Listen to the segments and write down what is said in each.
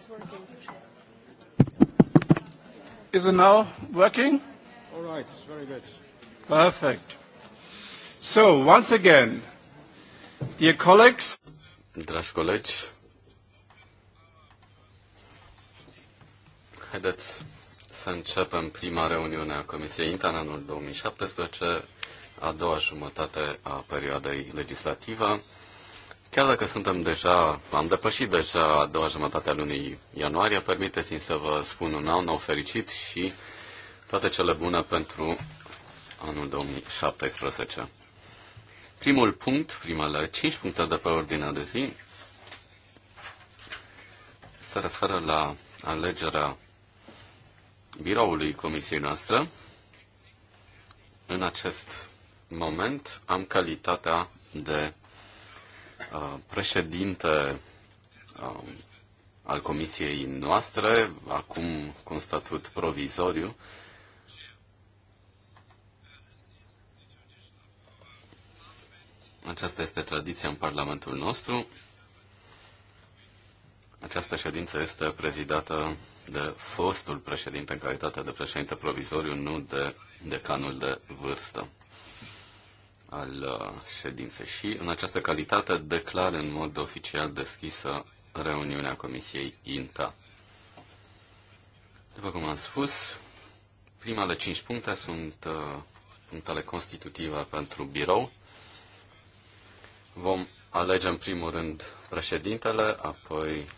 it's working. Is it now working? All right, very good. Perfect. So, once again, dear colleagues. Dragi colegi, haideți să începem prima reuniune a Comisiei INTA în anul 2017, a doua jumătate a perioadei legislative. Chiar dacă suntem deja, am depășit deja a doua jumătate a lunii ianuarie, permiteți-mi să vă spun un an nou fericit și toate cele bune pentru anul 2017. Primul punct, primele 5 puncte de pe ordinea de zi, se referă la alegerea biroului comisiei noastre. În acest moment am calitatea de Uh, președinte um, al comisiei noastre, acum cu statut provizoriu. Aceasta este tradiția în Parlamentul nostru. Această ședință este prezidată de fostul președinte în calitate de președinte provizoriu, nu de decanul de vârstă al uh, ședinței și, în această calitate, declar în mod oficial deschisă reuniunea Comisiei INTA. După cum am spus, primele cinci puncte sunt uh, punctele constitutive pentru birou. Vom alege în primul rând președintele, apoi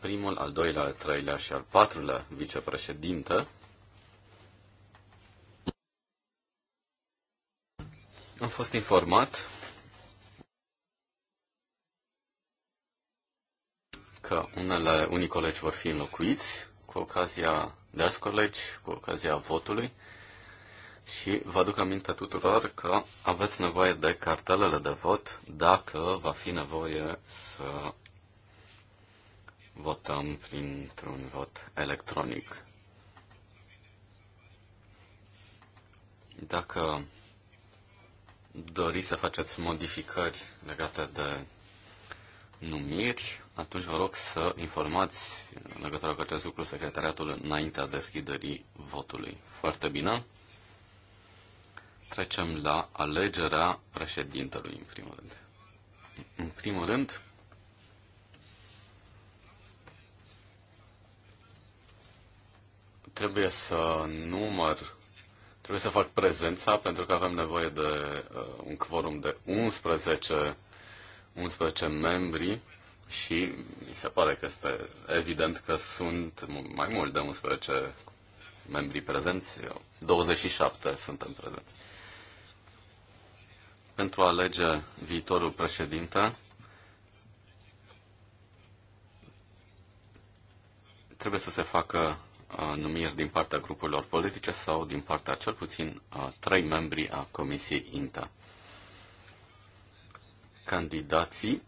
primul, al doilea, al treilea și al patrulea vicepreședinte Am fost informat că unele, unii colegi vor fi înlocuiți cu ocazia de alți colegi, cu ocazia votului și vă aduc aminte tuturor că aveți nevoie de cartelele de vot dacă va fi nevoie să votăm printr-un vot electronic. Dacă dori să faceți modificări legate de numiri, atunci vă rog să informați legătura cu acest lucru secretariatul înaintea deschiderii votului. Foarte bine. Trecem la alegerea președintelui, în primul rând. În primul rând, trebuie să număr Trebuie să fac prezența pentru că avem nevoie de uh, un quorum de 11, 11 membri și mi se pare că este evident că sunt mai mult de 11 membri prezenți, 27 suntem prezenți. Pentru a alege viitorul președinte, trebuie să se facă numiri din partea grupurilor politice sau din partea cel puțin a trei membri a Comisiei INTA. Candidații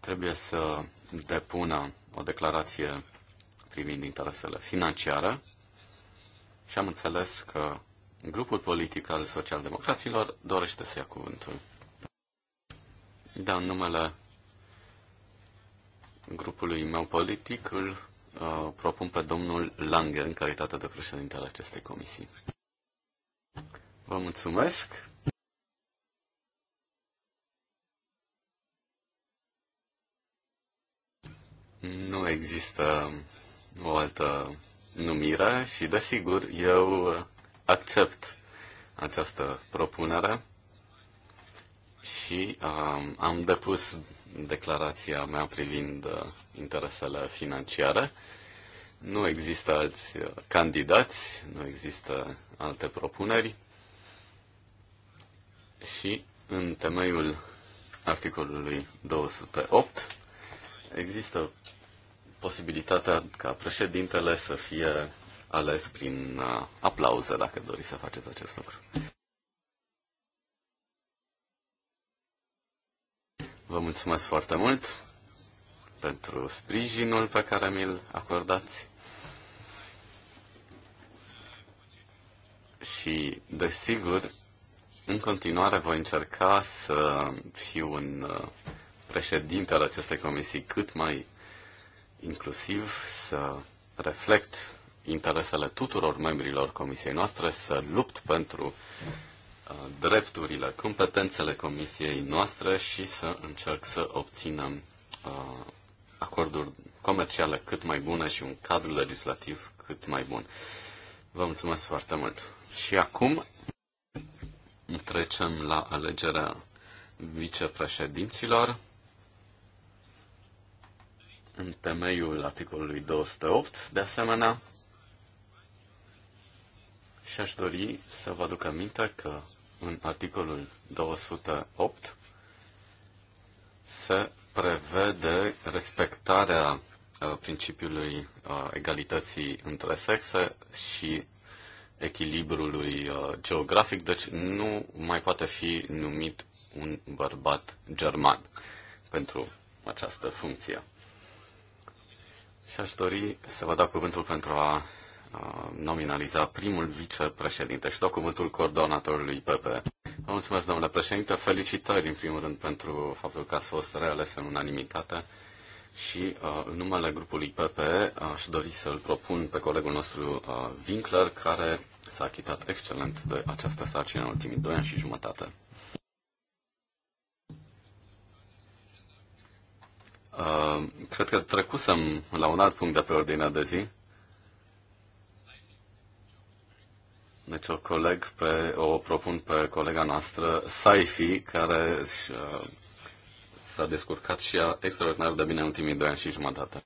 trebuie să depună o declarație privind interesele financiare și am înțeles că grupul politic al socialdemocraților dorește să ia cuvântul. Da, în numele grupului meu politic îl uh, propun pe domnul Lange în calitate de președinte al acestei comisii. Vă mulțumesc! Nu există o altă numire și, desigur, eu accept această propunere și um, am depus declarația mea privind uh, interesele financiare. Nu există alți uh, candidați, nu există alte propuneri și în temeiul articolului 208 există posibilitatea ca președintele să fie ales prin uh, aplauze, dacă doriți să faceți acest lucru. Vă mulțumesc foarte mult pentru sprijinul pe care mi-l acordați. Și, desigur, în continuare voi încerca să fiu un uh, președinte al acestei comisii cât mai inclusiv, să reflect interesele tuturor membrilor comisiei noastre, să lupt pentru drepturile, competențele comisiei noastre și să încerc să obținem uh, acorduri comerciale cât mai bune și un cadru legislativ cât mai bun. Vă mulțumesc foarte mult. Și acum trecem la alegerea vicepreședinților în temeiul articolului 208, de asemenea, și aș dori să vă aduc aminte că în articolul 208 se prevede respectarea uh, principiului uh, egalității între sexe și echilibrului uh, geografic, deci nu mai poate fi numit un bărbat german pentru această funcție. Și aș dori să vă dau cuvântul pentru a nominaliza primul vicepreședinte și dau cuvântul coordonatorului PP. Vă mulțumesc, domnule președinte. Felicitări, în primul rând, pentru faptul că ați fost reales în unanimitate și uh, în numele grupului PP aș dori să-l propun pe colegul nostru uh, Winkler, care s-a achitat excelent de această sarcină în ultimii doi ani și jumătate. Uh, cred că trecusem la un alt punct de pe ordinea de zi, Deci o coleg pe, o propun pe colega noastră, Saifi, care uh, s-a descurcat și a extraordinar de bine în ultimii doi ani și jumătate.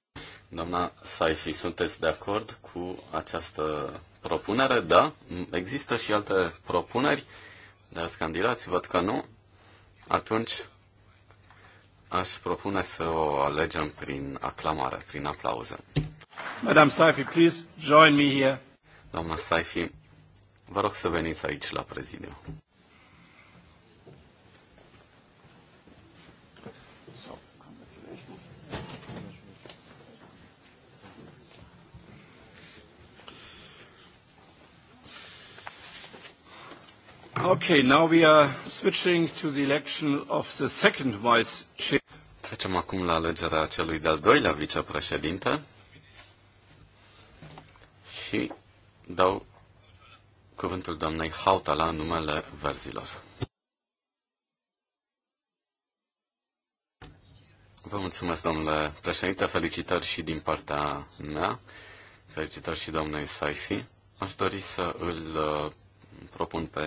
Doamna Saifi, sunteți de acord cu această propunere? Da. Există și alte propuneri, dar scandirați, văd că nu. Atunci aș propune să o alegem prin aclamare, prin aplauze. Madame Saifi, please join me here. Doamna Saifi, Vă rog să veniți aici la prezidiu. Okay, now we are switching to the election of the second vice chair. Trecem acum la alegerea celui de-al doilea vicepreședinte și dau cuvântul doamnei Hauta la numele verzilor. Vă mulțumesc, domnule președinte. Felicitări și din partea mea. Felicitări și domnei Saifi. Aș dori să îl uh, propun pe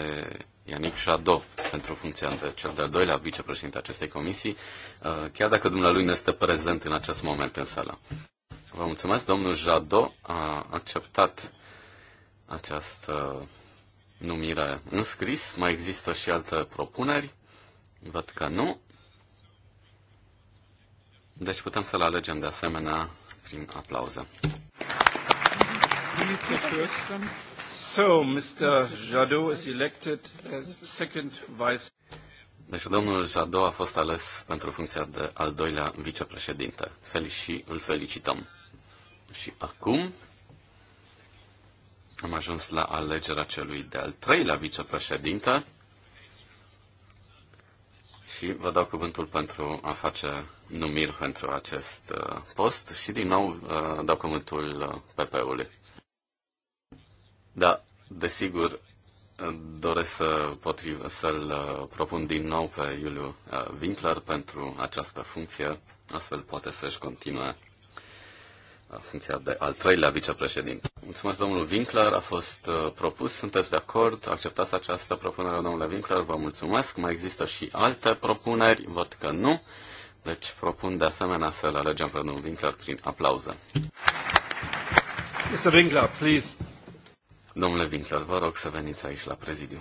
Ianic Jadot pentru funcția de cel de-al doilea vicepreședinte acestei comisii, uh, chiar dacă dumnealui nu este prezent în acest moment în sală. Vă mulțumesc. Domnul Jadot a acceptat această numire scris. Mai există și alte propuneri? Văd că nu. Deci putem să-l alegem de asemenea prin aplauză. So, Mr. Jadot is elected as second vice. Deci domnul Jadot a fost ales pentru funcția de al doilea vicepreședinte. Felici și îl felicităm. Și acum am ajuns la alegerea celui de-al treilea vicepreședinte și vă dau cuvântul pentru a face numiri pentru acest uh, post și din nou uh, dau cuvântul uh, PP-ului. Da, desigur, doresc să potriv, să-l propun din nou pe Iuliu Winkler pentru această funcție, astfel poate să-și continue funcția de al treilea vicepreședinte. Mulțumesc, domnul Winkler, a fost uh, propus, sunteți de acord, acceptați această propunere, domnule Winkler, vă mulțumesc. Mai există și alte propuneri, văd că nu, deci propun de asemenea să le alegem pe domnul Winkler prin aplauze. Mr. Winkler, please. Domnule Winkler, vă rog să veniți aici la prezidiu.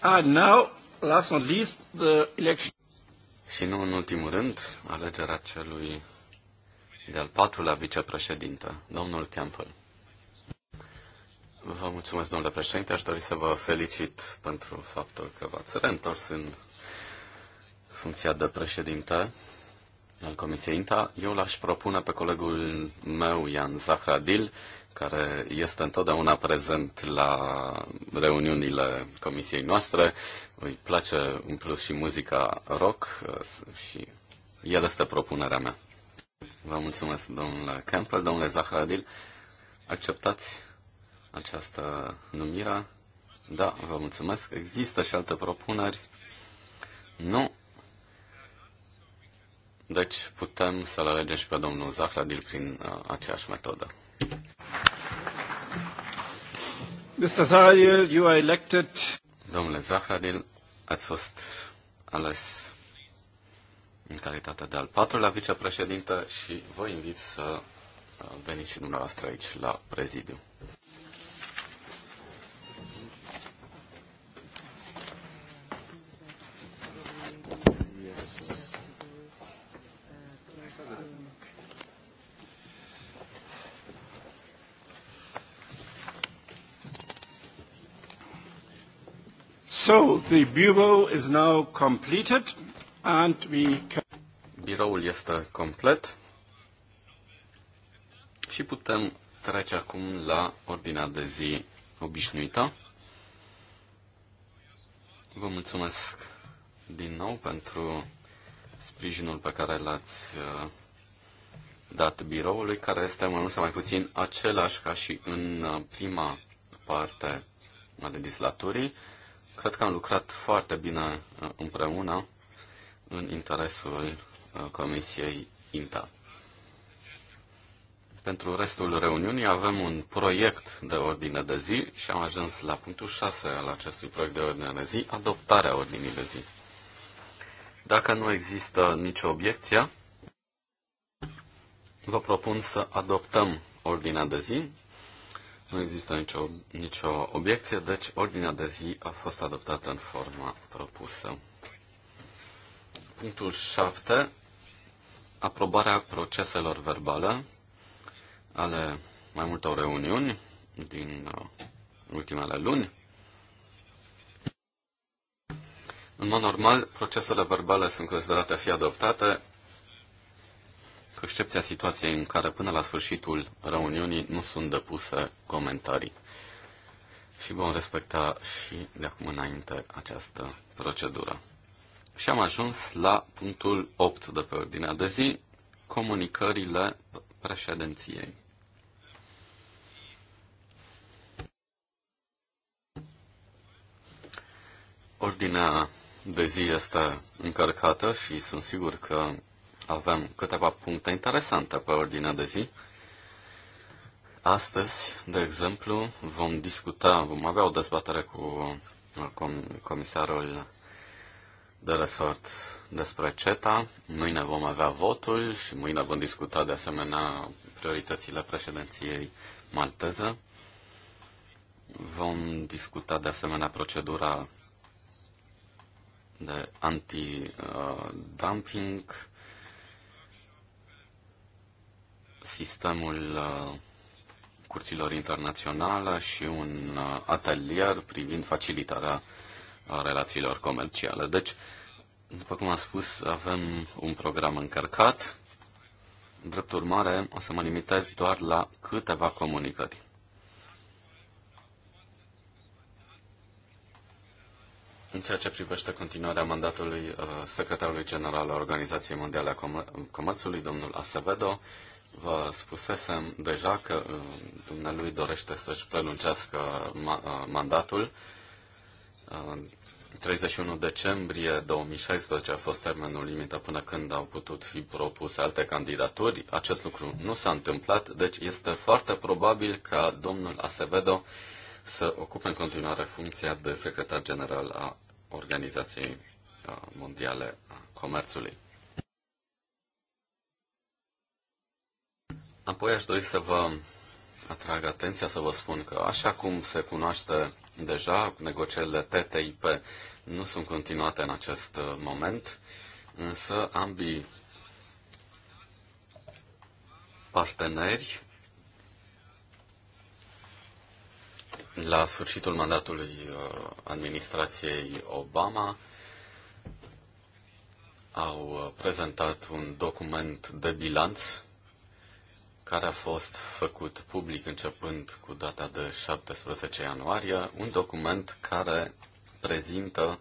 And ah, now, last not least, the election. Și nu în ultimul rând, alegerea celui de-al patrulea vicepreședinte, domnul Campbell. Vă mulțumesc, domnule președinte. Aș dori să vă felicit pentru faptul că v-ați reîntors în funcția de președinte al Comisiei INTA. Eu l-aș propune pe colegul meu, Ian Zahradil, care este întotdeauna prezent la reuniunile comisiei noastre. Îi place în plus și muzica rock uh, și el este propunerea mea. Vă mulțumesc, domnule Campbell, domnule Zahradil. Acceptați această numire? Da, vă mulțumesc. Există și alte propuneri? Nu. Deci putem să-l alegem și pe domnul Zahradil prin uh, aceeași metodă. Mr. Zahradil, you are elected. Domnule Zahradil, ați fost ales în calitate de al patrulea vicepreședinte și vă invit să veniți și dumneavoastră aici la prezidiu. So, the bureau is now completed and we can... Biroul este complet și putem trece acum la ordinea de zi obișnuită. Vă mulțumesc din nou pentru sprijinul pe care l-ați uh, dat biroului, care este mai mult sau mai puțin același ca și în uh, prima parte a legislaturii. Cred că am lucrat foarte bine uh, împreună în interesul uh, Comisiei INTA. Pentru restul reuniunii avem un proiect de ordine de zi și am ajuns la punctul 6 al acestui proiect de ordine de zi, adoptarea ordinii de zi. Dacă nu există nicio obiecție, vă propun să adoptăm ordinea de zi nu există nicio, nicio obiecție, deci ordinea de zi a fost adoptată în forma propusă. Punctul 7. Aprobarea proceselor verbale ale mai multor reuniuni din uh, ultimele luni. În mod normal, procesele verbale sunt considerate a fi adoptate cu excepția situației în care până la sfârșitul reuniunii nu sunt depuse comentarii. Și vom respecta și de acum înainte această procedură. Și am ajuns la punctul 8 de pe ordinea de zi, comunicările președinției. Ordinea de zi este încărcată și sunt sigur că avem câteva puncte interesante pe ordinea de zi. Astăzi, de exemplu, vom discuta, vom avea o dezbatere cu comisarul de resort despre CETA. Mâine vom avea votul și mâine vom discuta de asemenea prioritățile președinției malteză. Vom discuta de asemenea procedura de anti-dumping uh, sistemul uh, curților internaționale și un uh, atelier privind facilitarea uh, relațiilor comerciale. Deci, după cum am spus, avem un program încărcat. Drept urmare, o să mă limitez doar la câteva comunicări. În ceea ce privește continuarea mandatului secretarului general al Organizației Mondiale a Comerțului, domnul Acevedo, Vă spusesem deja că uh, dumnealui dorește să-și prelungească uh, mandatul. 31 uh, decembrie 2016 a fost termenul limită până când au putut fi propuse alte candidaturi. Acest lucru nu s-a întâmplat, deci este foarte probabil ca domnul Acevedo să ocupe în continuare funcția de secretar general a Organizației Mondiale a Comerțului. Apoi aș dori să vă atrag atenția să vă spun că, așa cum se cunoaște deja, negocierile TTIP nu sunt continuate în acest uh, moment, însă ambii parteneri la sfârșitul mandatului uh, administrației Obama au uh, prezentat un document de bilanț care a fost făcut public începând cu data de 17 ianuarie, un document care prezintă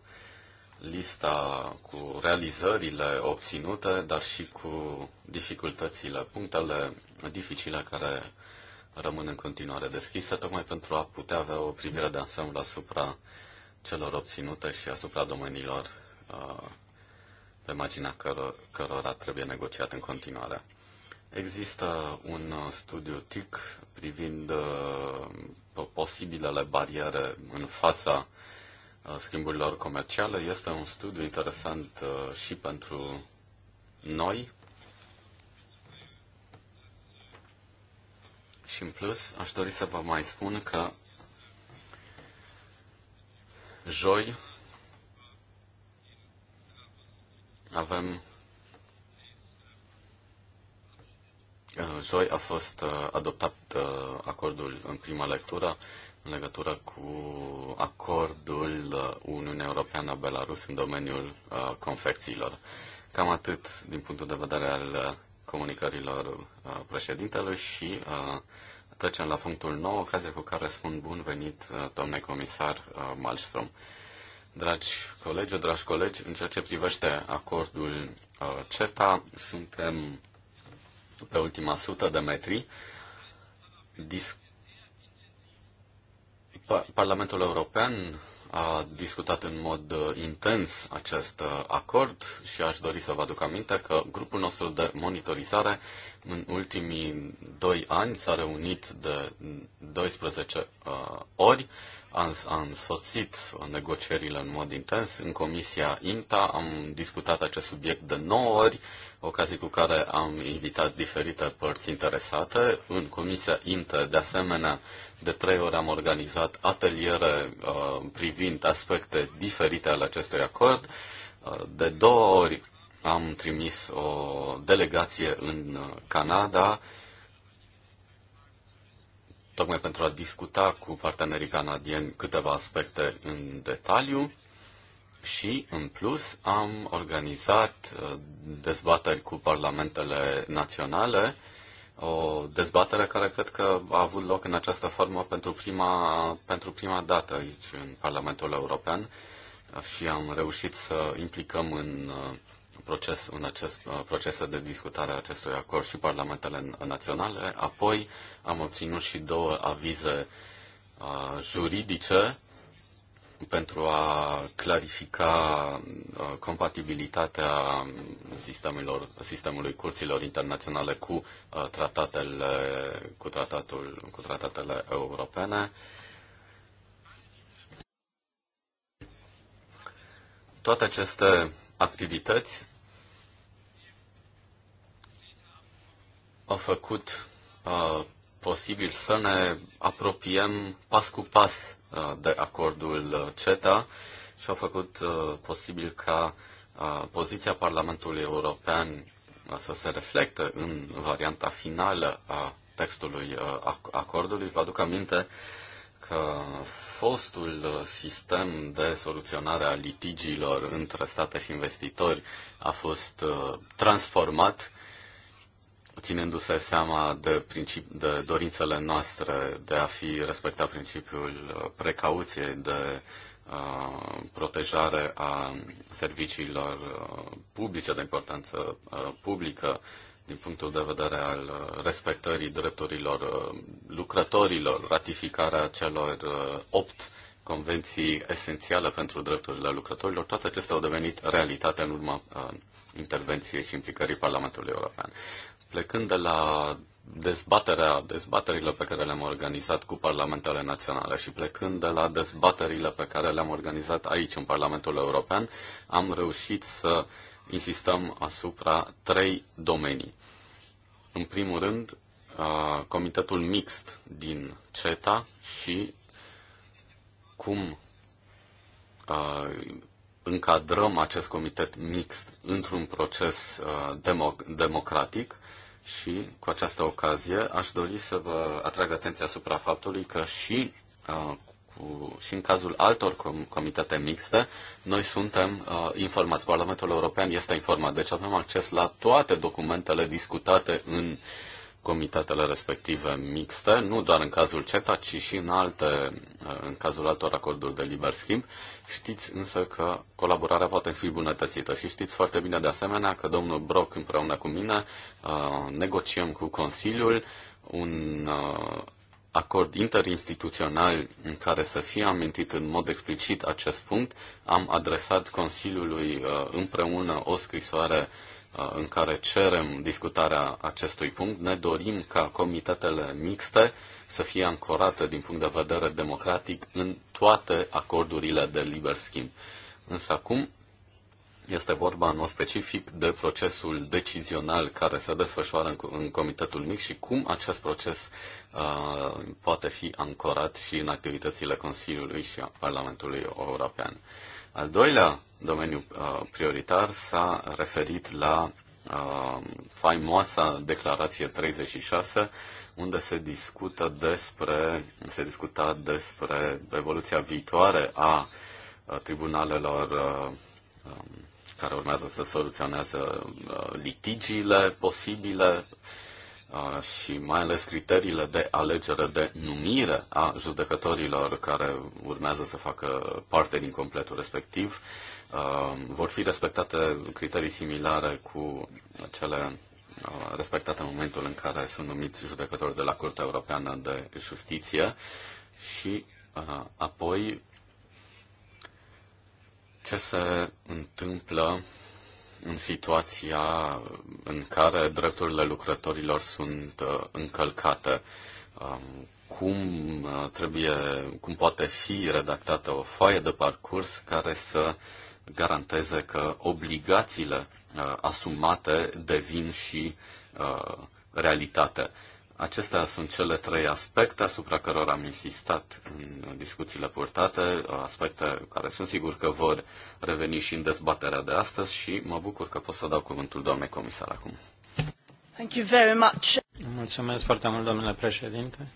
lista cu realizările obținute, dar și cu dificultățile, punctele dificile care rămân în continuare deschise, tocmai pentru a putea avea o privire de ansamblu asupra celor obținute și asupra domeniilor uh, pe marginea căror, cărora trebuie negociat în continuare. Există un uh, studiu TIC privind uh, posibilele bariere în fața uh, schimburilor comerciale. Este un studiu interesant și pentru noi. Și în plus, aș dori să vă mai spun că joi avem Joi a fost uh, adoptat uh, acordul în prima lectură în legătură cu acordul uh, Uniunea Europeană-Belarus în domeniul confecțiilor. Cam atât din punctul de vedere al comunicărilor președintelui și trecem la punctul nou, ocazie cu care spun bun venit, domnule comisar Malmström. Dragi colegi, dragi colegi, în ceea ce privește acordul CETA, suntem pe ultima sută de metri, dis- Parlamentul European a discutat în mod uh, intens acest uh, acord și aș dori să vă aduc aminte că grupul nostru de monitorizare în ultimii doi ani s-a reunit de 12 uh, ori, a, a însoțit negocierile în mod intens. În Comisia INTA am discutat acest subiect de 9 ori ocazii cu care am invitat diferite părți interesate. În Comisia INTE, de asemenea, de trei ori am organizat ateliere uh, privind aspecte diferite ale acestui acord. Uh, de două ori am trimis o delegație în uh, Canada tocmai pentru a discuta cu partenerii canadieni câteva aspecte în detaliu și, în plus, am organizat uh, dezbateri cu parlamentele naționale, o dezbatere care cred că a avut loc în această formă pentru prima, pentru prima dată aici, în Parlamentul European, și am reușit să implicăm în uh, proces, în acest uh, proces de discutare a acestui acord și parlamentele naționale. Apoi am obținut și două avize juridice pentru a clarifica uh, compatibilitatea sistemelor, sistemului curților internaționale cu uh, tratatele, cu, tratatul, cu tratatele europene. Toate aceste activități au făcut uh, posibil să ne apropiem pas cu pas Uh, de acordul uh, CETA și au făcut uh, posibil ca poziția Parlamentului European să se reflecte în varianta finală a textului acordului. Vă aduc aminte că fostul sistem de soluționare a litigiilor între state și investitori a fost transformat ținându-se seama de, principi- de dorințele noastre de a fi respectat principiul precauției, de uh, protejare a serviciilor uh, publice de importanță uh, publică, din punctul de vedere al uh, respectării drepturilor uh, lucrătorilor, ratificarea celor opt convenții esențiale pentru drepturile lucrătorilor, toate acestea au devenit realitate în urma intervenției și implicării Parlamentului European. Plecând de la dezbaterea, dezbaterile pe care le-am organizat cu parlamentele naționale și plecând de la dezbaterile pe care le-am organizat aici în Parlamentul European, am reușit să insistăm asupra trei domenii. În primul rând, comitetul mixt din CETA și cum încadrăm acest comitet mixt într-un proces democratic și cu această ocazie aș dori să vă atrag atenția asupra faptului că și, uh, cu, și în cazul altor com- comitete mixte, noi suntem uh, informați. Parlamentul European este informat, deci avem acces la toate documentele discutate în uh, comitetele respective mixte, nu doar în cazul CETA, ci și în alte, în cazul altor acorduri de liber schimb. Știți însă că colaborarea poate fi bunătățită și știți foarte bine de asemenea că domnul Brock împreună cu mine uh, negociem cu Consiliul un uh, acord interinstituțional în care să fie amintit în mod explicit acest punct. Am adresat Consiliului uh, împreună o scrisoare în care cerem discutarea acestui punct. Ne dorim ca comitetele mixte să fie ancorate din punct de vedere democratic în toate acordurile de liber schimb. Însă acum este vorba în mod specific de procesul decizional care se desfășoară în, în Comitetul Mix, și cum acest proces uh, poate fi ancorat și în activitățile Consiliului și a Parlamentului European. Al doilea domeniu uh, prioritar s-a referit la uh, faimoasa declarație 36, unde se discută despre, se discuta despre evoluția viitoare a uh, tribunalelor uh, um, care urmează să soluționează uh, litigiile posibile și mai ales criteriile de alegere de numire a judecătorilor care urmează să facă parte din completul respectiv Um, vor fi respectate criterii similare cu cele uh, respectate în momentul în care sunt numiți judecători de la Curtea Europeană de Justiție și uh, apoi ce se întâmplă în situația în care drepturile lucrătorilor sunt uh, încălcate. Um, cum trebuie, cum poate fi redactată o foaie de parcurs care să uh, garanteze că obligațiile uh, asumate devin și uh, realitate. Acestea sunt cele trei aspecte asupra cărora am insistat în discuțiile purtate, uh, aspecte care sunt sigur că vor reveni și în dezbaterea de astăzi și mă bucur că pot să dau cuvântul doamnei comisar acum. Thank you very much. Mulțumesc foarte mult, domnule președinte,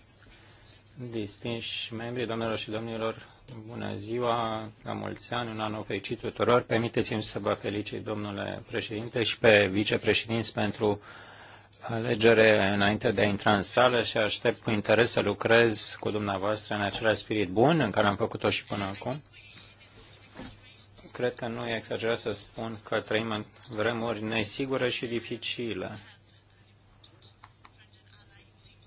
distinși membri, domnilor și domnilor, Bună ziua, la mulți ani, un an nou fericit tuturor. Permiteți-mi să vă felicit, domnule președinte, și pe vicepreședinți pentru alegere înainte de a intra în sală și aștept cu interes să lucrez cu dumneavoastră în același spirit bun în care am făcut-o și până acum. Cred că nu e exagerat să spun că trăim în vremuri nesigure și dificile.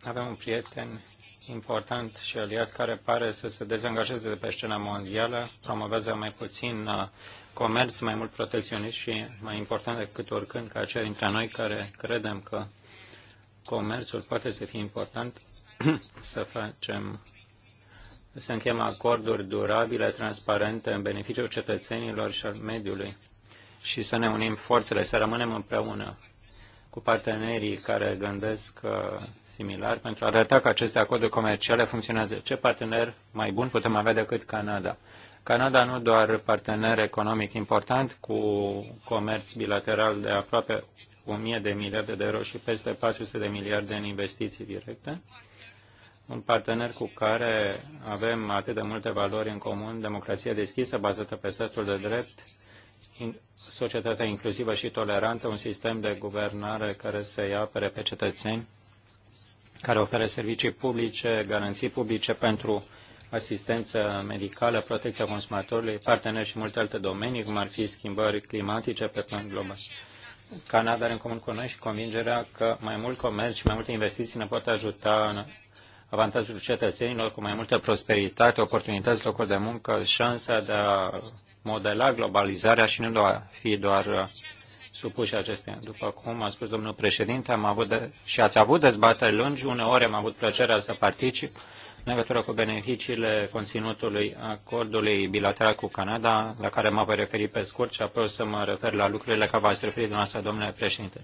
Avem un prieten important și aliat care pare să se dezangajeze de pe scena mondială, promovează mai puțin uh, comerț, mai mult protecționist și mai important decât oricând ca cei dintre noi care credem că comerțul poate să fie important, să facem să încheiem acorduri durabile, transparente, în beneficiul cetățenilor și al mediului și să ne unim forțele, să rămânem împreună cu partenerii care gândesc similar pentru a arăta că aceste acorduri comerciale funcționează. Ce partener mai bun putem avea decât Canada? Canada nu doar partener economic important cu comerț bilateral de aproape 1000 de miliarde de euro și peste 400 de miliarde în investiții directe, un partener cu care avem atât de multe valori în comun, democrația deschisă bazată pe statul de drept, societatea inclusivă și tolerantă, un sistem de guvernare care să-i apere pe cetățeni care oferă servicii publice, garanții publice pentru asistență medicală, protecția consumatorului, parteneri și multe alte domenii, cum ar fi schimbări climatice pe plan global. Canada are în comun cu noi și convingerea că mai mult comerț și mai multe investiții ne pot ajuta în avantajul cetățenilor cu mai multă prosperitate, oportunități, locuri de muncă, șansa de a modela globalizarea și nu doar fi doar supuși acestea. După cum a spus domnul președinte, am avut de, și ați avut dezbateri lungi, uneori am avut plăcerea să particip în legătură cu beneficiile conținutului acordului bilateral cu Canada, la care mă voi referi pe scurt și apoi o să mă refer la lucrurile care v-ați referit dumneavoastră, domnule președinte.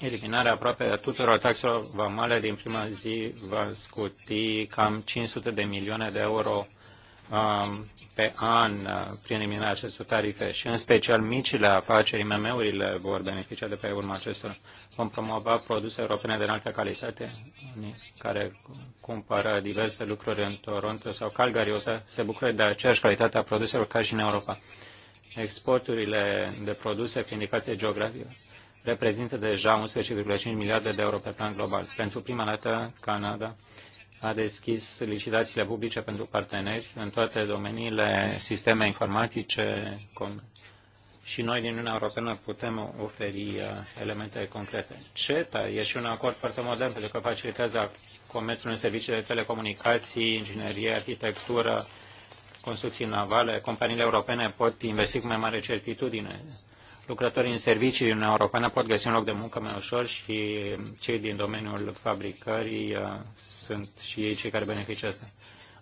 Eliminarea aproape a tuturor taxelor vamale din prima zi va scuti cam 500 de milioane de euro pe an uh, prin eliminarea acestor tarife și în special micile afaceri, IMM-urile vor beneficia de pe urma acestor. Vom promova produse europene de înaltă calitate, care cumpără diverse lucruri în Toronto sau Calgary, o să se bucure de aceeași calitate a produselor ca și în Europa. Exporturile de produse pe indicație geografică reprezintă deja 11,5 miliarde de euro pe plan global. Pentru prima dată, Canada a deschis licitațiile publice pentru parteneri în toate domeniile sisteme informatice și noi din Uniunea Europeană putem oferi uh, elemente concrete. CETA e și un acord foarte modern pentru că facilitează comerțul în servicii de telecomunicații, inginerie, arhitectură, construcții navale. Companiile europene pot investi cu mai mare certitudine lucrătorii în servicii din Uniunea Europeană pot găsi un loc de muncă mai ușor și cei din domeniul fabricării uh, sunt și ei cei care beneficiază.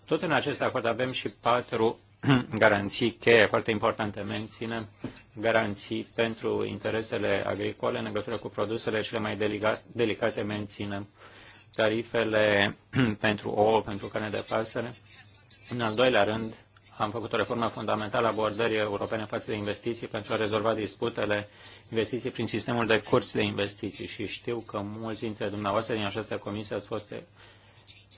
Tot în acest acord avem și patru garanții cheie foarte importante. Menținem garanții pentru interesele agricole în legătură cu produsele cele mai delicate, menținem tarifele pentru ouă, pentru carne de pasăre. În al doilea rând, am făcut o reformă fundamentală a abordării europene față de investiții pentru a rezolva disputele investiții prin sistemul de curți de investiții și știu că mulți dintre dumneavoastră din această comisie ați fost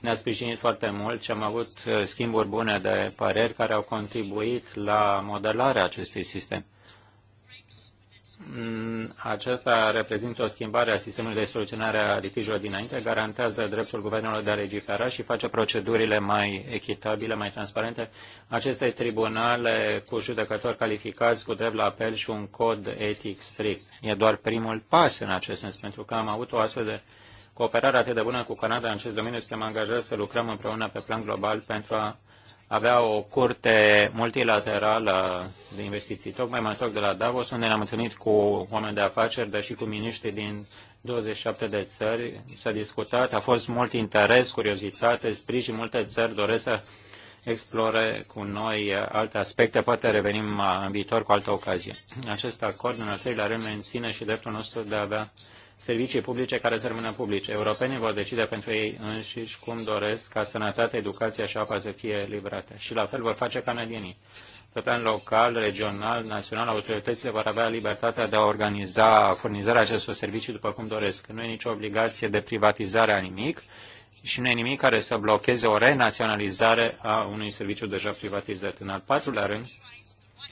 ne-a sprijinit foarte mult și am avut uh, schimburi bune de păreri care au contribuit la modelarea acestui sistem. Mm, Aceasta reprezintă o schimbare a sistemului de soluționare a litigiilor dinainte, garantează dreptul guvernelor de a legifera și face procedurile mai echitabile, mai transparente. Aceste tribunale cu judecători calificați cu drept la apel și un cod etic strict. E doar primul pas în acest sens, pentru că am avut o astfel de cooperare atât de bună cu Canada în acest domeniu, suntem angajați să lucrăm împreună pe plan global pentru a avea o curte multilaterală de investiții. Tocmai mă întorc de la Davos, unde ne-am întâlnit cu oameni de afaceri, dar și cu miniștri din 27 de țări. S-a discutat, a fost mult interes, curiozitate, sprijin. Multe țări doresc să explore cu noi alte aspecte. Poate revenim uh, în viitor cu altă ocazie. Acest acord, în al treilea rând, menține și dreptul nostru de a avea servicii publice care să rămână publice. Europenii vor decide pentru ei înșiși cum doresc ca sănătatea, educația și apa să fie livrate. Și la fel vor face canadienii. Pe plan local, regional, național, autoritățile vor avea libertatea de a organiza furnizarea acestor servicii după cum doresc. Nu e nicio obligație de privatizare a nimic și nu e nimic care să blocheze o renaționalizare a unui serviciu deja privatizat. În al patrulea rând,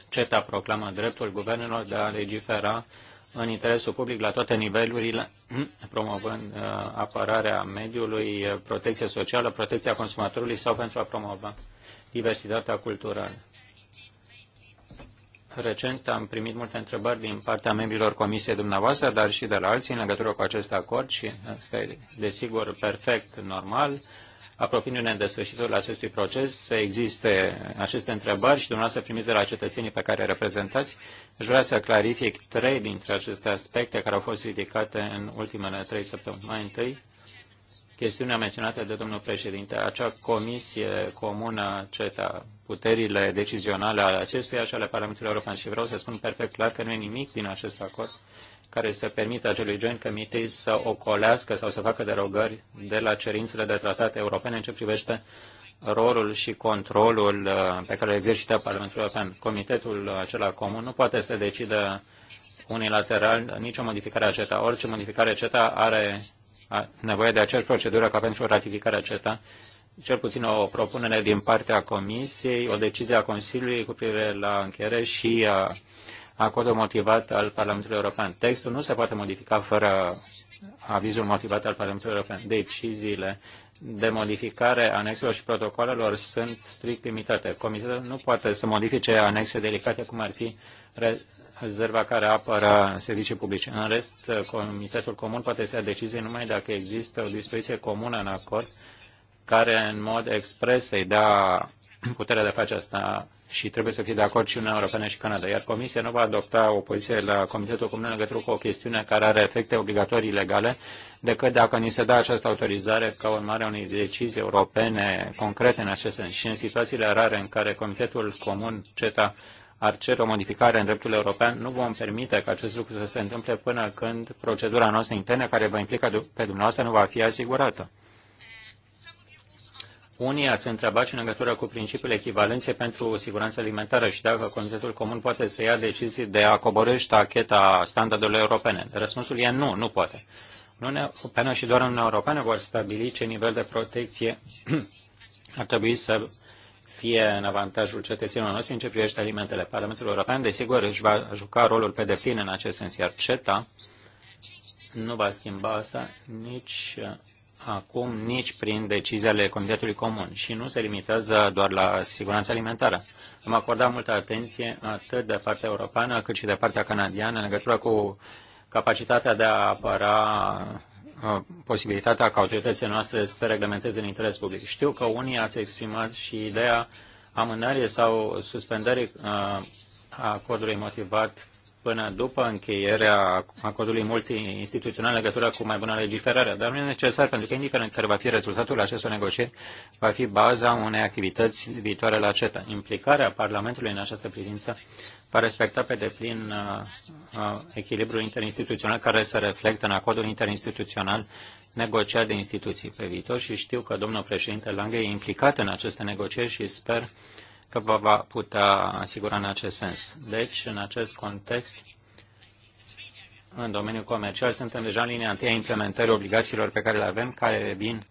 CETA proclamă dreptul guvernelor de a legifera în interesul public la toate nivelurile, promovând uh, apărarea mediului, uh, protecția socială, protecția consumatorului sau pentru a promova diversitatea culturală. Recent am primit multe întrebări din partea membrilor comisiei dumneavoastră, dar și de la alții în legătură cu acest acord și asta e desigur perfect normal apropiindu-ne de sfârșitul acestui proces, să existe aceste întrebări și dumneavoastră primiți de la cetățenii pe care reprezentați. Aș vrea să clarific trei dintre aceste aspecte care au fost ridicate în ultimele trei săptămâni. Mai întâi, chestiunea menționată de domnul președinte, acea comisie comună CETA, puterile decizionale ale acestuia și ale Parlamentului European. Și vreau să spun perfect clar că nu e nimic din acest acord care să permită acelui joint committee să ocolească sau să facă derogări de la cerințele de tratate europene în ce privește rolul și controlul uh, pe care îl exercită Parlamentul European. Comitetul uh, acela comun nu poate să decidă unilateral nicio modificare a CETA. Orice modificare CETA are nevoie de aceeași procedură ca pentru ratificarea CETA, cel puțin o propunere din partea Comisiei, o decizie a Consiliului cu privire la încheiere și a uh, acordul motivat al Parlamentului European. Textul nu se poate modifica fără avizul motivat al Parlamentului European. Deciziile de modificare anexelor și protocolelor sunt strict limitate. Comisia nu poate să modifice anexe delicate, cum ar fi rezerva care apără servicii publice. În rest, Comitetul Comun poate să ia decizii numai dacă există o dispoziție comună în acord care în mod expres să-i dea puterea de a face asta și trebuie să fie de acord și Uniunea Europeană și Canada. Iar Comisia nu va adopta o poziție la Comitetul Comun în legătură cu o chestiune care are efecte obligatorii legale decât dacă ni se dă această autorizare ca urmare a unei decizii europene concrete în acest sens. Și în situațiile rare în care Comitetul Comun CETA ar cere o modificare în dreptul european, nu vom permite ca acest lucru să se întâmple până când procedura noastră internă care vă implică pe dumneavoastră nu va fi asigurată. Unii ați întrebat și în legătură cu principiul echivalenței pentru siguranța alimentară și dacă Comitetul Comun poate să ia decizii de a coborâ ștacheta standardelor europene. Răspunsul e nu, nu poate. Uniunea Europeană și doar Uniunea Europeană vor stabili ce nivel de protecție ar trebui să fie în avantajul cetățenilor noștri în ce privește alimentele. Parlamentul European, desigur, își va juca rolul pe deplin în acest sens, iar CETA nu va schimba asta nici acum nici prin deciziile Comitetului Comun și nu se limitează doar la siguranța alimentară. Am acordat multă atenție atât de partea europeană cât și de partea canadiană în legătură cu capacitatea de a apăra uh, posibilitatea ca autoritățile noastre să se reglementeze în interes public. Știu că unii ați exprimat și ideea amânării sau suspendării uh, acordului motivat până după încheierea acordului multiinstituțional în legătură cu mai bună legiferare, dar nu e necesar pentru că, indiferent care va fi rezultatul acestor negocieri, va fi baza unei activități viitoare la CETA. Implicarea Parlamentului în această privință va respecta pe deplin uh, uh, echilibrul interinstituțional care se reflectă în acordul interinstituțional negociat de instituții pe viitor și știu că domnul președinte Lange e implicat în aceste negocieri și sper că vă va putea asigura în acest sens. Deci, în acest context, în domeniul comercial, suntem deja în linia întâi a implementării obligațiilor pe care le avem, care vin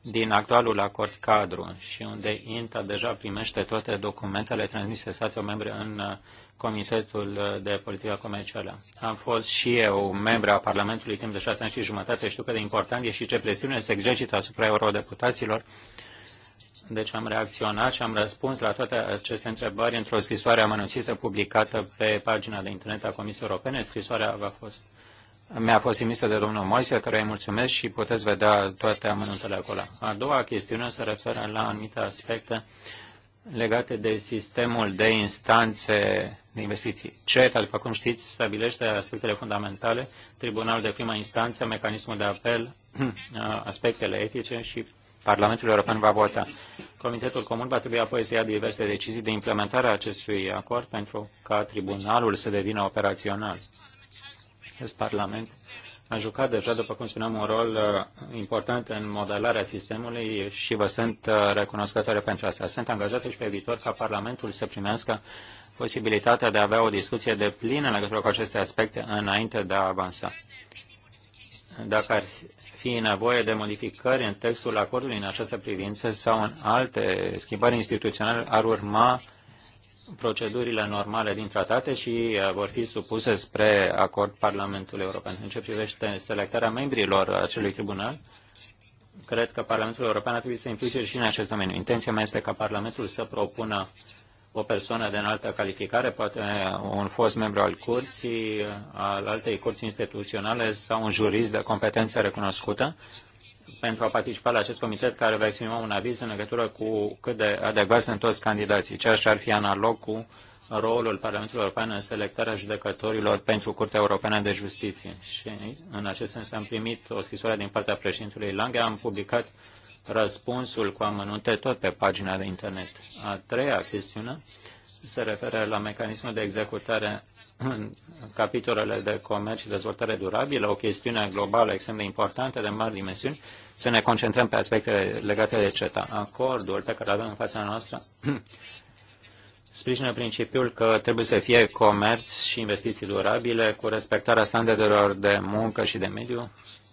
din actualul acord cadru și unde INTA deja primește toate documentele transmise statelor membre în uh, Comitetul de Politică Comercială. Am fost și eu membru a Parlamentului timp de șase ani și jumătate, știu cât de important e și ce presiune se exercită asupra eurodeputaților deci am reacționat și am răspuns la toate aceste întrebări într-o scrisoare amănunțită publicată pe pagina de internet a Comisiei Europene. Scrisoarea a fost, mi-a fost emisă de domnul Moise, care îi mulțumesc și puteți vedea toate amănuntele acolo. A doua chestiune se referă la anumite aspecte legate de sistemul de instanțe de investiții. CETA, după cum știți, stabilește aspectele fundamentale, tribunal de prima instanță, mecanismul de apel, aspectele etice și Parlamentul European va vota. Comitetul Comun va trebui apoi să ia diverse decizii de implementare a acestui acord pentru ca tribunalul să devină operațional. Acest Parlament a jucat deja, după cum spuneam, un rol uh, important în modelarea sistemului și vă sunt uh, recunoscătoare pentru asta. Sunt angajate și pe viitor ca Parlamentul să primească posibilitatea de a avea o discuție de plină în legătură cu aceste aspecte înainte de a avansa dacă ar fi nevoie de modificări în textul acordului în această privință sau în alte schimbări instituționale, ar urma procedurile normale din tratate și uh, vor fi supuse spre acord Parlamentului European. În ce privește selectarea membrilor acelui tribunal, cred că Parlamentul European ar trebui să implice și în acest domeniu. Intenția mea este ca Parlamentul să propună o persoană de înaltă calificare, poate un fost membru al curții, al altei curți instituționale sau un jurist de competență recunoscută, pentru a participa la acest comitet care va exprima un aviz în legătură cu cât de adecvați sunt toți candidații, ceea ce ar fi analog cu rolul Parlamentului European în selectarea judecătorilor pentru Curtea Europeană de Justiție. Și în acest sens am primit o scrisoare din partea președintelui Lange, am publicat răspunsul cu amănunte tot pe pagina de internet. A treia chestiune se referă la mecanismul de executare în capitolele de comerț și dezvoltare durabilă, o chestiune globală extrem de importantă, de mari dimensiuni, să ne concentrăm pe aspectele legate de CETA. Acordul pe care îl avem în fața noastră sprijină principiul că trebuie să fie comerț și investiții durabile cu respectarea standardelor de muncă și de mediu.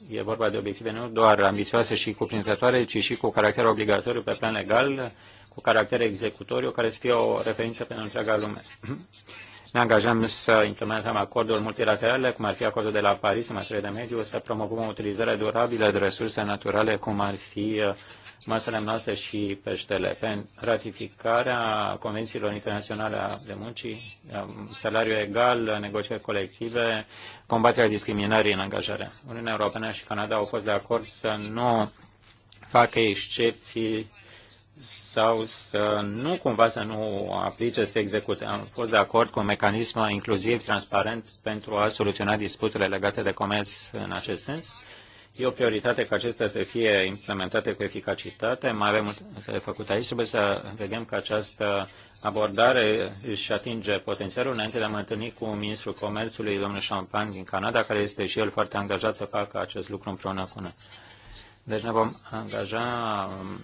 E vorba de obiective nu doar ambițioase și cuprinzătoare, ci și cu caracter obligatoriu pe plan legal, cu caracter executoriu, care să fie o referință pentru întreaga lume. Ne angajăm să implementăm acorduri multilaterale, cum ar fi acordul de la Paris în materie de mediu, să promovăm utilizarea durabilă de resurse naturale, cum ar fi uh, masele noastre și peștele. ratificarea convențiilor internaționale de muncii, um, salariu egal, negocieri colective, combaterea discriminării în angajare. Uniunea Europeană și Canada au fost de acord să nu facă excepții sau să nu cumva să nu aplice, să execute. Am fost de acord cu un mecanism inclusiv, transparent pentru a soluționa disputele legate de comerț în acest sens. E o prioritate ca acestea să fie implementate cu eficacitate. Mai avem de făcut aici. Trebuie să vedem că această abordare își atinge potențialul. Înainte de a mă întâlni cu ministrul comerțului, domnul Champagne din Canada, care este și el foarte angajat să facă acest lucru împreună cu noi. Deci ne vom angaja um,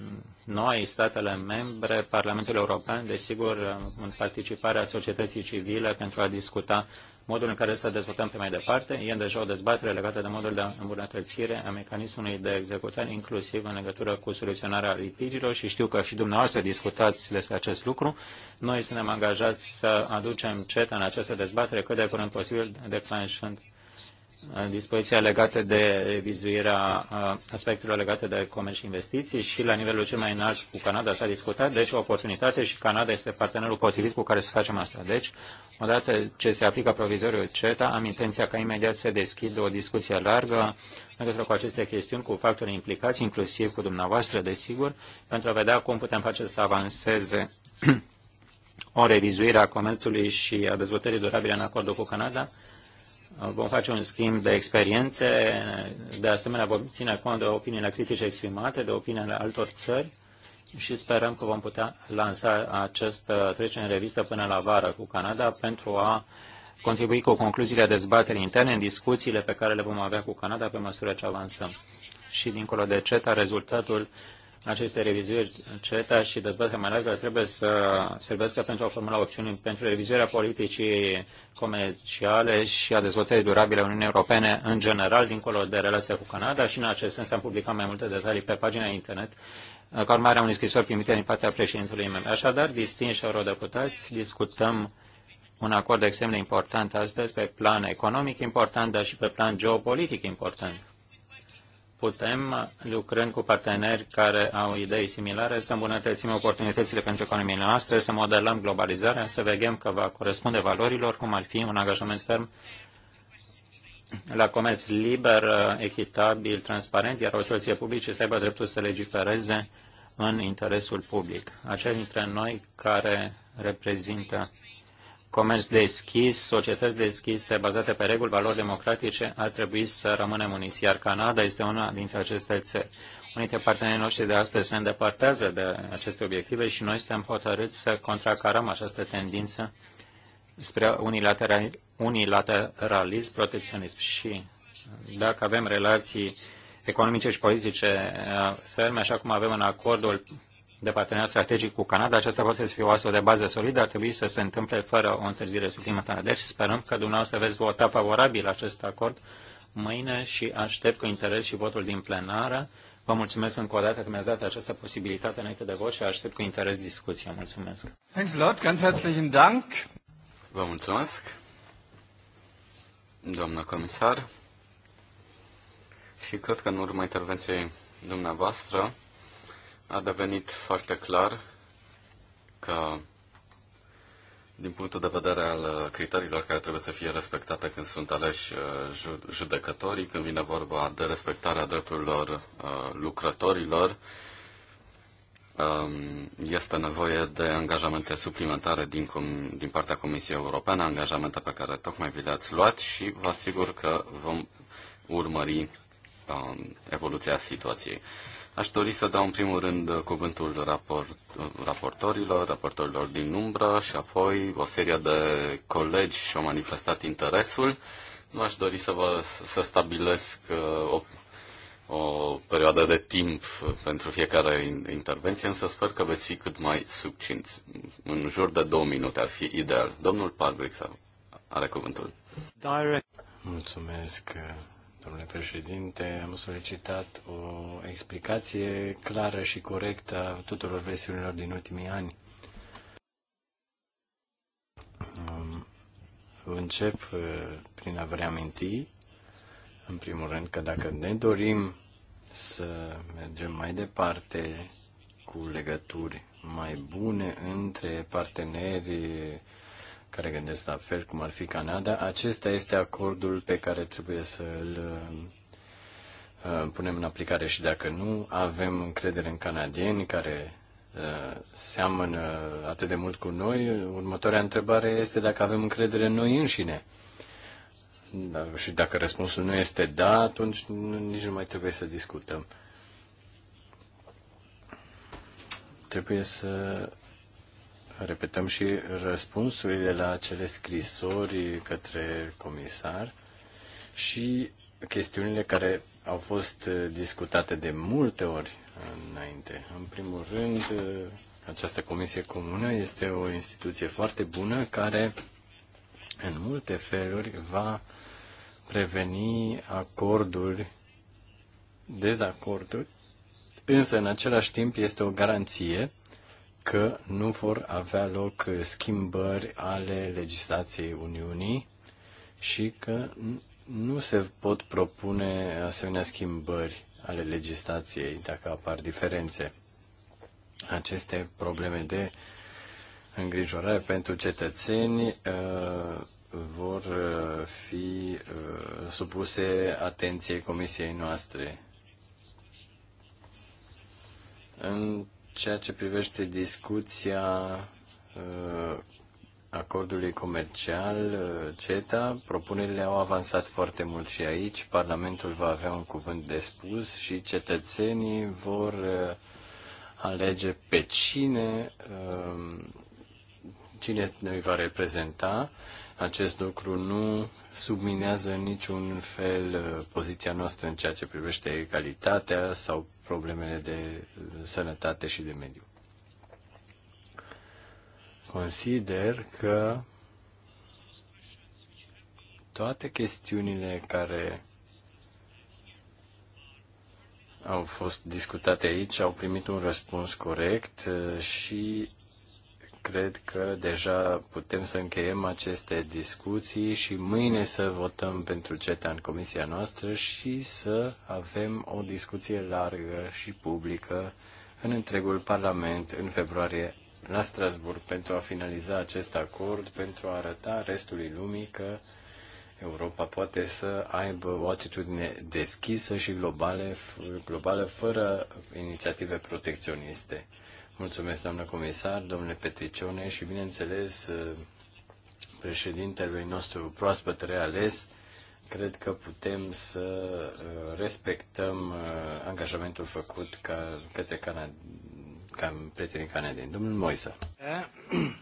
noi, statele membre, Parlamentul European, desigur, în participarea societății civile pentru a discuta modul în care să dezvoltăm pe mai departe. E deja o dezbatere legată de modul de îmbunătățire a mecanismului de executare, inclusiv în legătură cu soluționarea litigilor și știu că și dumneavoastră discutați despre acest lucru. Noi suntem angajați să aducem CETA în această dezbatere cât de curând posibil, declanșând dispoziția legate de revizuirea aspectelor legate de comerț și investiții și la nivelul cel mai înalt cu Canada s-a discutat, deci o oportunitate și Canada este partenerul potrivit cu care să facem asta. Deci, odată ce se aplică provizoriul CETA, am intenția ca imediat să deschid o discuție largă în legătură cu aceste chestiuni, cu factorii implicați, inclusiv cu dumneavoastră, desigur, pentru a vedea cum putem face să avanseze o revizuire a comerțului și a dezvoltării durabile în acordul cu Canada, vom face un schimb de experiențe, de asemenea vom ține cont de opiniile critice exprimate, de opiniile altor țări și sperăm că vom putea lansa acest trecere în revistă până la vară cu Canada pentru a contribui cu concluziile dezbaterii interne în discuțiile pe care le vom avea cu Canada pe măsură ce avansăm. Și dincolo de CETA, rezultatul aceste revizuiri CETA și dezbaterea mai largă trebuie să servească pentru a formula opțiuni pentru revizuirea politicii comerciale și a dezvoltării durabile a Uniunii Europene în general, dincolo de relația cu Canada și în acest sens am publicat mai multe detalii pe pagina internet uh, ca urmare a unui scrisor primit din partea președintelui meu. Așadar, distinși eurodeputați, discutăm un acord extrem de important astăzi pe plan economic important, dar și pe plan geopolitic important putem, lucrând cu parteneri care au idei similare, să îmbunătățim oportunitățile pentru economiile noastre, să modelăm globalizarea, să vegem că va corespunde valorilor, cum ar fi un angajament ferm la comerț liber, echitabil, transparent, iar autorității publice să aibă dreptul să legifereze în interesul public. Acel dintre noi care reprezintă comerț deschis, societăți deschise, bazate pe reguli, valori democratice, ar trebui să rămânem uniți. Iar Canada este una dintre aceste țări. Unii dintre partenerii noștri de astăzi se îndepărtează de aceste obiective și noi suntem hotărâți să contracarăm această tendință spre unilateralism, protecționism. Și dacă avem relații economice și politice uh, ferme, așa cum avem în acordul de parteneriat strategic cu Canada, aceasta poate să fie o astfel de bază solidă, ar trebui să se întâmple fără o întârziere suplimentară. Deci sperăm că dumneavoastră veți vota favorabil acest acord mâine și aștept cu interes și votul din plenară. Vă mulțumesc încă o dată că mi-ați dat această posibilitate înainte de vot și aștept cu interes discuția. Mulțumesc. Thanks a lot. Ganz herzlichen Dank. Vă mulțumesc. Doamna comisar, și cred că în urma intervenției dumneavoastră, a devenit foarte clar că din punctul de vedere al criteriilor care trebuie să fie respectate când sunt aleși uh, judecătorii, când vine vorba de respectarea drepturilor uh, lucrătorilor, um, este nevoie de angajamente suplimentare din, com- din partea Comisiei Europene, angajamente pe care tocmai vi le-ați luat și vă asigur că vom urmări um, evoluția situației. Aș dori să dau în primul rând uh, cuvântul raport, uh, raportorilor, raportorilor din umbră și apoi o serie de colegi și-au manifestat interesul. Nu aș dori să, vă, să stabilesc uh, o, o perioadă de timp pentru fiecare intervenție, însă sper că veți fi cât mai succinți. În jur de două minute ar fi ideal. Domnul Parbrix are cuvântul. Direct. Mulțumesc, domnule președinte. Am solicitat o explicație clară și corectă a tuturor versiunilor din ultimii ani. Încep uh, prin a vă reaminti, în primul rând, că dacă ne dorim să mergem mai departe cu legături mai bune între partenerii care gândesc la fel, cum ar fi Canada, acesta este acordul pe care trebuie să îl uh, uh, punem în aplicare și dacă nu, avem încredere în canadieni care uh, seamănă atât de mult cu noi, următoarea întrebare este dacă avem încredere în noi înșine. Da, și dacă răspunsul nu este da, atunci nici nu mai trebuie să discutăm. Trebuie să repetăm și răspunsurile la cele scrisori către comisar și chestiunile care au fost discutate de multe ori înainte. În primul rând, această comisie comună este o instituție foarte bună care în multe feluri va preveni acorduri, dezacorduri, însă în același timp este o garanție că nu vor avea loc schimbări ale legislației Uniunii și că nu se pot propune asemenea schimbări ale legislației dacă apar diferențe. Aceste probleme de îngrijorare pentru cetățeni uh, vor uh, fi uh, supuse atenției comisiei noastre. În ceea ce privește discuția uh, acordului comercial uh, CETA, propunerile au avansat foarte mult și aici. Parlamentul va avea un cuvânt de spus și cetățenii vor uh, alege pe cine cine ne va reprezenta acest lucru nu subminează în niciun fel uh, poziția noastră în ceea ce privește egalitatea sau problemele de uh, sănătate și de mediu. Consider că toate chestiunile care au fost discutate aici, au primit un răspuns corect uh, și cred că deja putem să încheiem aceste discuții și mâine să votăm pentru CETA în comisia noastră și să avem o discuție largă și publică în întregul Parlament în februarie la Strasburg pentru a finaliza acest acord, pentru a arăta restului lumii că Europa poate să aibă o atitudine deschisă și globale, globală fără inițiative protecționiste. Mulțumesc, doamnă comisar, domnule Petricione și, bineînțeles, președintelui nostru proaspăt reales, cred că putem să uh, respectăm uh, angajamentul făcut ca, către Canada, ca prietenii canadieni. Domnul Moisa.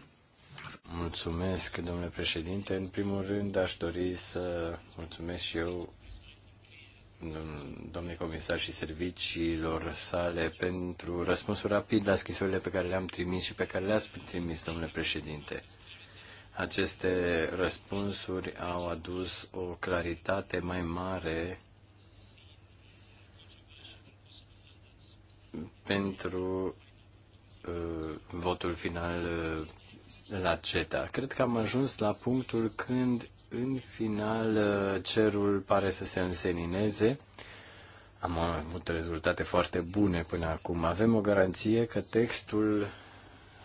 Mulțumesc, domnule președinte. În primul rând, aș dori să mulțumesc și eu domnului comisar și serviciilor sale pentru răspunsul rapid la scrisorile pe care le-am trimis și pe care le-ați trimis, domnule președinte. Aceste răspunsuri au adus o claritate mai mare pentru uh, votul final uh, la CETA. Cred că am ajuns la punctul când în final, uh, cerul pare să se însenineze. Am avut rezultate foarte bune până acum. Avem o garanție că textul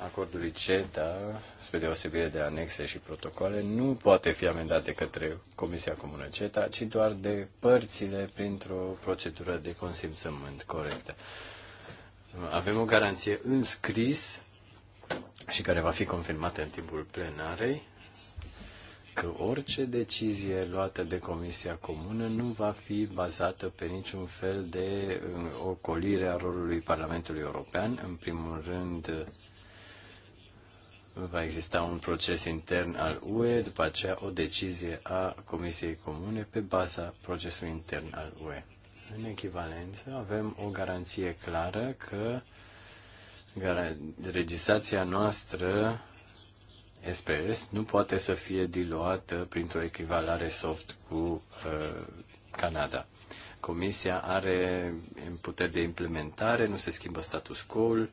acordului CETA, spre deosebire de anexe și protocoale, nu poate fi amendat de către Comisia Comună CETA, ci doar de părțile printr-o procedură de consimțământ corectă. Avem o garanție înscris și care va fi confirmată în timpul plenarei, că orice decizie luată de Comisia Comună nu va fi bazată pe niciun fel de uh, ocolire a rolului Parlamentului European. În primul rând, va exista un proces intern al UE, după aceea o decizie a Comisiei Comune pe baza procesului intern al UE. În echivalență, avem o garanție clară că legislația noastră SPS nu poate să fie diluată printr-o echivalare soft cu uh, Canada. Comisia are puteri de implementare, nu se schimbă status quo-ul.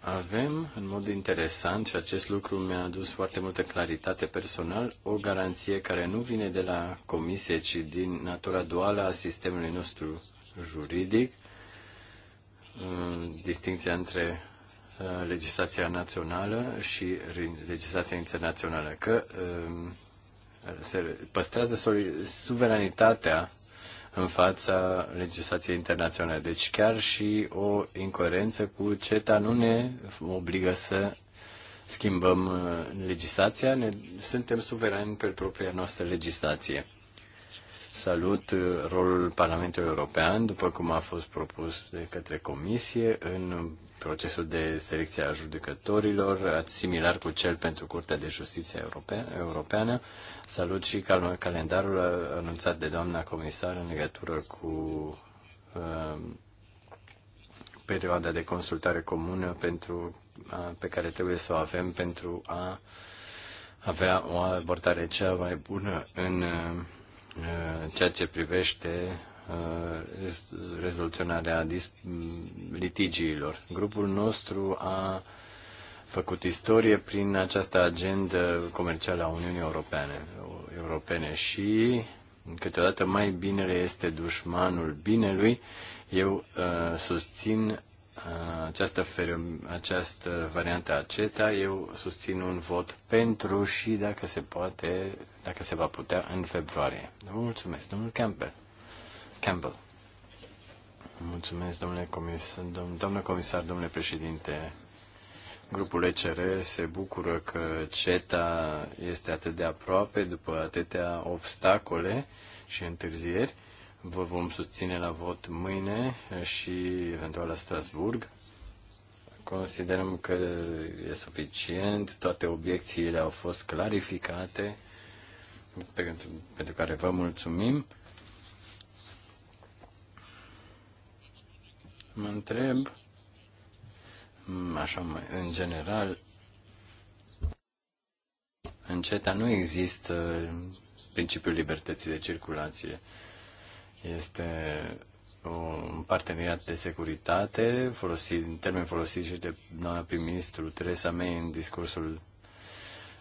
Avem, în mod interesant, și acest lucru mi-a adus foarte multă claritate personal, o garanție care nu vine de la Comisie, ci din natura duală a sistemului nostru juridic, uh, distinția între Uh, legislația națională și legislația internațională, că um, se păstrează suveranitatea în fața legislației internaționale. Deci chiar și o incoerență cu CETA nu ne obligă să schimbăm uh, legislația, ne, suntem suverani pe propria noastră legislație. Salut uh, rolul Parlamentului European, după cum a fost propus de către Comisie în procesul de selecție a judecătorilor, similar cu cel pentru Curtea de Justiție Europeană. Salut și calendarul anunțat de doamna comisar în legătură cu um, perioada de consultare comună pentru, pe care trebuie să o avem pentru a avea o abordare cea mai bună în uh, ceea ce privește Uh, rezoluționarea litigiilor. Grupul nostru a făcut istorie prin această agendă comercială a Uniunii Europene, Europene și câteodată mai binele este dușmanul binelui. Eu uh, susțin uh, această, această variantă a CETA, eu susțin un vot pentru și dacă se poate, dacă se va putea în februarie. Vă mulțumesc, domnul Campbell. Campbell. Mulțumesc, domnule comisar, dom- domnule comisar, domnule președinte. Grupul ECR se bucură că CETA este atât de aproape după atâtea obstacole și întârzieri. Vă vom susține la vot mâine și eventual la Strasburg. Considerăm că e suficient, toate obiecțiile au fost clarificate, pentru care vă mulțumim. mă întreb, așa în general, în CETA nu există principiul libertății de circulație. Este un parteneriat de securitate, folosit, termen folosit și de doamna prim-ministru Teresa May în discursul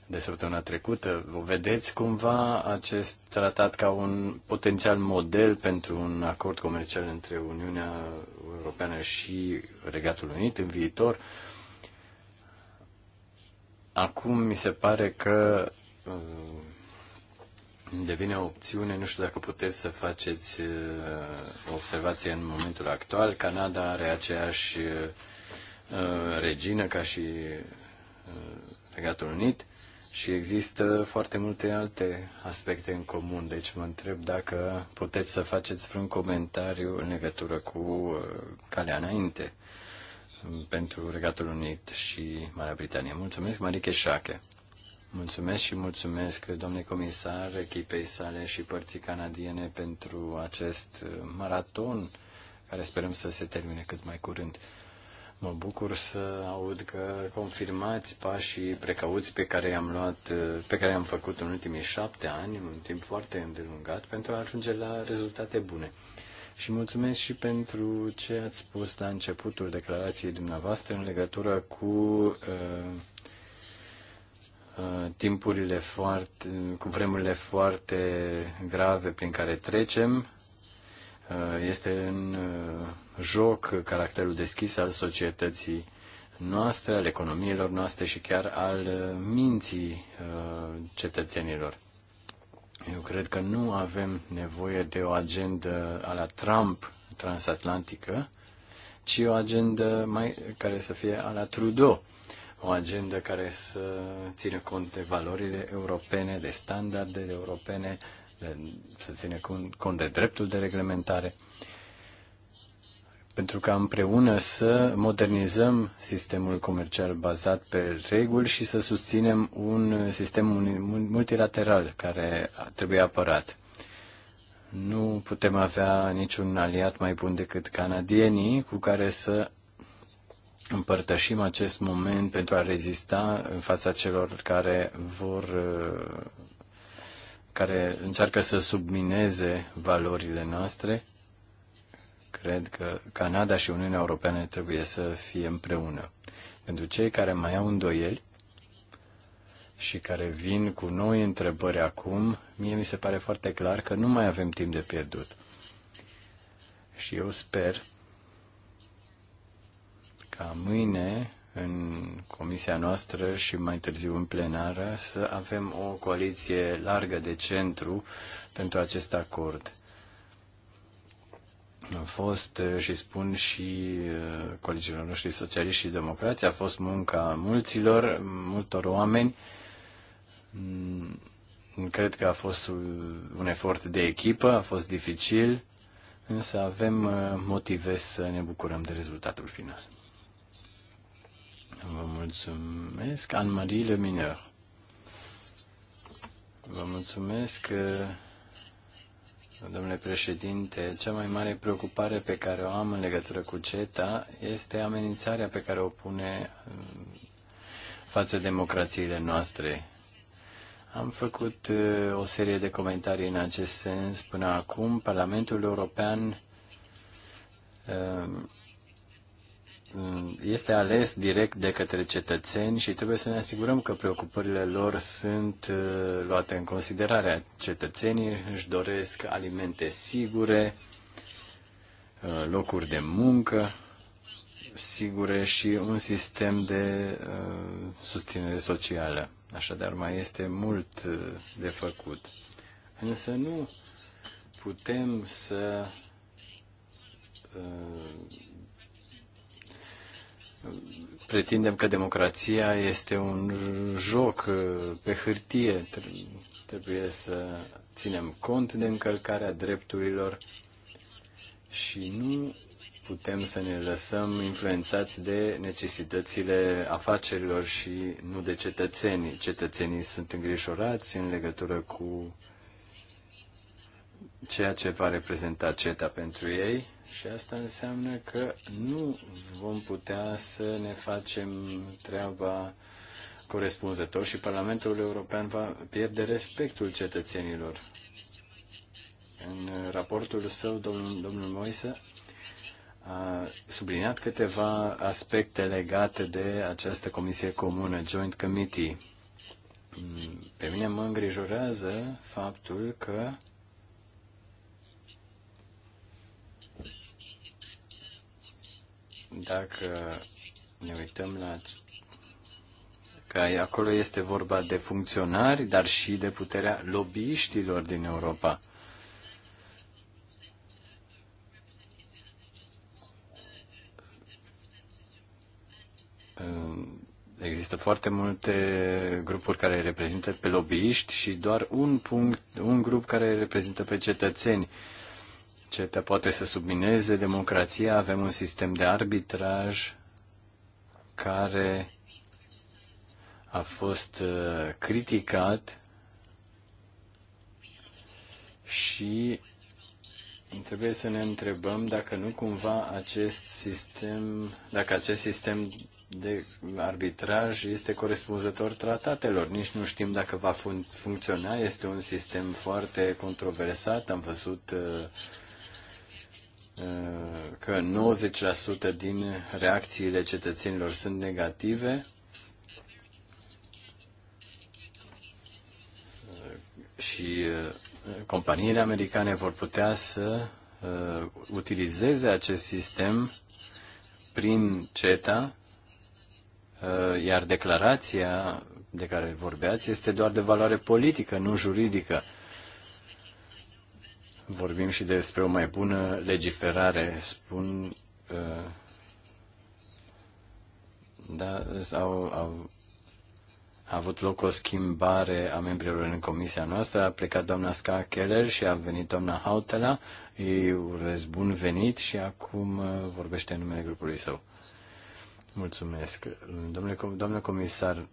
de săptămâna trecută. Vă vedeți cumva acest tratat ca un potențial model pentru un acord comercial între Uniunea Europeană și Regatul Unit în viitor. Acum mi se pare că uh, devine o opțiune, nu știu dacă puteți să faceți uh, o observație în momentul actual. Canada are aceeași uh, regină ca și Regatul Unit și există foarte multe alte aspecte în comun, deci mă întreb dacă puteți să faceți vreun comentariu în legătură cu uh, calea înainte um, pentru Regatul Unit și Marea Britanie. Mulțumesc, Marike Șache. Mulțumesc și mulțumesc, domnule comisar, echipei sale și părții canadiene pentru acest uh, maraton care sperăm să se termine cât mai curând. Mă bucur să aud că confirmați pașii precauți pe care i-am luat, pe care i-am făcut în ultimii șapte ani, un timp foarte îndelungat, pentru a ajunge la rezultate bune. Și mulțumesc și pentru ce ați spus la începutul declarației dumneavoastră în legătură cu uh, uh, timpurile foarte, cu vremurile foarte grave prin care trecem. Uh, este în uh, joc caracterul deschis al societății noastre, al economiilor noastre și chiar al uh, minții uh, cetățenilor. Eu cred că nu avem nevoie de o agendă a la Trump transatlantică, ci o agendă mai, care să fie a la Trudeau, o agendă care să țină cont de valorile europene, de standardele europene, de, să țină cont de dreptul de reglementare pentru ca împreună să modernizăm sistemul comercial bazat pe reguli și să susținem un sistem multilateral care trebuie apărat. Nu putem avea niciun aliat mai bun decât canadienii cu care să împărtășim acest moment pentru a rezista în fața celor care vor care încearcă să submineze valorile noastre Cred că Canada și Uniunea Europeană trebuie să fie împreună. Pentru cei care mai au îndoieli și care vin cu noi întrebări acum, mie mi se pare foarte clar că nu mai avem timp de pierdut. Și eu sper ca mâine în comisia noastră și mai târziu în plenară să avem o coaliție largă de centru pentru acest acord a fost uh, și spun și uh, colegilor noștri socialiști și democrați, a fost munca mulților, multor oameni. Mm, cred că a fost un efort de echipă, a fost dificil, însă avem uh, motive să ne bucurăm de rezultatul final. Vă mulțumesc, Anne-Marie Le Mineur. Vă mulțumesc domnule președinte. Cea mai mare preocupare pe care o am în legătură cu CETA este amenințarea pe care o pune mm, față democrațiile noastre. Am făcut o serie de comentarii în acest sens până acum. Parlamentul European Mm, este ales direct de către cetățeni și trebuie să ne asigurăm că preocupările lor sunt uh, luate în considerare. Cetățenii își doresc alimente sigure, uh, locuri de muncă sigure și un sistem de uh, susținere socială. Așadar, mai este mult de făcut. Însă nu putem să pretindem că democrația este un joc uh, pe hârtie. Trebuie să ținem cont de încălcarea drepturilor și nu putem să ne lăsăm influențați de necesitățile afacerilor și nu de cetățenii. Cetățenii sunt îngrijorați în legătură cu ceea ce va reprezenta CETA pentru ei și asta înseamnă că nu vom putea să ne facem treaba corespunzător și Parlamentul European va pierde respectul cetățenilor. În raportul său, domnul, domnul Moise a subliniat câteva aspecte legate de această comisie comună, Joint Committee. Pe mine mă îngrijorează faptul că Dacă ne uităm la că acolo este vorba de funcționari, dar și de puterea lobbyiștilor din Europa. Există foarte multe grupuri care reprezintă pe lobbyiști și doar un punct, un grup care reprezintă pe cetățeni. Uh, ce te poate să submineze democrația, avem un sistem de arbitraj care a fost uh, criticat și trebuie să ne întrebăm dacă nu cumva acest sistem, dacă acest sistem de arbitraj este corespunzător tratatelor. Nici nu știm dacă va fun- funcționa. Este un sistem foarte controversat. Am văzut uh, că 90% din reacțiile cetățenilor sunt negative, și uh, companiile americane vor putea să uh, utilizeze acest sistem prin CETA, uh, iar declarația de care vorbeați este doar de valoare politică, nu juridică vorbim și despre o mai bună legiferare, spun, uh, da, au, au, a avut loc o schimbare a membrilor în comisia noastră, a plecat doamna Ska Keller și a venit doamna Hautela, îi urez bun venit și acum uh, vorbește în numele grupului său. Mulțumesc. Domnule, doamnă comisar,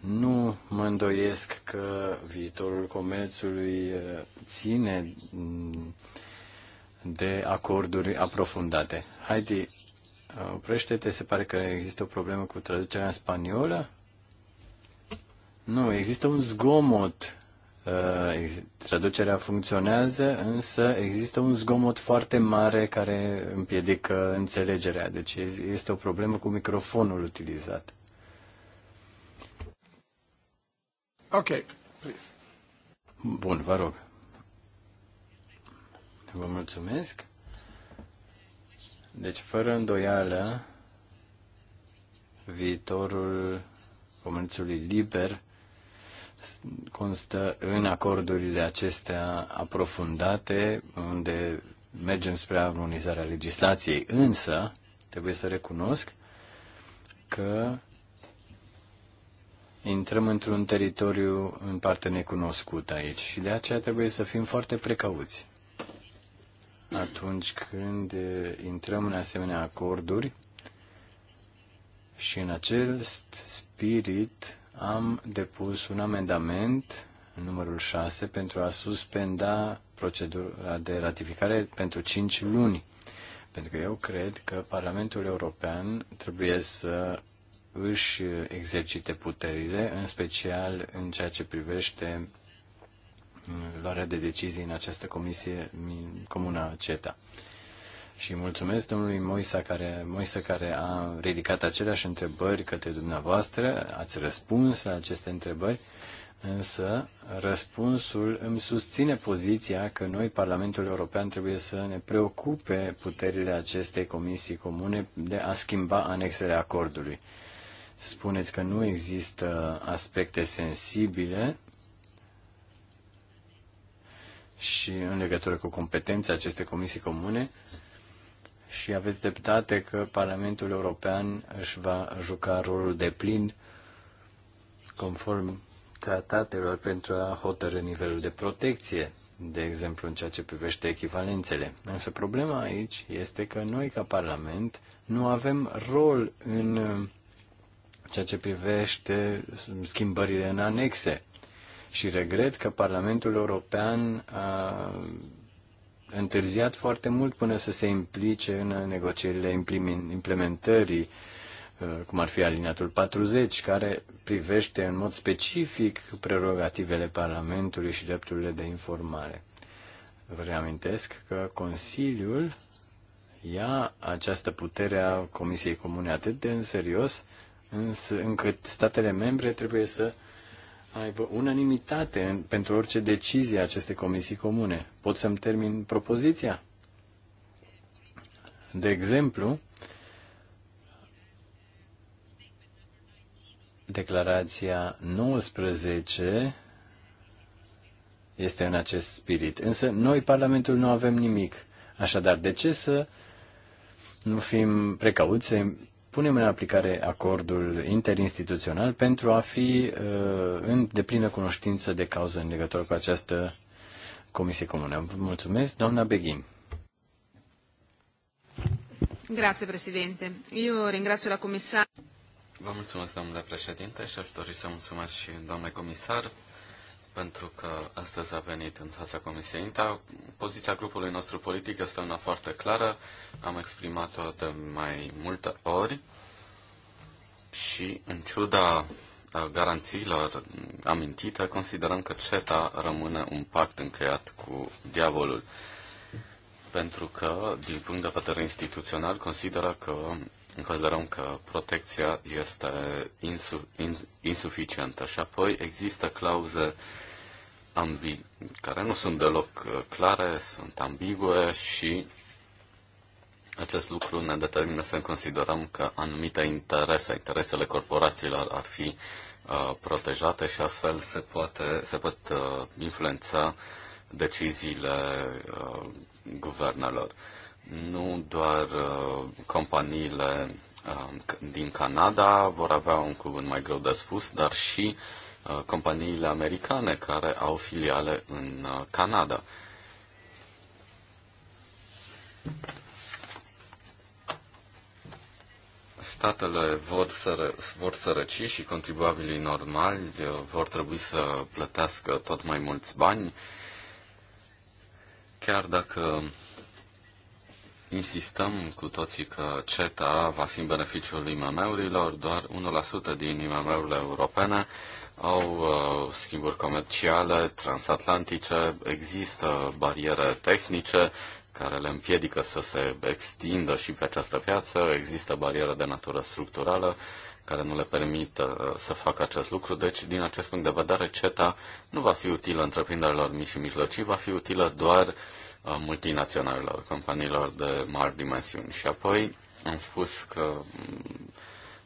nu mă îndoiesc că viitorul comerțului eh, ține mm, de acorduri aprofundate. Haide, eh, oprește-te, se pare că există o problemă cu traducerea în spaniolă? Nu, există un zgomot Uh, traducerea funcționează, însă există un zgomot foarte mare care împiedică înțelegerea. Deci este o problemă cu microfonul utilizat. Ok, please. Bun, vă rog. Vă mulțumesc. Deci, fără îndoială, viitorul comerțului liber constă în acordurile acestea aprofundate, unde mergem spre armonizarea legislației. Însă, trebuie să recunosc că intrăm într-un teritoriu în parte necunoscut aici și de aceea trebuie să fim foarte precauți. Atunci când intrăm în asemenea acorduri și în acest spirit am depus un amendament, numărul 6, pentru a suspenda procedura de ratificare pentru 5 luni. Pentru că eu cred că Parlamentul European trebuie să își exercite puterile, în special în ceea ce privește mm, luarea de decizii în această comisie mm, comună CETA și mulțumesc domnului Moisa care, Moisa care a ridicat aceleași întrebări către dumneavoastră, ați răspuns la aceste întrebări, însă răspunsul îmi susține poziția că noi, Parlamentul European, trebuie să ne preocupe puterile acestei comisii comune de a schimba anexele acordului. Spuneți că nu există aspecte sensibile și în legătură cu competența acestei comisii comune, și aveți dreptate că Parlamentul European își va juca rolul de plin conform tratatelor pentru a hotărâ nivelul de protecție, de exemplu în ceea ce privește echivalențele. Însă problema aici este că noi ca Parlament nu avem rol în uh, ceea ce privește schimbările în anexe. Și regret că Parlamentul European a întârziat foarte mult până să se implice în negocierile implementării, uh, cum ar fi aliniatul 40, care privește în mod specific prerogativele Parlamentului și drepturile de informare. Vă reamintesc că Consiliul ia această putere a Comisiei Comune atât de în serios, însă încât statele membre trebuie să aibă unanimitate în, pentru orice decizie a acestei comisii comune. Pot să-mi termin propoziția? De exemplu, declarația 19 este în acest spirit. Însă noi, Parlamentul, nu avem nimic. Așadar, de ce să nu fim precauți, punem în aplicare acordul interinstituțional pentru a fi uh, în deplină cunoștință de cauză în legătură cu această comisie comună. Vă mulțumesc, doamna Beghin. Grazie, Presidente. Eu ringrazio la Comisar. Vă mulțumesc, domnule președinte, și aș dori să mulțumesc și doamne comisar pentru că astăzi a venit în fața Comisiei INTA. Poziția grupului nostru politic este una foarte clară, am exprimat-o de mai multe ori și, în ciuda uh, garanțiilor amintite, considerăm că CETA rămâne un pact încheiat cu diavolul. Pentru că, din punct de vedere instituțional, consideră că considerăm că protecția este insu, in, insuficientă și apoi există clauze ambi, care nu sunt deloc uh, clare, sunt ambigue și acest lucru ne determină să considerăm că anumite interese, interesele corporațiilor ar fi uh, protejate și astfel se, poate, se pot uh, influența deciziile uh, guvernelor. Uh, nu doar uh, companiile uh, din Canada vor avea un cuvânt mai greu de spus, dar și uh, companiile americane care au filiale în Canada. Statele vor, să vor sărăci și contribuabilii normali vor trebui să plătească tot mai mulți bani, chiar dacă Insistăm cu toții că CETA va fi în beneficiul IMM-urilor, doar 1% din IMM-urile europene au uh, schimburi comerciale transatlantice, există bariere tehnice care le împiedică să se extindă și pe această piață, există bariere de natură structurală care nu le permit uh, să facă acest lucru. Deci, din acest punct de vedere, CETA nu va fi utilă întreprinderilor mici și mijlocii, va fi utilă doar uh, Uh, multinaționalelor, companiilor de mari dimensiuni. Și apoi am spus că mm,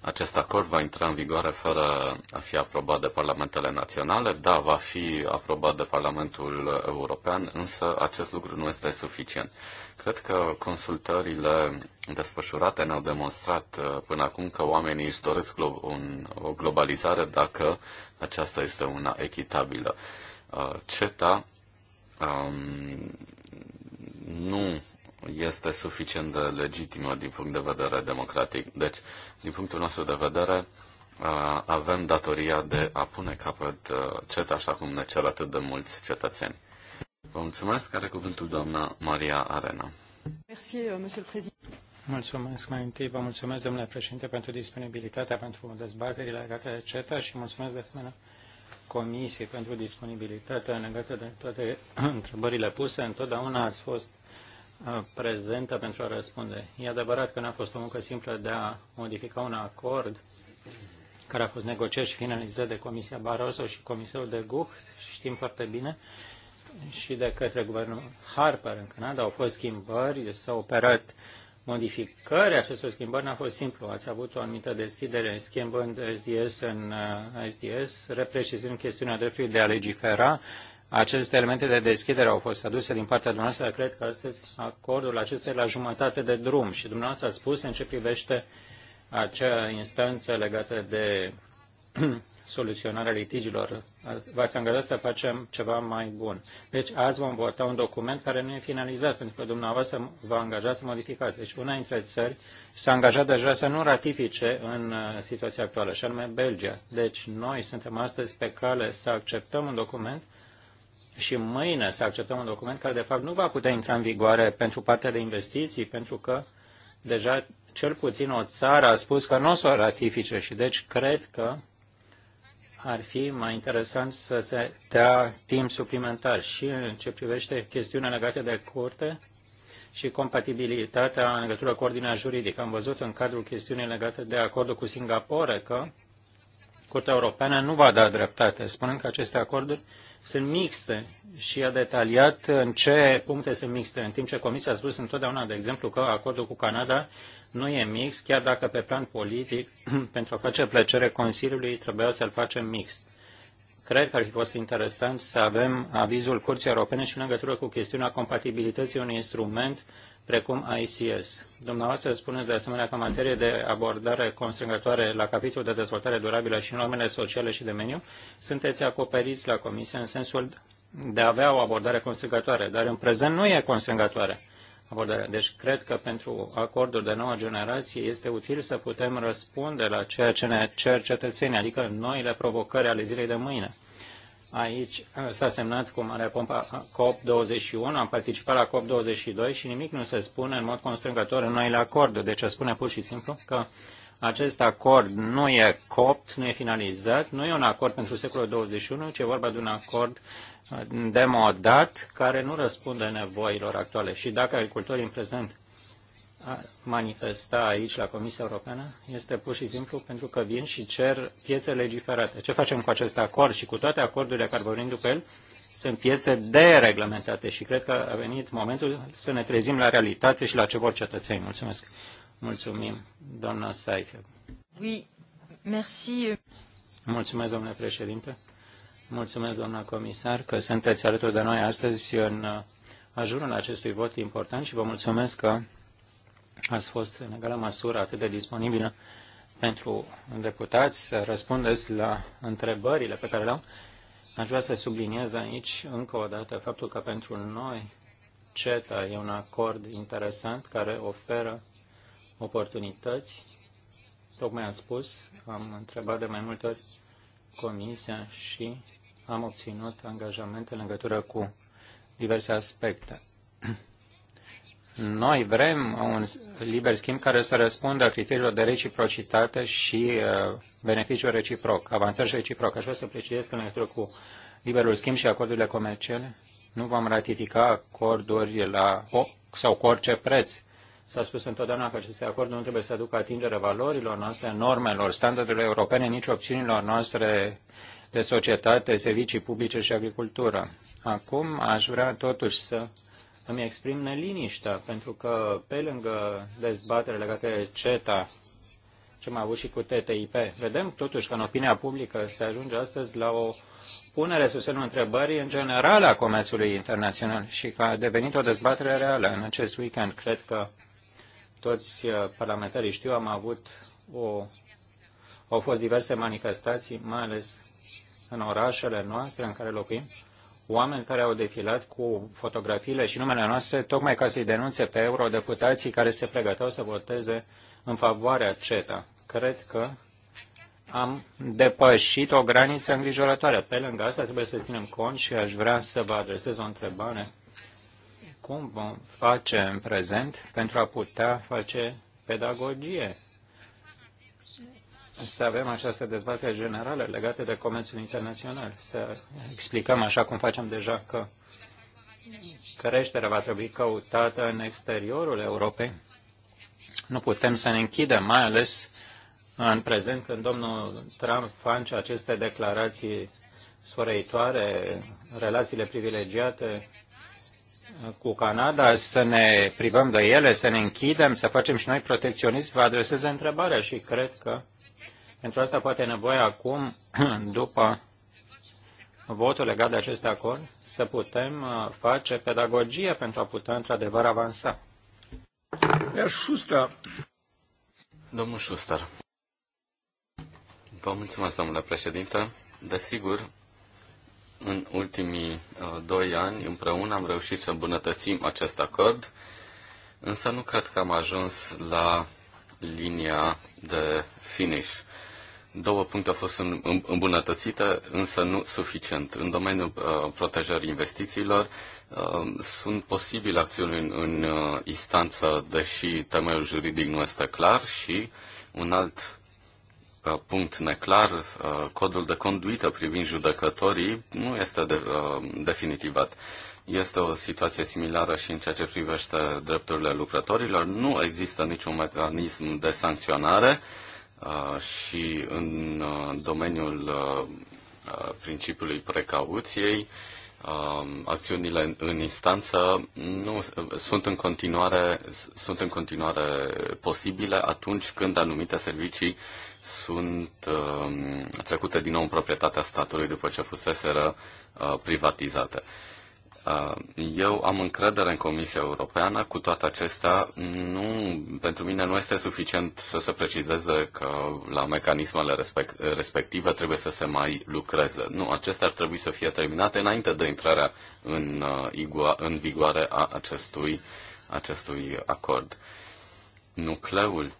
acest acord va intra în vigoare fără a fi aprobat de parlamentele naționale. Da, va fi aprobat de Parlamentul European, însă acest lucru nu este suficient. Cred că consultările desfășurate ne-au demonstrat uh, până acum că oamenii își doresc glo- un, o globalizare dacă aceasta este una echitabilă. Uh, CETA um, nu este suficient de legitimă din punct de vedere democratic. Deci, din punctul nostru de vedere, uh, avem datoria de a pune capăt uh, CET așa cum ne cer atât de mulți cetățeni. Vă mulțumesc. Are cuvântul doamna Maria Arena. Uh, mulțumesc mai întâi, vă mulțumesc, domnule președinte, pentru disponibilitatea pentru dezbaterile legate de CETA și mulțumesc de asemenea Comisiei pentru disponibilitatea legată de toate întrebările puse. Întotdeauna ați fost uh, prezentă pentru a răspunde. E adevărat că n-a fost o muncă simplă de a modifica un acord care a fost negociat și finalizat de Comisia Barroso și Comisarul de Gucht, știm foarte bine, și de către guvernul Harper în Canada. Au fost schimbări, s au operat uh, modificări această schimbări n-a fost simplu. Ați avut o anumită deschidere schimbând SDS în uh, SDS, reprecisând chestiunea dreptului de a legifera. Aceste elemente de deschidere au fost aduse din partea dumneavoastră. Cred că astăzi acordul acesta e la jumătate de drum și dumneavoastră a spus în ce privește acea instanță legată de soluționarea litigilor. V-ați angajat să facem ceva mai bun. Deci azi vom vota un document care nu e finalizat, pentru că dumneavoastră va angajați să modificați. Deci una dintre țări s-a angajat deja să nu ratifice în uh, situația actuală, și anume Belgia. Deci noi suntem astăzi pe cale să acceptăm un document și mâine să acceptăm un document care de fapt nu va putea intra în vigoare pentru partea de investiții, pentru că deja cel puțin o țară a spus că nu o să o ratifice și deci cred că ar fi mai interesant să se dea timp suplimentar și în ce privește chestiunea legată de curte și compatibilitatea în legătură cu ordinea juridică. Am văzut în cadrul chestiunii legate de acordul cu Singapore că Curtea Europeană nu va da dreptate, spunând că aceste acorduri sunt mixte și a detaliat în ce puncte sunt mixte, în timp ce Comisia a spus întotdeauna, de exemplu, că acordul cu Canada nu e mix, chiar dacă pe plan politic, pentru a face plăcere Consiliului, trebuia să-l facem mixt. Cred că ar fi fost interesant să avem avizul Curții Europene și în legătură cu chestiunea compatibilității unui instrument precum ICS. Dumneavoastră spuneți de asemenea că în materie de abordare constrângătoare la capitolul de dezvoltare durabilă și normele sociale și de meniu, sunteți acoperiți la Comisie în sensul de a avea o abordare constrângătoare, dar în prezent nu e constrângătoare abordarea. Deci cred că pentru acorduri de nouă generație este util să putem răspunde la ceea ce ne cer cetățenii, adică noile provocări ale zilei de mâine. Aici uh, s-a semnat cu mare pompa uh, COP21, am participat la COP22 și nimic nu se spune în mod constrângător în noile acorduri. Deci se spune pur și simplu că acest acord nu e copt, nu e finalizat, nu e un acord pentru secolul 21, ci e vorba de un acord uh, demodat care nu răspunde nevoilor actuale. Și dacă agricultorii în prezent manifesta aici la Comisia Europeană este pur și simplu pentru că vin și cer piețe legiferate. Ce facem cu acest acord și cu toate acordurile care vorbim după el? Sunt piețe dereglementate și cred că a venit momentul să ne trezim la realitate și la ce vor cetățenii. Mulțumesc. Mulțumim, doamna Saife. Oui, merci. Mulțumesc, domnule președinte. Mulțumesc, doamna comisar, că sunteți alături de noi astăzi în uh, ajunul acestui vot important și vă mulțumesc că ați fost în egală măsură atât de disponibilă pentru deputați să răspundeți la întrebările pe care le-au. Aș vrea să subliniez aici încă o dată faptul că pentru noi CETA e un acord interesant care oferă oportunități. Tocmai am spus, am întrebat de mai multe ori Comisia și am obținut angajamente în legătură cu diverse aspecte. Noi vrem un liber schimb care să răspundă criteriilor de reciprocitate și uh, beneficiu reciproc, avantaj reciproc. Aș vrea să precizez că în legătură cu liberul schimb și acordurile comerciale, nu vom ratifica acorduri la, sau cu orice preț. S-a spus întotdeauna că aceste acorduri nu trebuie să aducă atingere valorilor noastre, normelor, standardelor europene, nici opțiunilor noastre de societate, servicii publice și agricultură. Acum aș vrea totuși să îmi exprim neliniștea, pentru că pe lângă dezbatere legate de CETA, ce am avut și cu TTIP, vedem totuși că în opinia publică se ajunge astăzi la o punere sub semnul întrebării în general a comerțului internațional și că a devenit o dezbatere reală. În acest weekend, cred că toți uh, parlamentarii știu, am avut o, au fost diverse manifestații, mai ales în orașele noastre în care locuim, oameni care au defilat cu fotografiile și numele noastre, tocmai ca să-i denunțe pe eurodeputații care se pregăteau să voteze în favoarea CETA. Cred că am depășit o graniță îngrijorătoare. Pe lângă asta trebuie să ținem cont și aș vrea să vă adresez o întrebare. Cum vom face în prezent pentru a putea face pedagogie să avem această dezbatere generală legată de comerțul internațional, să explicăm așa cum facem deja că creșterea va trebui căutată în exteriorul Europei. Nu putem să ne închidem, mai ales în prezent când domnul Trump face aceste declarații sfărăitoare, relațiile privilegiate cu Canada, să ne privăm de ele, să ne închidem, să facem și noi protecționism, vă adresez întrebarea și cred că pentru asta poate e nevoie acum, după votul legat de acest acord, să putem uh, face pedagogie pentru a putea într-adevăr avansa. Iar Schuster. Domnul Schuster. Vă mulțumesc, domnule președinte. Desigur, în ultimii uh, doi ani împreună am reușit să îmbunătățim acest acord, însă nu cred că am ajuns la linia de finish. Două puncte au fost îmbunătățite, însă nu suficient. În domeniul uh, protejării investițiilor uh, sunt posibile acțiuni în, în uh, instanță, deși temeiul juridic nu este clar și un alt uh, punct neclar, uh, codul de conduită privind judecătorii nu este de, uh, definitivat. Este o situație similară și în ceea ce privește drepturile lucrătorilor. Nu există niciun mecanism de sancționare uh, Ah, și în ah, domeniul ah, principiului precauției, acțiunile în instanță nu, sunt, în continuare, sunt în continuare posibile atunci când anumite servicii sunt trecute din nou în proprietatea statului după ce fuseseră privatizate. Uh, eu am încredere în Comisia Europeană, cu toate acestea, nu, pentru mine nu este suficient să se precizeze că la mecanismele respect, respective trebuie să se mai lucreze. Nu, acestea ar trebui să fie terminate înainte de intrarea în, uh, în vigoare a acestui, acestui acord. Nucleul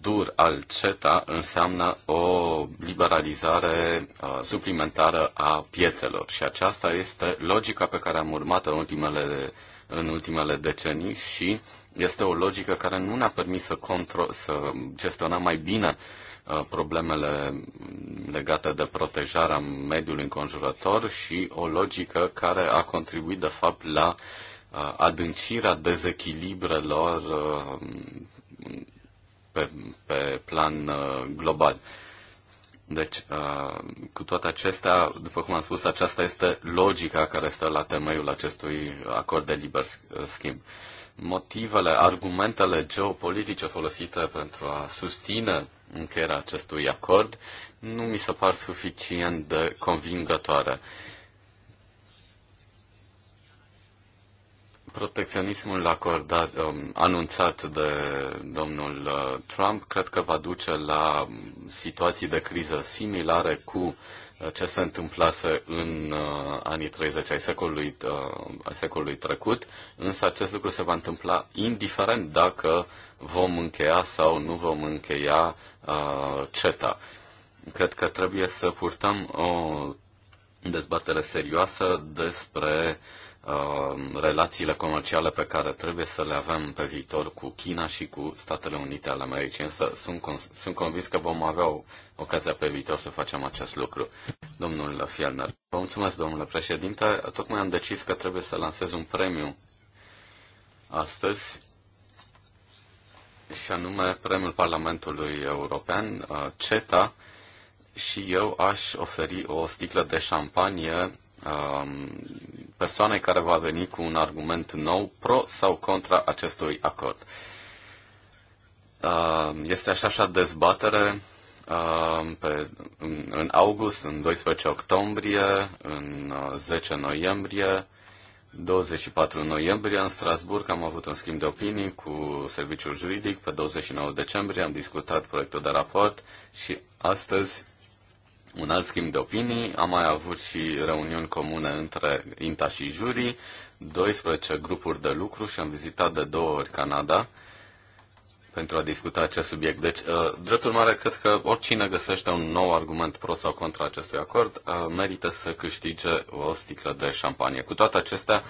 dur al CETA înseamnă o liberalizare suplimentară a piețelor și aceasta este logica pe care am urmat-o în ultimele, în ultimele decenii și este o logică care nu ne-a permis să, control, să gestionăm mai bine problemele legate de protejarea mediului înconjurător și o logică care a contribuit de fapt la adâncirea dezechilibrelor pe, pe plan uh, global. Deci, uh, cu toate acestea, după cum am spus, aceasta este logica care stă la temeiul acestui acord de liber uh, schimb. Motivele, argumentele geopolitice folosite pentru a susține încheierea acestui acord nu mi se par suficient de convingătoare. Uh, Protecționismul acordat, um, anunțat de domnul uh, Trump cred că va duce la situații de criză similare cu uh, ce se întâmplase în uh, anii 30 ai secolului, ai secolului trecut, însă acest lucru se va întâmpla indiferent dacă vom încheia sau nu vom încheia CETA. Cred că trebuie să purtăm o dezbatere serioasă despre uh, Uh, relațiile comerciale pe care trebuie să le avem pe viitor cu China și cu Statele Unite ale Americii, însă sunt, sunt convins că vom avea ocazia pe viitor să facem acest lucru. Domnul Fielner, vă mulțumesc, domnule președinte. Tocmai am decis că trebuie să lansez un premiu astăzi și anume premiul Parlamentului European, uh, CETA, și eu aș oferi o sticlă de șampanie um, Persoane care va veni cu un argument nou pro sau contra acestui acord. Uh, este așa așa dezbatere uh, pe, în, în august, în 12 octombrie, în 10 uh, noiembrie, 24 noiembrie în Strasburg am avut un schimb de opinii cu serviciul juridic. Pe 29 decembrie am discutat proiectul de raport și astăzi un alt schimb de opinii. Am mai avut și reuniuni comune între INTA și jurii, 12 grupuri de lucru și am vizitat de două ori Canada pentru a discuta acest subiect. Deci, uh, dreptul mare cred că oricine găsește un nou argument pro sau contra acestui acord uh, merită să câștige o sticlă de șampanie. Cu toate acestea,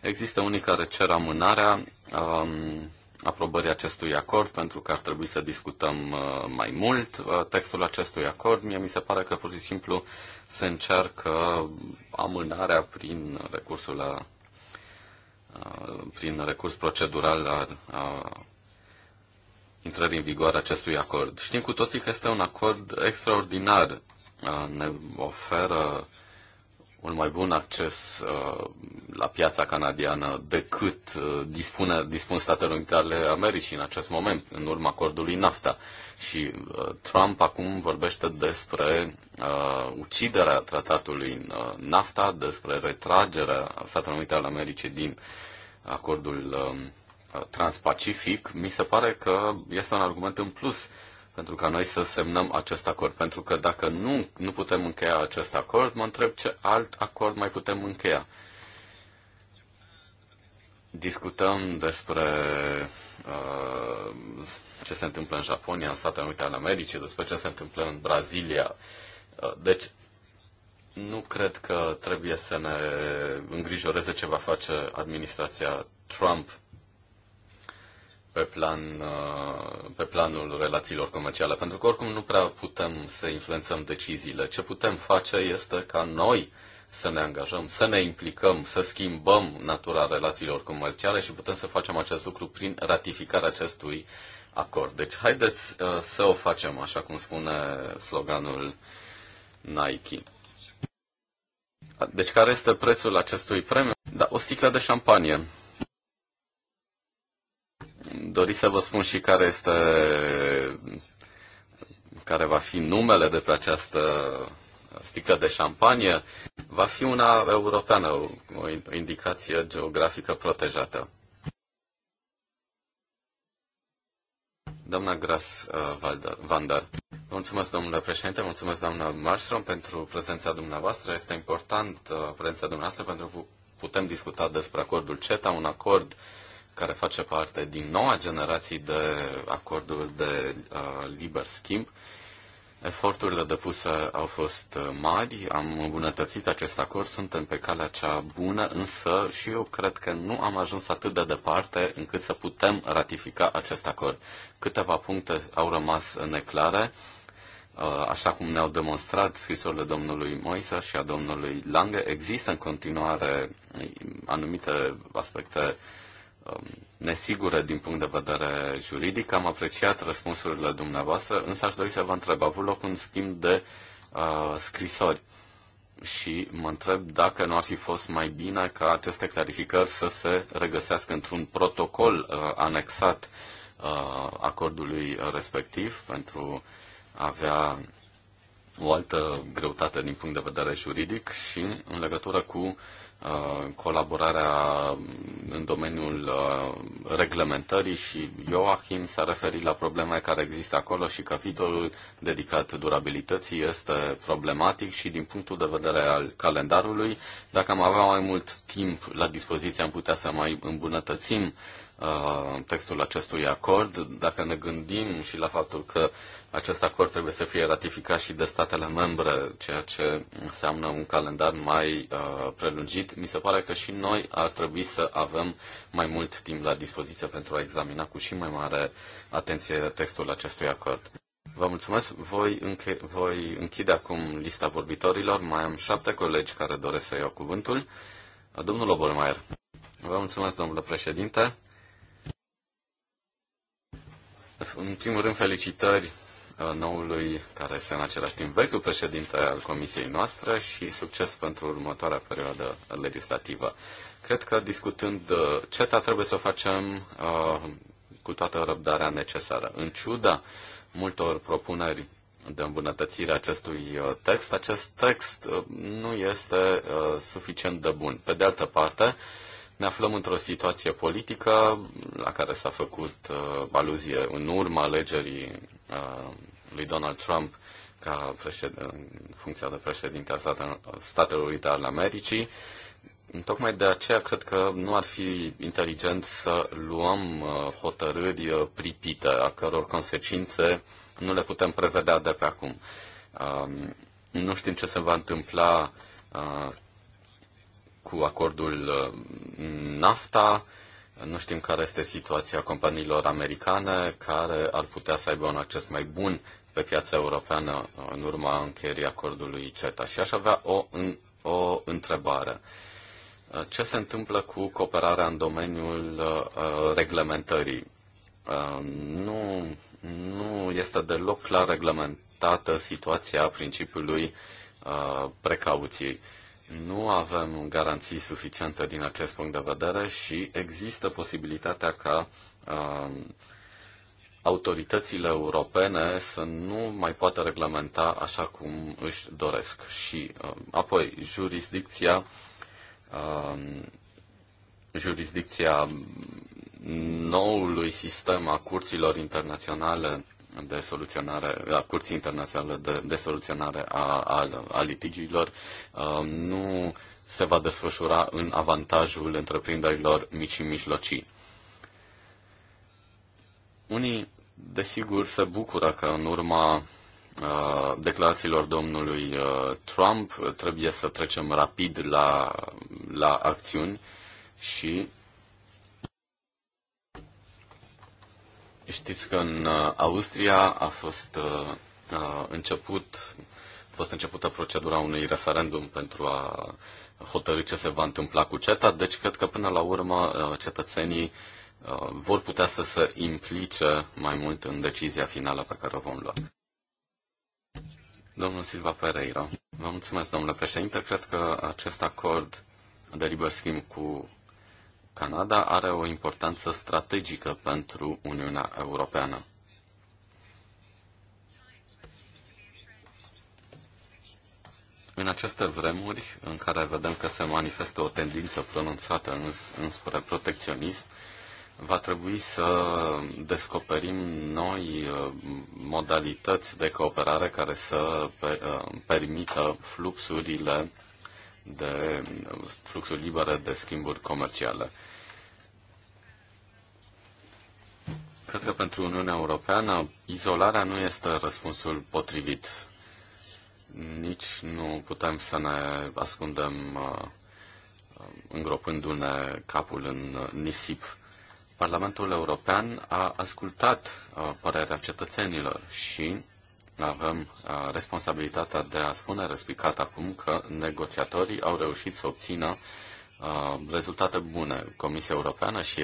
există unii care cer amânarea. Um, aprobării acestui acord, pentru că ar trebui să discutăm uh, mai mult uh, textul acestui acord. Mie mi se pare că pur și simplu se încearcă amânarea prin recursul la uh, prin recurs procedural la a intrării în vigoare acestui acord. Știm cu toții că este un acord extraordinar. Ne oferă un mai bun acces uh, la piața canadiană decât uh, dispune, dispun Statele Unite ale Americii în acest moment, în urma acordului NAFTA. Și uh, Trump acum vorbește despre uh, uciderea tratatului uh, NAFTA, despre retragerea Statelor Unite ale Americii din acordul um, uh, transpacific. Mi se pare că este un argument în plus uh, pentru ca noi să semnăm acest acord. Pentru că dacă nu, nu putem încheia acest acord, mă întreb ce alt acord mai putem încheia. Discutăm despre uh, ce se întâmplă în Japonia, în Statele Unite ale Americii, despre ce se întâmplă în Brazilia. Uh, deci, nu cred că trebuie să ne îngrijoreze ce va face administrația Trump pe, plan, uh, pe planul relațiilor comerciale, pentru că oricum nu prea putem să influențăm deciziile. Ce putem face este ca noi să ne angajăm, să ne implicăm, să schimbăm natura relațiilor comerciale și putem să facem acest lucru prin ratificarea acestui acord. Deci haideți uh, să o facem, așa cum spune sloganul Nike. Deci care este prețul acestui premiu? Da, o sticlă de șampanie dori să vă spun și care este care va fi numele de pe această sticlă de șampanie, va fi una europeană, o indicație geografică protejată. Doamna Gras uh, Vandar, mulțumesc domnule președinte, mulțumesc doamna Marstrom pentru prezența dumneavoastră. Este important uh, prezența dumneavoastră pentru că putem discuta despre acordul CETA, un acord uh, care face parte din noua generație de acorduri de uh, liber schimb. Eforturile depuse au fost uh, mari, am îmbunătățit acest acord, suntem pe calea cea bună, însă și eu cred că nu am ajuns atât de departe încât să putem ratifica acest acord. Câteva puncte au rămas neclare, uh, așa cum ne-au demonstrat scrisorile domnului Moisa și a domnului Lange. Există în continuare anumite aspecte Um, nesigură din punct de vedere juridic. Am apreciat răspunsurile dumneavoastră, însă aș dori să vă întreb, a avut loc un schimb de uh, scrisori și mă întreb dacă nu ar fi fost mai bine ca aceste clarificări să se regăsească într-un protocol uh, anexat uh, acordului respectiv pentru a avea o altă greutate din punct de vedere juridic și în legătură cu uh, Uh, colaborarea în domeniul uh, reglementării și Joachim s-a referit la probleme care există acolo și capitolul dedicat durabilității este problematic și din punctul de vedere al calendarului, dacă am avea mai mult timp la dispoziție, am putea să mai îmbunătățim uh, textul acestui acord. Dacă ne gândim și la faptul că acest acord trebuie să fie ratificat și de statele membre, ceea ce înseamnă un calendar mai uh, prelungit. Mi se pare că și noi ar trebui să avem mai mult timp la dispoziție pentru a examina cu și mai mare atenție textul acestui acord. Vă mulțumesc. Voi, înche- voi închide acum lista vorbitorilor. Mai am șapte colegi care doresc să iau cuvântul. Domnul Obermeier. Vă mulțumesc, domnule președinte. În primul rând, felicitări Uh, noului, care este în același timp vechiul președinte al comisiei noastre și succes pentru următoarea perioadă legislativă. Cred că discutând uh, CETA trebuie să o facem uh, cu toată răbdarea necesară. În ciuda multor propuneri de îmbunătățire a acestui uh, text, acest text nu este suficient de bun. Pe de altă parte, ne aflăm într-o situație politică la care s-a făcut aluzie în urma alegerii Uh, lui Donald Trump ca președ... funcția de președinte al Statelor Unite ale Americii. Tocmai de aceea cred că nu ar fi inteligent să luăm uh, hotărâri uh, pripite, a căror consecințe nu le putem prevedea de pe acum. Um, nu știm ce se va întâmpla cu acordul NAFTA, nu știm care este situația companiilor americane care ar putea să aibă un acces mai bun pe piața europeană uh, în urma încheierii acordului CETA. Și aș avea o, în, o întrebare. Uh, ce se întâmplă cu cooperarea în domeniul uh, reglementării? Uh, nu, nu este deloc clar reglementată situația principiului uh, precauției. Uh, nu avem garanții suficiente din acest punct de vedere și există posibilitatea ca uh, autoritățile europene să nu mai poată reglementa așa cum își doresc. Și uh, apoi, jurisdicția, uh, jurisdicția noului sistem a curților internaționale de soluționare, a Curții Internaționale de, de Soluționare a, a, a litigiilor um, nu se va desfășura în avantajul întreprinderilor mici și mijlocii. Unii, desigur, se bucură că în urma uh, declarațiilor domnului uh, Trump trebuie să trecem rapid la, la acțiuni și Știți că în uh, Austria a fost uh, uh, început, a fost începută procedura unui referendum pentru a hotărâ ce se va întâmpla cu CETA, deci cred că până la urmă cetățenii vor putea să se implice mai mult în decizia finală pe care o vom lua. Domnul Silva Pereira, vă mulțumesc, domnule președinte. Cred că acest acord de liber schimb cu Canada are o importanță strategică pentru Uniunea Europeană. În aceste vremuri în care vedem că se manifestă o tendință pronunțată îns- înspre protecționism, va trebui să descoperim noi uh, modalități de cooperare care să uh, permită fluxurile de fluxul liber de schimburi comerciale. Cred că pentru Uniunea Europeană izolarea nu este răspunsul potrivit. Nici nu putem să ne ascundem uh, îngropându-ne capul în nisip. Parlamentul European a ascultat uh, părerea cetățenilor și avem responsabilitatea de a spune răspicat acum că negociatorii au reușit să obțină rezultate bune. Comisia Europeană și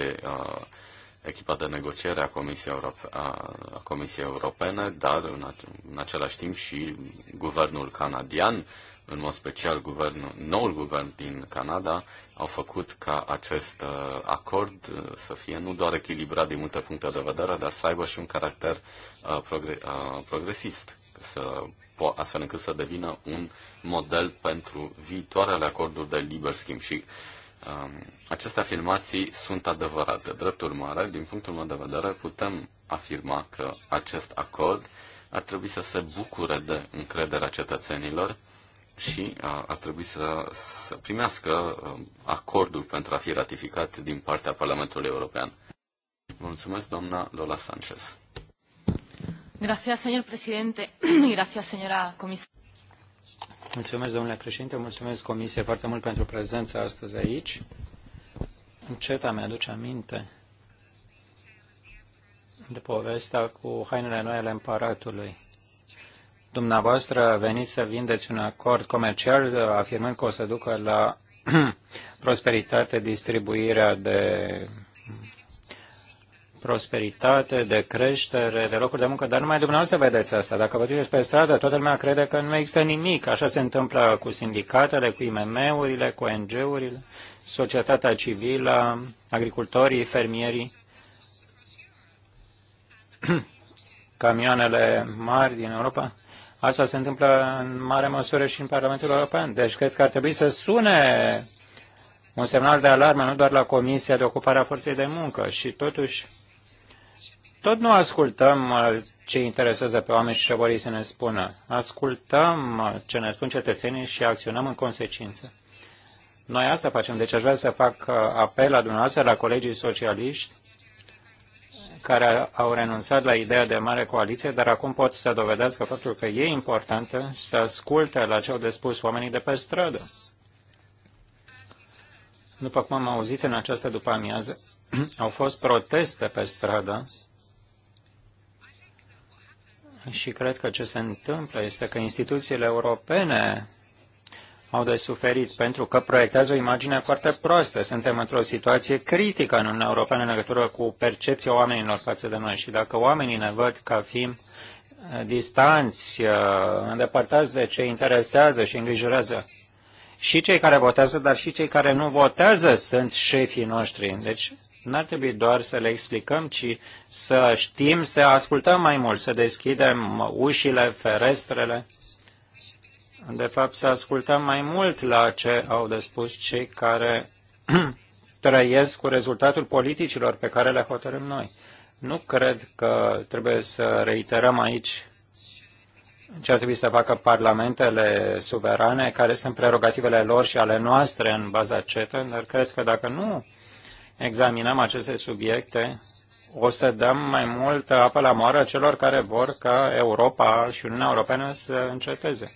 echipa de negociere a Comisiei, Europe- a Comisiei Europene, dar în, în același timp și guvernul canadian în mod special guvernul, noul guvern din Canada, au făcut ca acest uh, acord uh, să fie nu doar echilibrat din multe puncte de vedere, dar să aibă și un caracter uh, progre- progresist, să, astfel încât să devină un model pentru viitoarele acorduri de liber schimb. Și um, aceste afirmații sunt adevărate. Drept urmare, din punctul meu de vedere, putem afirma că acest acord ar trebui să se bucure de încrederea cetățenilor, și ar trebui să, să primească um, acordul pentru a fi ratificat din partea Parlamentului European. Mulțumesc, doamna Lola Sanchez. Gracias, señor presidente. Gracias, señora comisar. Mulțumesc, domnule președinte. Mulțumesc, comisie, foarte mult pentru prezența astăzi aici. Înceta mi-aduce aminte de povestea cu hainele noi ale împăratului Dumneavoastră veniți să vindeți un acord comercial afirmând că o să ducă la prosperitate, distribuirea de prosperitate, de creștere, de locuri de muncă, dar numai dumneavoastră vedeți asta. Dacă vă duceți pe stradă, toată lumea crede că nu există nimic. Așa se întâmplă cu sindicatele, cu IMM-urile, cu ONG-urile, societatea civilă, agricultorii, fermierii, camioanele mari din Europa. Asta se întâmplă în mare măsură și în Parlamentul European. Deci cred că ar trebui să sune un semnal de alarmă, nu doar la Comisia de Ocupare a Forței de Muncă. Și totuși, tot nu ascultăm uh, ce interesează pe oameni și ce vor să ne spună. Ascultăm uh, ce ne spun cetățenii și acționăm în consecință. Noi asta facem. Deci aș vrea să fac uh, apel la dumneavoastră, la colegii socialiști, care au renunțat la ideea de mare coaliție, dar acum pot să dovedească faptul că e importantă și să asculte la ce au de spus oamenii de pe stradă. După cum am auzit în această după-amiază, au fost proteste pe stradă și cred că ce se întâmplă este că instituțiile europene au de suferit, pentru că proiectează o imagine foarte proastă. Suntem într-o situație critică în Uniunea Europeană în legătură cu percepția oamenilor față de noi și dacă oamenii ne văd ca fiind uh, distanți, uh, îndepărtați de ce interesează și îngrijorează, și cei care votează, dar și cei care nu votează sunt șefii noștri. Deci n-ar trebui doar să le explicăm, ci să știm, să ascultăm mai mult, să deschidem ușile, ferestrele de fapt, să ascultăm mai mult la ce au de spus cei care trăiesc cu rezultatul politicilor pe care le hotărâm noi. Nu cred că trebuie să reiterăm aici ce ar trebui să facă parlamentele suverane, care sunt prerogativele lor și ale noastre în baza CETA, dar cred că dacă nu examinăm aceste subiecte, o să dăm mai mult apă la moară celor care vor ca Europa și Uniunea Europeană să înceteze.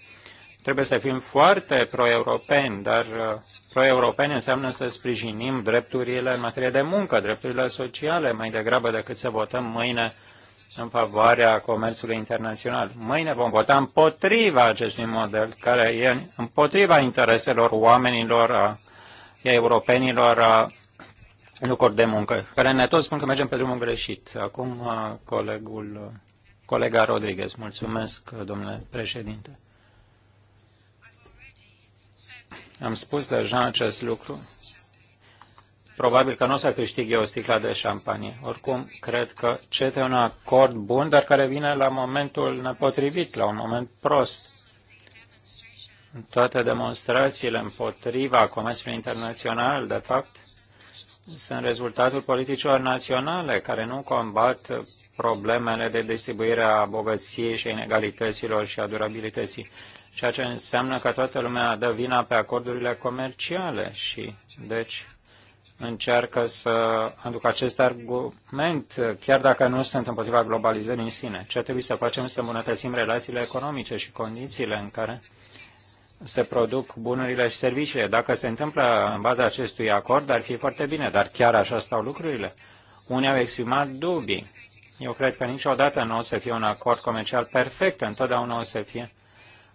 Trebuie să fim foarte pro-europeni, dar uh, pro-europeni înseamnă să sprijinim drepturile în materie de muncă, drepturile sociale, mai degrabă decât să votăm mâine în favoarea comerțului internațional. Mâine vom vota împotriva acestui model, care e împotriva intereselor oamenilor, a europenilor, a lucruri de muncă, care ne toți spun că mergem pe drumul greșit. Acum, uh, colegul, colega Rodriguez, mulțumesc, domnule președinte. Am spus deja acest lucru. Probabil că nu o să câștig eu o sticlă de șampanie. Oricum, cred că cete e un acord bun, dar care vine la momentul nepotrivit, la un moment prost. Toate demonstrațiile împotriva comerțului internațional, de fapt, sunt rezultatul politicilor naționale care nu combat problemele de distribuire a bogăției și a inegalităților și a durabilității ceea ce înseamnă că toată lumea dă vina pe acordurile comerciale și, deci, încearcă să aducă acest argument, chiar dacă nu sunt împotriva globalizării în sine. Ce trebuie să facem să îmbunătățim relațiile economice și condițiile în care se produc bunurile și serviciile. Dacă se întâmplă în baza acestui acord, ar fi foarte bine, dar chiar așa stau lucrurile. Unii au exprimat dubii. Eu cred că niciodată nu o să fie un acord comercial perfect, întotdeauna o să fie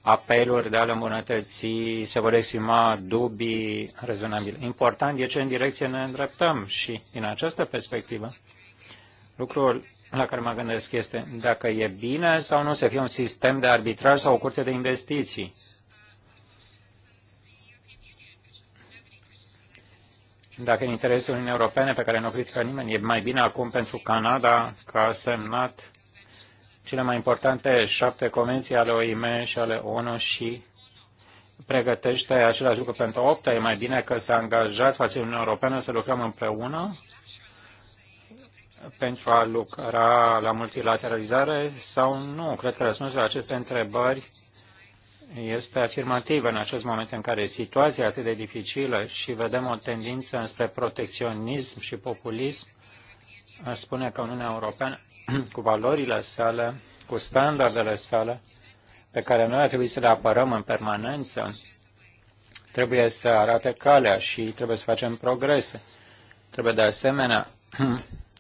apeluri de a-l îmbunătăți, se vor exprima dubii rezonabile. Important e ce în direcție ne îndreptăm și, din această perspectivă, lucrul la care mă gândesc este dacă e bine sau nu să fie un sistem de arbitraj sau o curte de investiții. Dacă în interesul Uniunii Europene, pe care nu o critică nimeni, e mai bine acum pentru Canada că a semnat cele mai importante șapte convenții ale OIM și ale ONU și pregătește același lucru pentru opta. E mai bine că s-a angajat față de Uniunea Europeană să lucrăm împreună pentru a lucra la multilateralizare sau nu? Cred că răspunsul la aceste întrebări este afirmativ în acest moment în care situația atât de dificilă și vedem o tendință înspre protecționism și populism, aș spune că Uniunea Europeană cu valorile sale, cu standardele sale, pe care noi ar trebui să le apărăm în permanență, trebuie să arate calea și trebuie să facem progrese. Trebuie de asemenea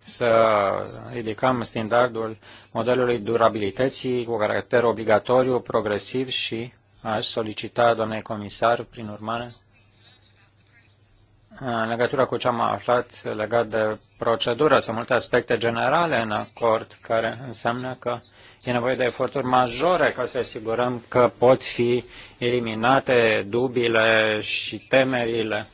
să ridicăm standardul modelului durabilității cu caracter obligatoriu, progresiv și aș solicita, domnule comisar, prin urmare, în legătură cu ce am aflat legat de procedură. Sunt multe aspecte generale în acord care înseamnă că e nevoie de eforturi majore ca să asigurăm că pot fi eliminate dubile și temerile.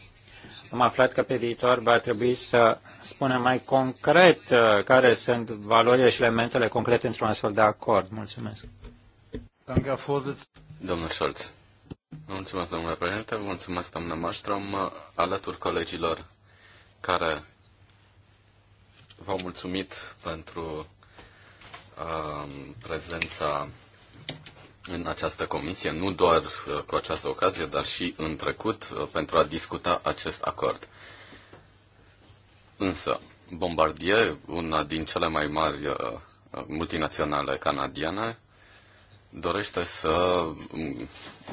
Am aflat că pe viitor va trebui să spunem mai concret uh, care sunt valorile și elementele concrete într-un astfel de acord. Mulțumesc. Domnul Scholz. Mulțumesc, domnule președinte, mulțumesc, doamnă Maștram, alături colegilor care v-au mulțumit pentru uh, prezența în această comisie, nu doar uh, cu această ocazie, dar și în trecut, uh, pentru a discuta acest acord. Însă, Bombardier, una din cele mai mari uh, multinaționale canadiene, dorește să,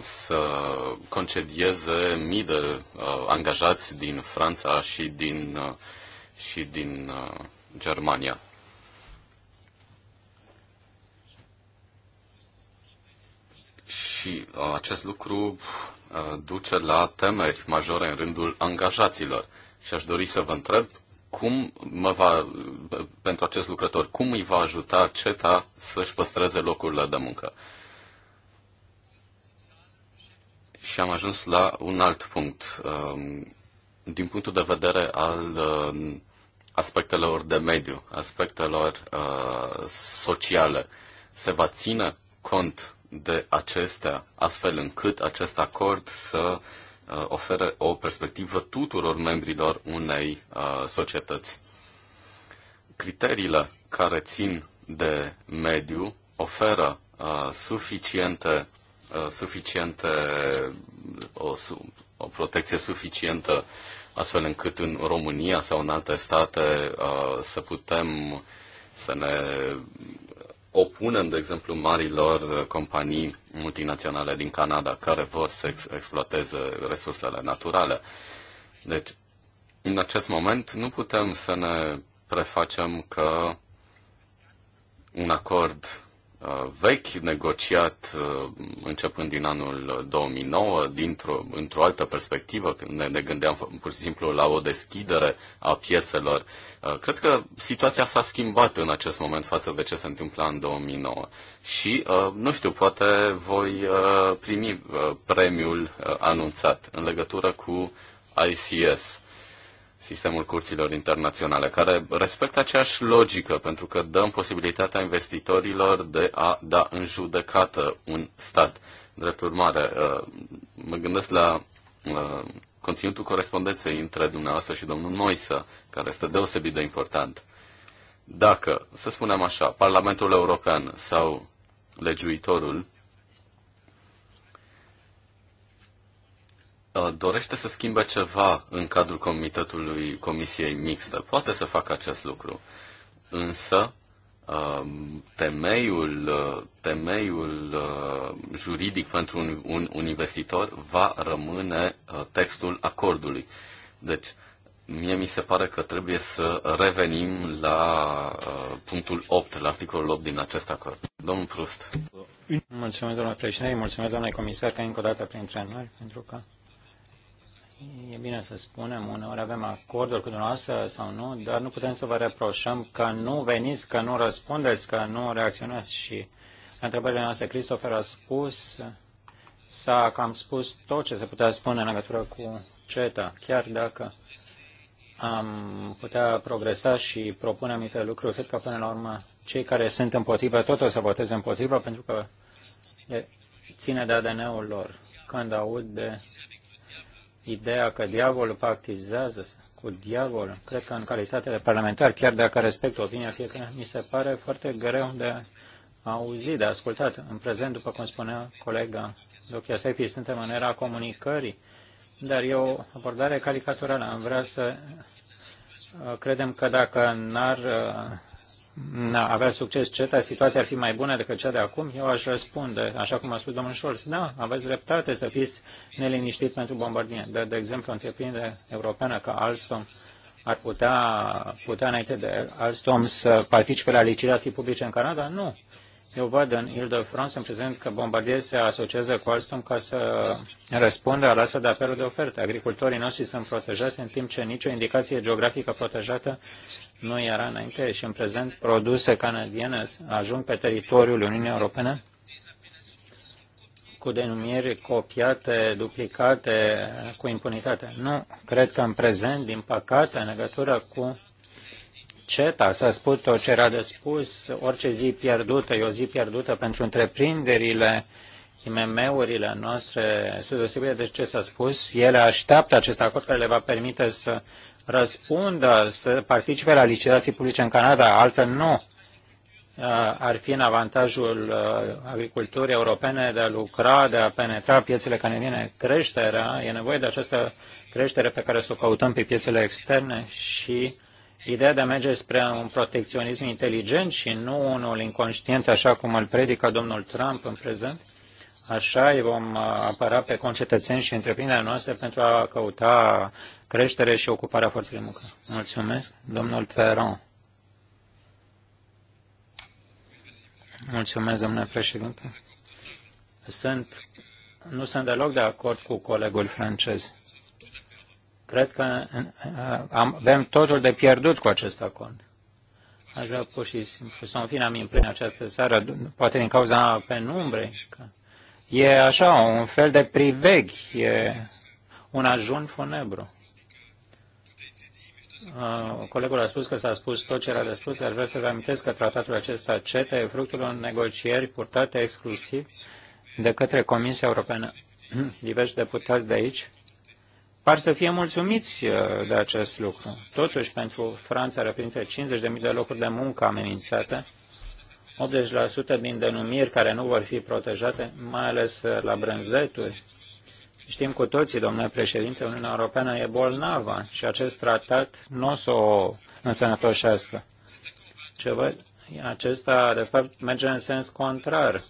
să concedieze mii de uh, angajați din Franța și din, uh, și din uh, Germania. Și uh, acest lucru uh, duce la temeri majore în rândul angajaților. Și aș dori să vă întreb cum mă va, pentru acest lucrător, cum îi va ajuta CETA să-și păstreze locurile de muncă. Și am ajuns la un alt punct. Um, din punctul de vedere al um, aspectelor de mediu, aspectelor uh, sociale, se va ține cont de acestea, astfel încât acest acord să uh, Uh, oferă o perspectivă tuturor membrilor unei uh, societăți. Criteriile care țin de mediu oferă uh, suficiente, suficiente o, o protecție suficientă astfel încât în România sau în alte state să putem să ne opunem, de exemplu, marilor companii multinaționale din Canada care vor să exploateze resursele naturale. Deci, în acest moment, nu putem să ne prefacem că un acord Uh, vechi, negociat uh, începând din anul 2009, dintr-o, într-o altă perspectivă, când ne, ne gândeam pur și simplu la o deschidere a piețelor. Uh, cred că situația s-a schimbat în acest moment față de ce se întâmpla în 2009. Și, nu știu, poate voi primi premiul anunțat în legătură cu ICS sistemul curților internaționale, care respectă aceeași logică, pentru că dăm posibilitatea investitorilor de a da în judecată un stat. Drept urmare, uh, mă gândesc la uh, conținutul corespondenței între dumneavoastră și domnul Moisă, care este deosebit de important. Dacă, să spunem așa, Parlamentul European sau legiuitorul Uh, dorește să schimbe ceva în cadrul comitetului Comisiei Mixte, poate să facă acest lucru. Însă, uh, temeiul, uh, temeiul juridic pentru un, un, un investitor va rămâne textul acordului. Deci, mie mi se pare că trebuie să revenim la punctul 8, la articolul 8 din acest acord. Domnul Prust. Mulțumesc, domnule președinte, mulțumesc, domnule comisar, că încă o dată printre noi, pentru că e bine să spunem, uneori avem acorduri cu dumneavoastră sau nu, dar nu putem să vă reproșăm că nu veniți, că nu răspundeți, că nu reacționați și la întrebările noastre. Christopher a spus, s-a cam spus tot ce se putea spune în legătură cu CETA, chiar dacă am putea progresa și propune anumite lucruri, cred că până la urmă cei care sunt împotrivă tot o să voteze împotrivă pentru că ține de ADN-ul lor. Când aud de ideea că diavolul pactizează cu diavolul, cred că în calitate de parlamentar, chiar dacă respect opinia fiecare, mi se pare foarte greu de auzit, de ascultat. În prezent, după cum spunea colega Dochia Sefi, suntem în era comunicării, dar e o abordare caricaturală. Am vrea să uh, credem că dacă n-ar uh, avea succes CETA, situația ar fi mai bună decât cea de acum, eu aș răspunde, așa cum a spus domnul Scholz, da, aveți dreptate să fiți neliniștit pentru bombardier. De de exemplu, o întreprindere europeană ca Alstom ar putea, putea înainte de Alstom să participe la licitații publice în Canada? Nu. Eu văd în Ile-de-France în prezent că Bombardier se asociază cu Alstom ca să răspundă la astfel de apeluri de oferte. Agricultorii noștri sunt protejați în timp ce nicio indicație geografică protejată nu era înainte și în prezent produse canadiene ajung pe teritoriul Uniunii Europene cu denumiri copiate, duplicate, cu impunitate. Nu, cred că în prezent, din păcate, în legătură cu CETA, s-a spus tot ce era de spus, orice zi pierdută e o zi pierdută pentru întreprinderile, IMM-urile noastre, spre de ce s-a spus, ele așteaptă acest acord care le va permite să răspundă, să participe la licitații publice în Canada, altfel nu ar fi în avantajul agriculturii europene de a lucra, de a penetra piețele canadiene. Creșterea, e nevoie de această creștere pe care să o căutăm pe piețele externe și Ideea de a merge spre un protecționism inteligent și nu unul inconștient, așa cum îl predică domnul Trump în prezent, Așa îi vom uh, apăra pe concetățeni și întreprinderea noastră pentru a căuta creștere și ocuparea forței de muncă. Mulțumesc. Domnul Ferron. Mulțumesc, domnule președinte. Sunt, nu sunt deloc de acord cu colegul francez. Cred că uh, avem totul de pierdut cu acest acord. Aș vrea pur și simplu să mi fine am în această seară, poate din cauza penumbrei. Că e așa, un fel de priveghi, e un ajun funebru. Uh, colegul a spus că s-a spus tot ce era de spus, dar vreau să vă amintesc că tratatul acesta CETA e fructul unor negocieri purtate exclusiv de către Comisia Europeană. Diversi deputați de aici par să fie mulțumiți uh, de acest lucru. Totuși, pentru Franța reprezintă 50.000 de locuri de muncă amenințate, 80% din denumiri care nu vor fi protejate, mai ales uh, la brânzeturi. Știm cu toții, domnule președinte, Uniunea Europeană e bolnavă și acest tratat nu o să o însănătoșească. Ceva, acesta, de fapt, merge în sens contrar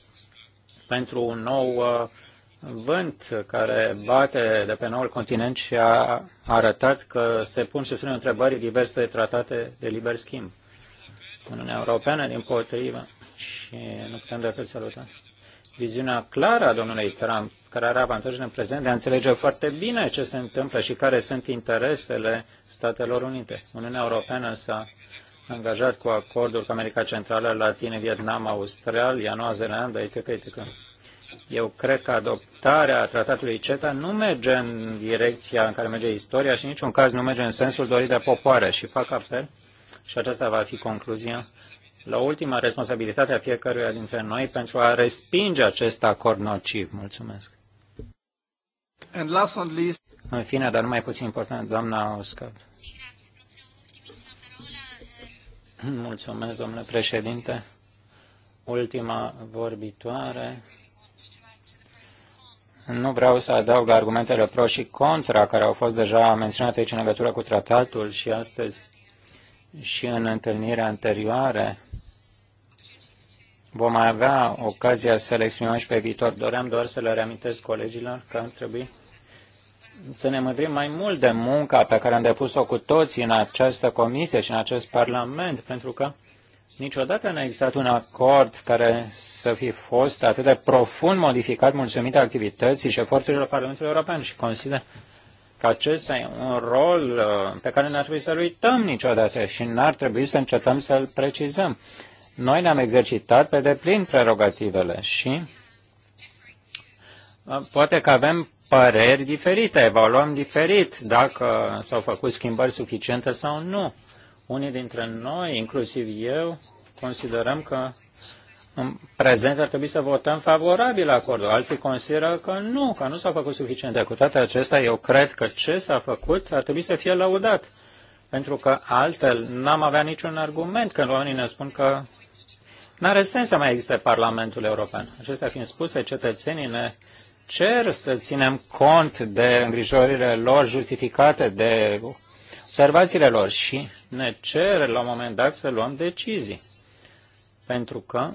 pentru un nou uh, vânt care bate de pe noul continent și a arătat că se pun și sunt întrebări diverse tratate de liber schimb. Uniunea Europeană, din potrivă, și nu putem decât saluta. Viziunea clară a domnului Trump, care are avantajul în prezent de a înțelege foarte bine ce se întâmplă și care sunt interesele Statelor Unite. Uniunea Europeană s-a angajat cu acorduri cu America Centrală, Latine, Vietnam, Australia, Noua Zeelandă, etc. etc. Eu cred că adoptarea tratatului CETA nu merge în direcția în care merge istoria și în niciun caz nu merge în sensul dorit de popoare și fac apel, și aceasta va fi concluzia, la ultima responsabilitate a fiecăruia dintre noi pentru a respinge acest acord nociv. Mulțumesc. And last and least... În fine, dar nu mai puțin important, doamna Oscar. Mulțumesc, domnule președinte. Ultima vorbitoare. Nu vreau să adaug argumentele pro și contra care au fost deja menționate aici în legătură cu tratatul și astăzi și în întâlnirea anterioare. Vom mai avea ocazia să le exprimăm și pe viitor. Doream doar să le reamintesc colegilor că ar trebui să ne mândrim mai mult de munca pe care am depus-o cu toții în această comisie și în acest parlament, pentru că Niciodată n-a existat un acord care să fi fost atât de profund modificat mulțumită activității și eforturilor Parlamentului European și consider că acesta e un rol uh, pe care n-ar trebui să-l uităm niciodată și n-ar trebui să încetăm să-l precizăm. Noi ne-am exercitat pe deplin prerogativele și uh, poate că avem păreri diferite, evaluăm diferit dacă s-au făcut schimbări suficiente sau nu unii dintre noi, inclusiv eu, considerăm că în prezent ar trebui să votăm favorabil acordul. Alții consideră că nu, că nu s-a făcut suficient. De cu toate acestea, eu cred că ce s-a făcut ar trebui să fie laudat, Pentru că altfel n-am avea niciun argument când oamenii ne spun că n-are sens să mai existe Parlamentul European. Acestea fiind spuse, cetățenii ne cer să ținem cont de îngrijorările lor justificate de observațiile lor și ne cer la un moment dat să luăm decizii. Pentru că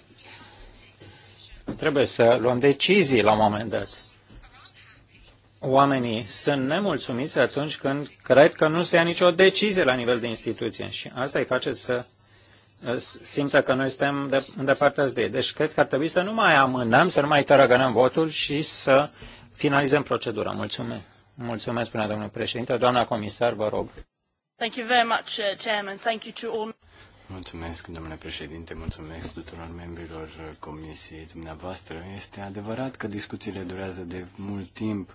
trebuie să luăm decizii la un moment dat. Oamenii sunt nemulțumiți atunci când cred că nu se ia nicio decizie la nivel de instituție și asta îi face să simtă că noi suntem îndepărtați de ei. Deci cred că ar trebui să nu mai amânăm, să nu mai tărăgănăm votul și să finalizăm procedura. Mulțumesc. Mulțumesc, spunea domnul președinte. Doamna comisar, vă rog. Thank you very much, uh, Chairman. Thank you to all... Mulțumesc, domnule președinte, mulțumesc tuturor membrilor uh, comisiei dumneavoastră. Este adevărat că discuțiile durează de mult timp,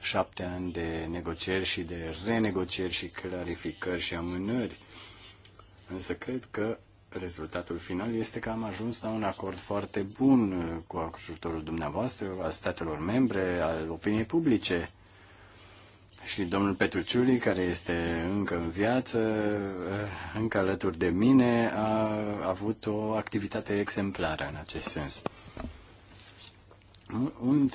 șapte ani de negocieri și de renegocieri și clarificări și amânări. Însă cred că rezultatul final este că am ajuns la un acord foarte bun uh, cu ajutorul dumneavoastră, a statelor membre, al opiniei publice și domnul Ciuli, care este încă în viață, încă alături de mine, a avut o activitate exemplară în acest sens.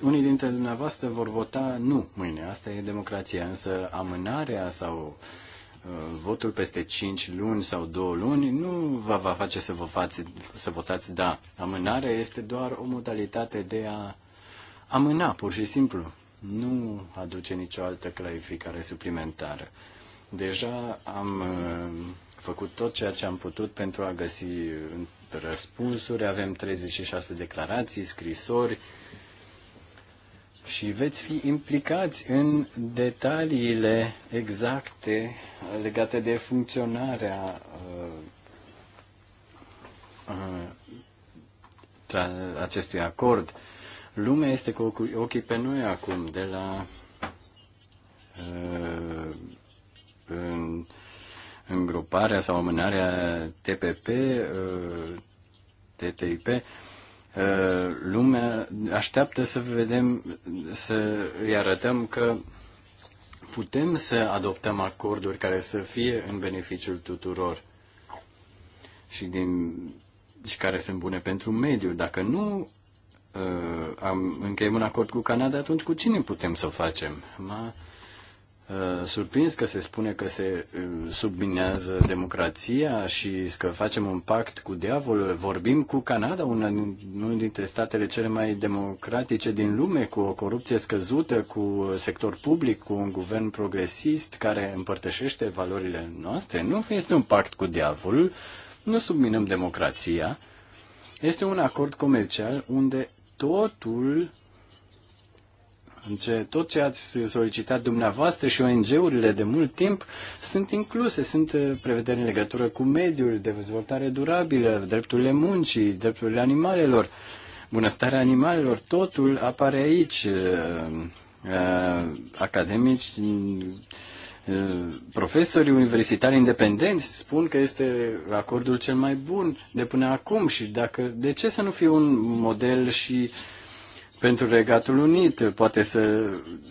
Unii dintre dumneavoastră vor vota nu mâine, asta e democrația, însă amânarea sau uh, votul peste 5 luni sau 2 luni nu vă va face să, vă fați, să votați da. Amânarea este doar o modalitate de a amâna, pur și simplu nu aduce nicio altă clarificare suplimentară. Deja am uh, făcut tot ceea ce am putut pentru a găsi uh, răspunsuri. Avem 36 declarații, scrisori și veți fi implicați în detaliile exacte legate de funcționarea uh, acestui acord Lumea este cu ochii pe noi acum, de la uh, în, îngroparea sau amânarea TPP, uh, TTIP, uh, lumea așteaptă să vedem, să îi arătăm că putem să adoptăm acorduri care să fie în beneficiul tuturor și, din, și care sunt bune pentru mediu. Dacă nu uh, am, încheiem un acord cu Canada, atunci cu cine putem să o facem? M-a uh, surprins că se spune că se uh, subminează democrația și că facem un pact cu diavolul. Vorbim cu Canada, una, unul dintre statele cele mai democratice din lume, cu o corupție scăzută, cu sector public, cu un guvern progresist care împărtășește valorile noastre. Nu este un pact cu diavolul, nu subminăm democrația. Este un acord comercial unde totul ce, tot ce ați solicitat dumneavoastră și ONG-urile de mult timp sunt incluse, sunt uh, prevederi în legătură cu mediul, de dezvoltare durabilă, drepturile muncii, drepturile animalelor, bunăstarea animalelor, totul apare aici. Uh, uh, academici Eh, profesorii universitari independenți spun că este acordul cel mai bun de până acum și dacă, de ce să nu fie un model și pentru Regatul Unit? Poate să,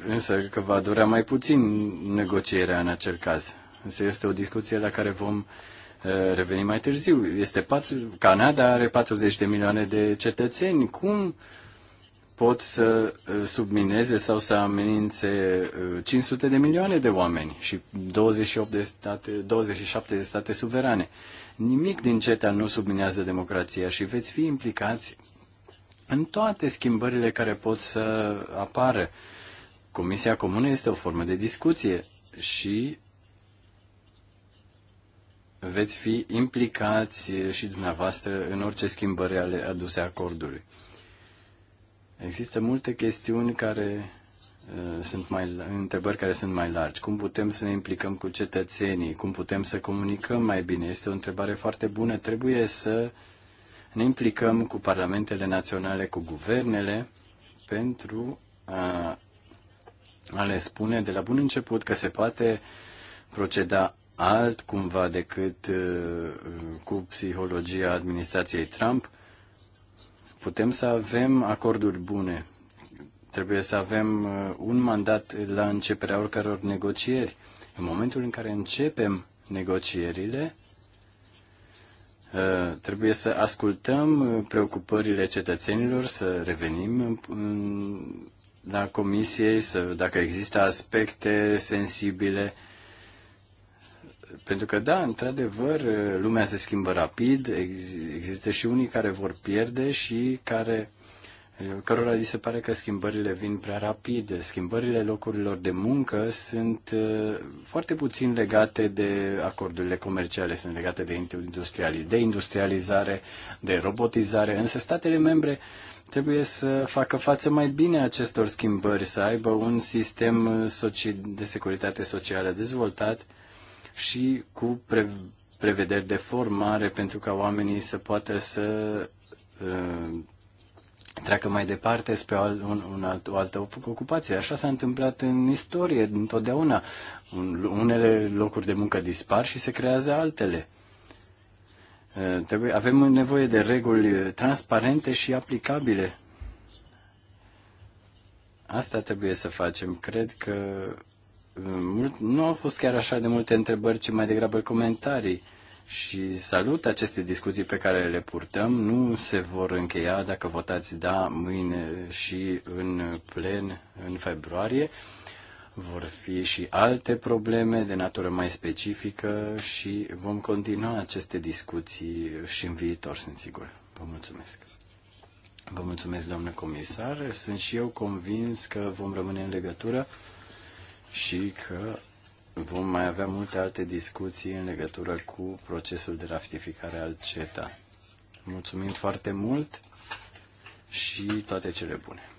însă că va dura mai puțin negocierea în acel caz. Însă este o discuție la care vom eh, reveni mai târziu. Este patru, Canada are 40 de milioane de cetățeni. Cum uh, pot să uh, submineze sau să amenințe 500 uh, de milioane de oameni și 28 de state, 27 de state suverane. Nimic din CETA nu subminează democrația și veți fi implicați în toate schimbările care pot să apară. Comisia Comună este o formă de discuție și veți fi implicați și dumneavoastră în orice schimbări ale aduse acordului. Există multe chestiuni care uh, sunt mai, întrebări care sunt mai largi. Cum putem să ne implicăm cu cetățenii? Cum putem să comunicăm mai bine? Este o întrebare foarte bună. Trebuie să ne implicăm cu parlamentele naționale, cu guvernele, pentru a, a le spune de la bun început că se poate proceda altcumva decât uh, cu psihologia administrației Trump Putem să avem acorduri bune. Trebuie să avem uh, un mandat la începerea oricăror negocieri. În momentul în care începem negocierile, uh, trebuie să ascultăm uh, preocupările cetățenilor, să revenim la comisie, să, dacă există aspecte sensibile pentru că, da, într-adevăr, lumea se schimbă rapid, există și unii care vor pierde și care, cărora li se pare că schimbările vin prea rapide. Schimbările locurilor de muncă sunt uh, foarte puțin legate de acordurile comerciale, sunt legate de industrializare, de robotizare, însă statele membre trebuie să facă față mai bine acestor schimbări, să aibă un sistem de securitate socială dezvoltat, și cu pre- prevederi de formare pentru ca oamenii să poată să uh, treacă mai departe spre un, un alt, o altă ocupație. Așa s-a întâmplat în istorie, întotdeauna. Unele locuri de muncă dispar și se creează altele. Uh, trebuie, avem nevoie de reguli transparente și aplicabile. Asta trebuie să facem. Cred că mult, nu au fost chiar așa de multe întrebări, ci mai degrabă comentarii. Și salut aceste discuții pe care le purtăm. Nu se vor încheia dacă votați da mâine și în plen în februarie. Vor fi și alte probleme de natură mai specifică și vom continua aceste discuții și în viitor, sunt sigur. Vă mulțumesc. Vă mulțumesc, doamnă comisar. Sunt și eu convins că vom rămâne în legătură și că vom mai avea multe alte discuții în legătură cu procesul de ratificare al CETA. Mulțumim foarte mult și toate cele bune!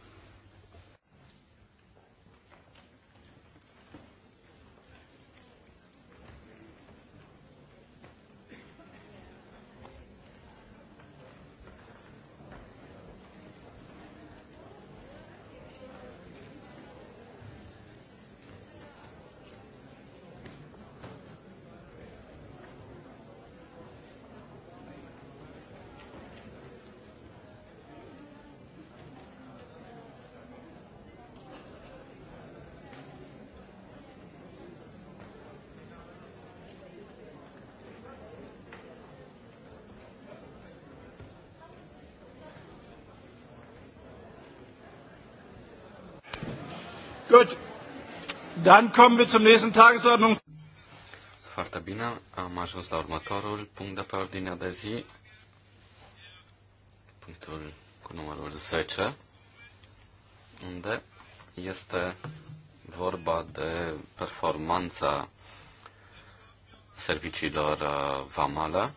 Dann kommen wir zum nächsten Tagesordnung. Foarte bine, am ajuns la următorul punct de pe ordinea de zi, punctul cu numărul 10, unde este vorba de performanța serviciilor uh, vamală.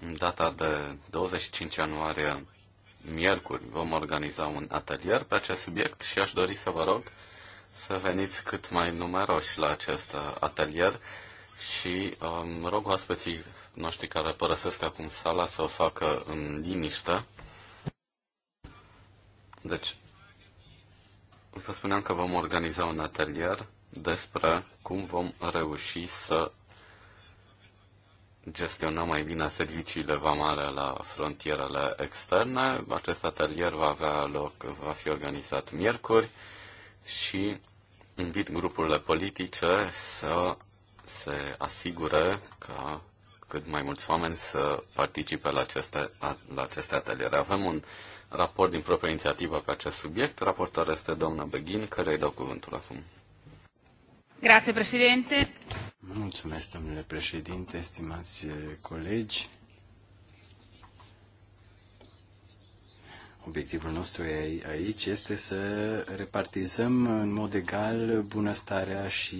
În data de 25 ianuarie, miercuri, vom organiza un atelier pe acest subiect și aș dori să vă rog să veniți cât mai numeroși la acest uh, atelier și um, rog oaspeții noștri care părăsesc acum sala să o facă în liniște. Deci, vă spuneam că vom organiza un atelier despre cum vom reuși să gestionăm mai bine serviciile vamale la frontierele externe. Acest atelier va avea loc, va fi organizat miercuri și invit grupurile politice să se asigure că cât mai mulți oameni să participe la aceste, la aceste ateliere. Avem un raport din propria inițiativă pe acest subiect. Raportor este doamna Beghin, care îi dau cuvântul acum. Grazie, președinte. Mulțumesc, domnule președinte, stimați colegi. Obiectivul nostru aici este să repartizăm în mod egal bunăstarea și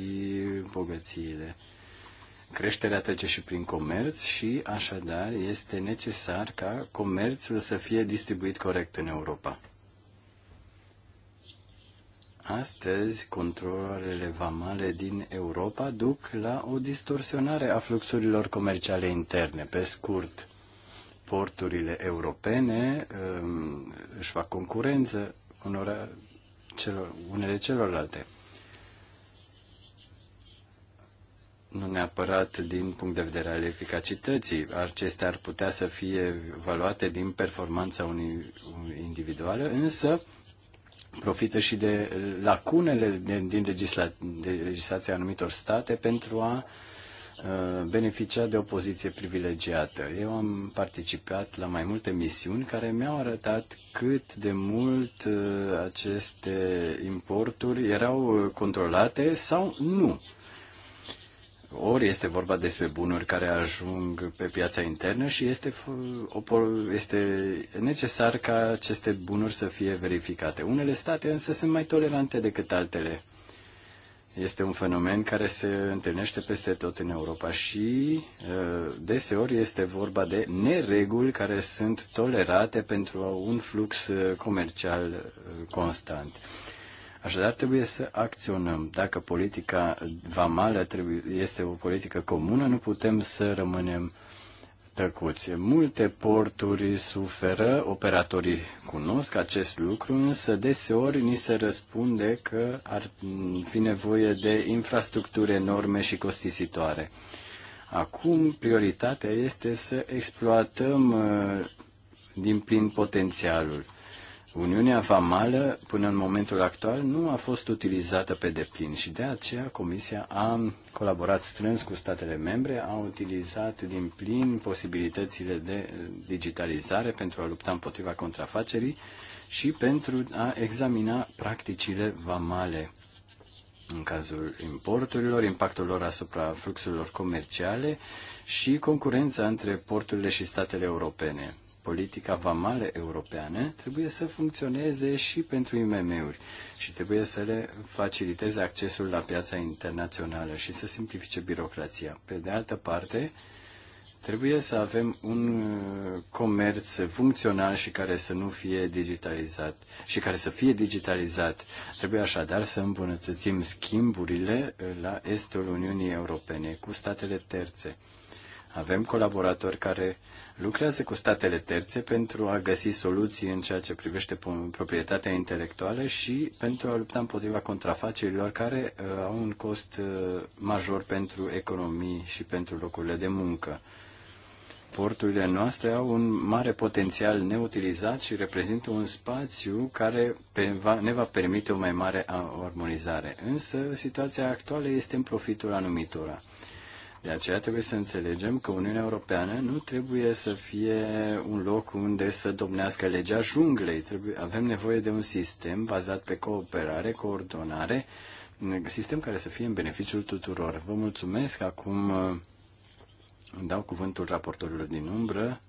bogățiile. Creșterea trece și prin comerț și, așadar, este necesar ca comerțul să fie distribuit corect în Europa. Astăzi, controlele vamale din Europa duc la o distorsionare a fluxurilor comerciale interne. Pe scurt, porturile europene um, își fac concurență unora celor, unele celorlalte. Nu neapărat din punct de vedere al eficacității. Acestea ar putea să fie valoate din performanța unui, individuală, însă profită și de uh, lacunele din, legisla, de legislația anumitor state pentru a uh, Uh, beneficia de o poziție privilegiată. Eu am participat la mai multe misiuni care mi-au arătat cât de mult uh, aceste importuri erau uh, controlate sau nu. Ori este vorba despre bunuri care ajung pe piața internă și este, este necesar ca aceste bunuri să fie verificate. Unele state însă sunt mai tolerante decât altele este un fenomen care se întâlnește peste tot în Europa și uh, deseori este vorba de nereguli care sunt tolerate pentru un flux uh, comercial uh, constant. Așadar, trebuie să acționăm. Dacă politica vamală trebuie, este o politică comună, nu putem să rămânem tăcuți. Multe porturi suferă, operatorii cunosc acest lucru, însă deseori ni se răspunde că ar fi nevoie de infrastructuri enorme și costisitoare. Acum prioritatea este să exploatăm uh, din plin potențialul. Uniunea Vamală, până în momentul actual, nu a fost utilizată pe deplin și de aceea Comisia a colaborat strâns cu statele membre, a utilizat din plin posibilitățile de digitalizare pentru a lupta împotriva contrafacerii și pentru a examina practicile vamale. În cazul importurilor, impactul lor asupra fluxurilor comerciale și concurența între porturile și statele europene politica vamală europeană trebuie să funcționeze și pentru IMM-uri și trebuie să le faciliteze accesul la piața internațională și să simplifice birocrația. Pe de altă parte, trebuie să avem un uh, comerț funcțional și care să nu fie digitalizat și care să fie digitalizat. Trebuie așadar să îmbunătățim schimburile uh, la estul Uniunii Europene cu statele terțe. Avem colaboratori care lucrează cu statele terțe pentru a găsi soluții în ceea ce privește proprietatea intelectuală și pentru a lupta împotriva contrafacerilor care uh, au un cost uh, major pentru economii și pentru locurile de muncă. Porturile noastre au un mare potențial neutilizat și reprezintă un spațiu care ne va permite o mai mare armonizare. Însă, situația actuală este în profitul anumitora. De aceea trebuie să înțelegem că Uniunea Europeană nu trebuie să fie un loc unde să domnească legea junglei. Trebuie, avem nevoie de un sistem bazat pe cooperare, coordonare, un sistem care să fie în beneficiul tuturor. Vă mulțumesc. Acum uh, dau cuvântul raportorilor din umbră,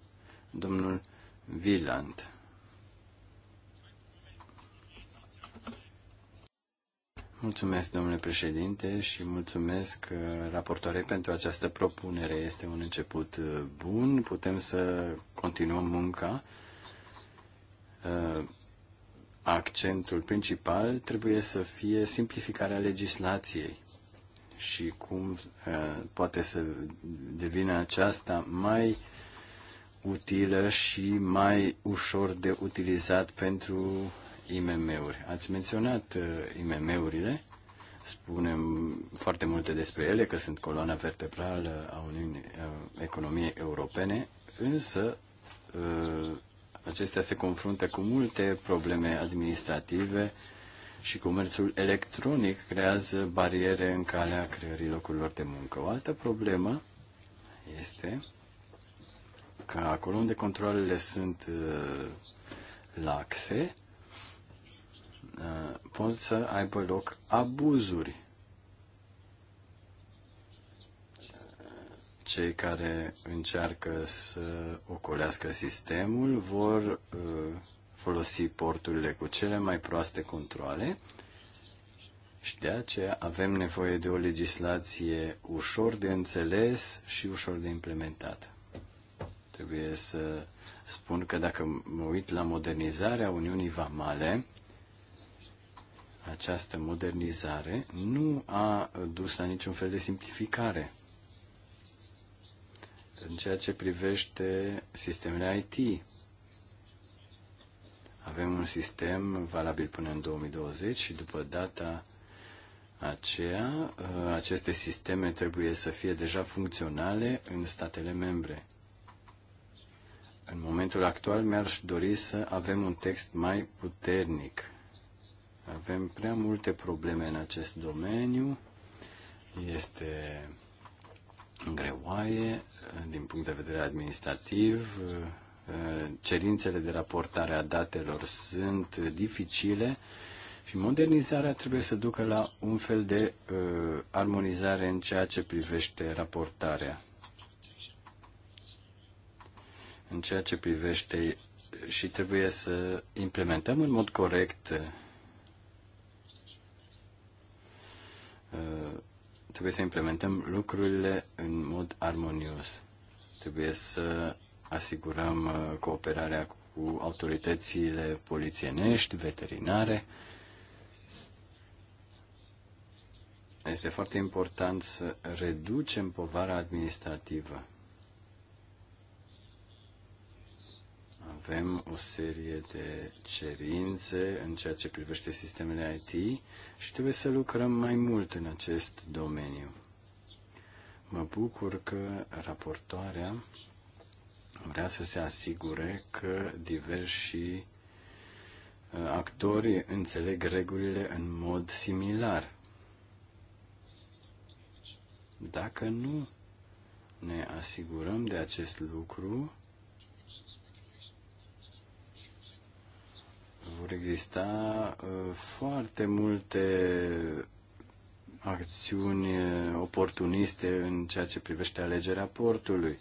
domnul Viland. Mulțumesc, domnule președinte, și mulțumesc uh, raportoare pentru această propunere. Este un început uh, bun, putem să continuăm munca. Uh, accentul principal trebuie să fie simplificarea legislației și cum poate să devină aceasta mai utilă și mai ușor de utilizat pentru IMM-uri. Ați menționat uh, IMM-urile, spunem foarte multe despre ele, că sunt coloana vertebrală a unei a Europene, însă uh, acestea se confruntă cu multe probleme administrative și comerțul electronic creează bariere în calea creării locurilor de muncă. O altă problemă este că acolo unde controlele sunt uh, laxe, Uh, pot să aibă loc abuzuri. Cei care încearcă să ocolească sistemul vor uh, folosi porturile cu cele mai proaste controle și de aceea avem nevoie de o legislație ușor de înțeles și ușor de implementat. Trebuie să spun că dacă mă uit la modernizarea Uniunii Vamale, această modernizare nu a dus la niciun fel de simplificare în ceea ce privește sistemele IT. Avem un sistem valabil până în 2020 și după data aceea, ă, aceste sisteme trebuie să fie deja funcționale în statele membre. În momentul actual mi-aș dori să avem un text mai puternic avem prea multe probleme în acest domeniu. Este greoaie din punct de vedere administrativ. Cerințele de raportare a datelor sunt dificile și modernizarea trebuie să ducă la un fel de uh, armonizare în ceea ce privește raportarea. În ceea ce privește și trebuie să implementăm în mod corect Uh, trebuie să implementăm lucrurile în mod armonios. Trebuie să asigurăm uh, cooperarea cu autoritățile polițienești, veterinare. Este foarte important să reducem povara administrativă. avem o serie de cerințe în ceea ce privește sistemele IT și trebuie să lucrăm mai mult în acest domeniu. Mă bucur că raportoarea vrea să se asigure că diversi uh, actori înțeleg regulile în mod similar. Dacă nu ne asigurăm de acest lucru, vor exista uh, foarte multe acțiuni uh, oportuniste în ceea ce privește alegerea portului.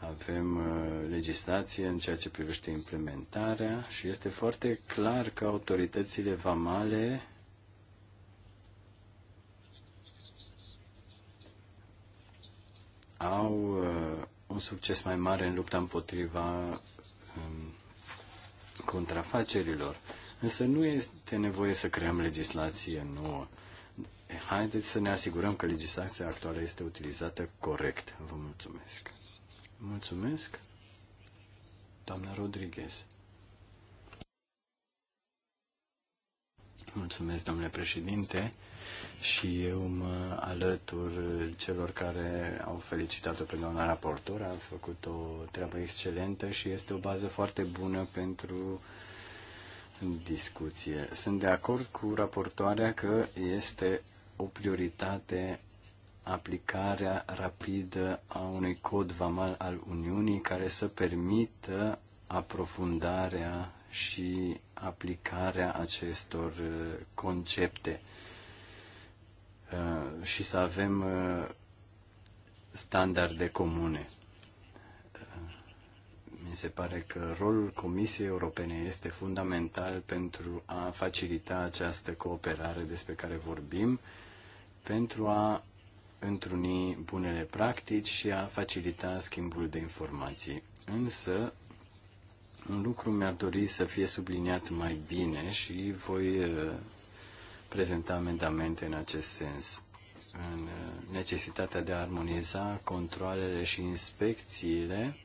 Avem uh, legislație în ceea ce privește implementarea și este foarte clar că autoritățile vamale au un succes mai mare în lupta împotriva contrafacerilor. Însă nu este nevoie să creăm legislație nouă. Haideți să ne asigurăm că legislația actuală este utilizată corect. Vă mulțumesc. Mulțumesc, doamna Rodriguez. Mulțumesc, domnule președinte și eu mă alătur celor care au felicitat-o pe doamna raportor. A făcut o treabă excelentă și este o bază foarte bună pentru discuție. Sunt de acord cu raportoarea că este o prioritate aplicarea rapidă a unui cod vamal al Uniunii care să permită aprofundarea și aplicarea acestor concepte. Uh, și să avem uh, standarde comune. Uh, mi se pare că rolul Comisiei Europene este fundamental pentru a facilita această cooperare despre care vorbim, pentru a întruni bunele practici și a facilita schimbul de informații. Însă, un lucru mi-ar dori să fie subliniat mai bine și voi prezenta amendamente în acest sens. În uh, necesitatea de a armoniza controlele și inspecțiile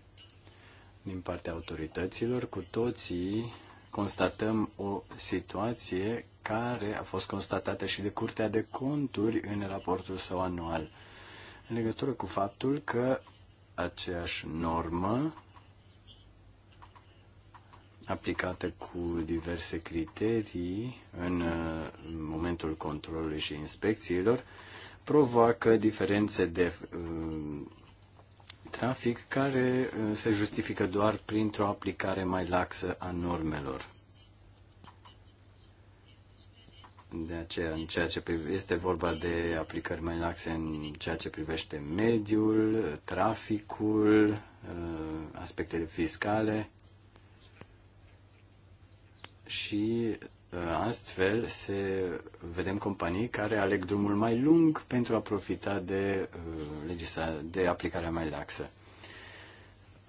din partea autorităților, cu toții constatăm o situație care a fost constatată și de Curtea de Conturi în raportul său anual, în legătură cu faptul că aceeași normă aplicată cu diverse criterii în uh, momentul controlului și inspecțiilor, provoacă diferențe de uh, trafic care uh, se justifică doar printr-o aplicare mai laxă a normelor. De aceea, în ceea ce este vorba de aplicări mai laxe în ceea ce privește mediul, traficul, aspectele fiscale, și uh, astfel se vedem companii care aleg drumul mai lung pentru a profita de, uh, de aplicarea mai laxă.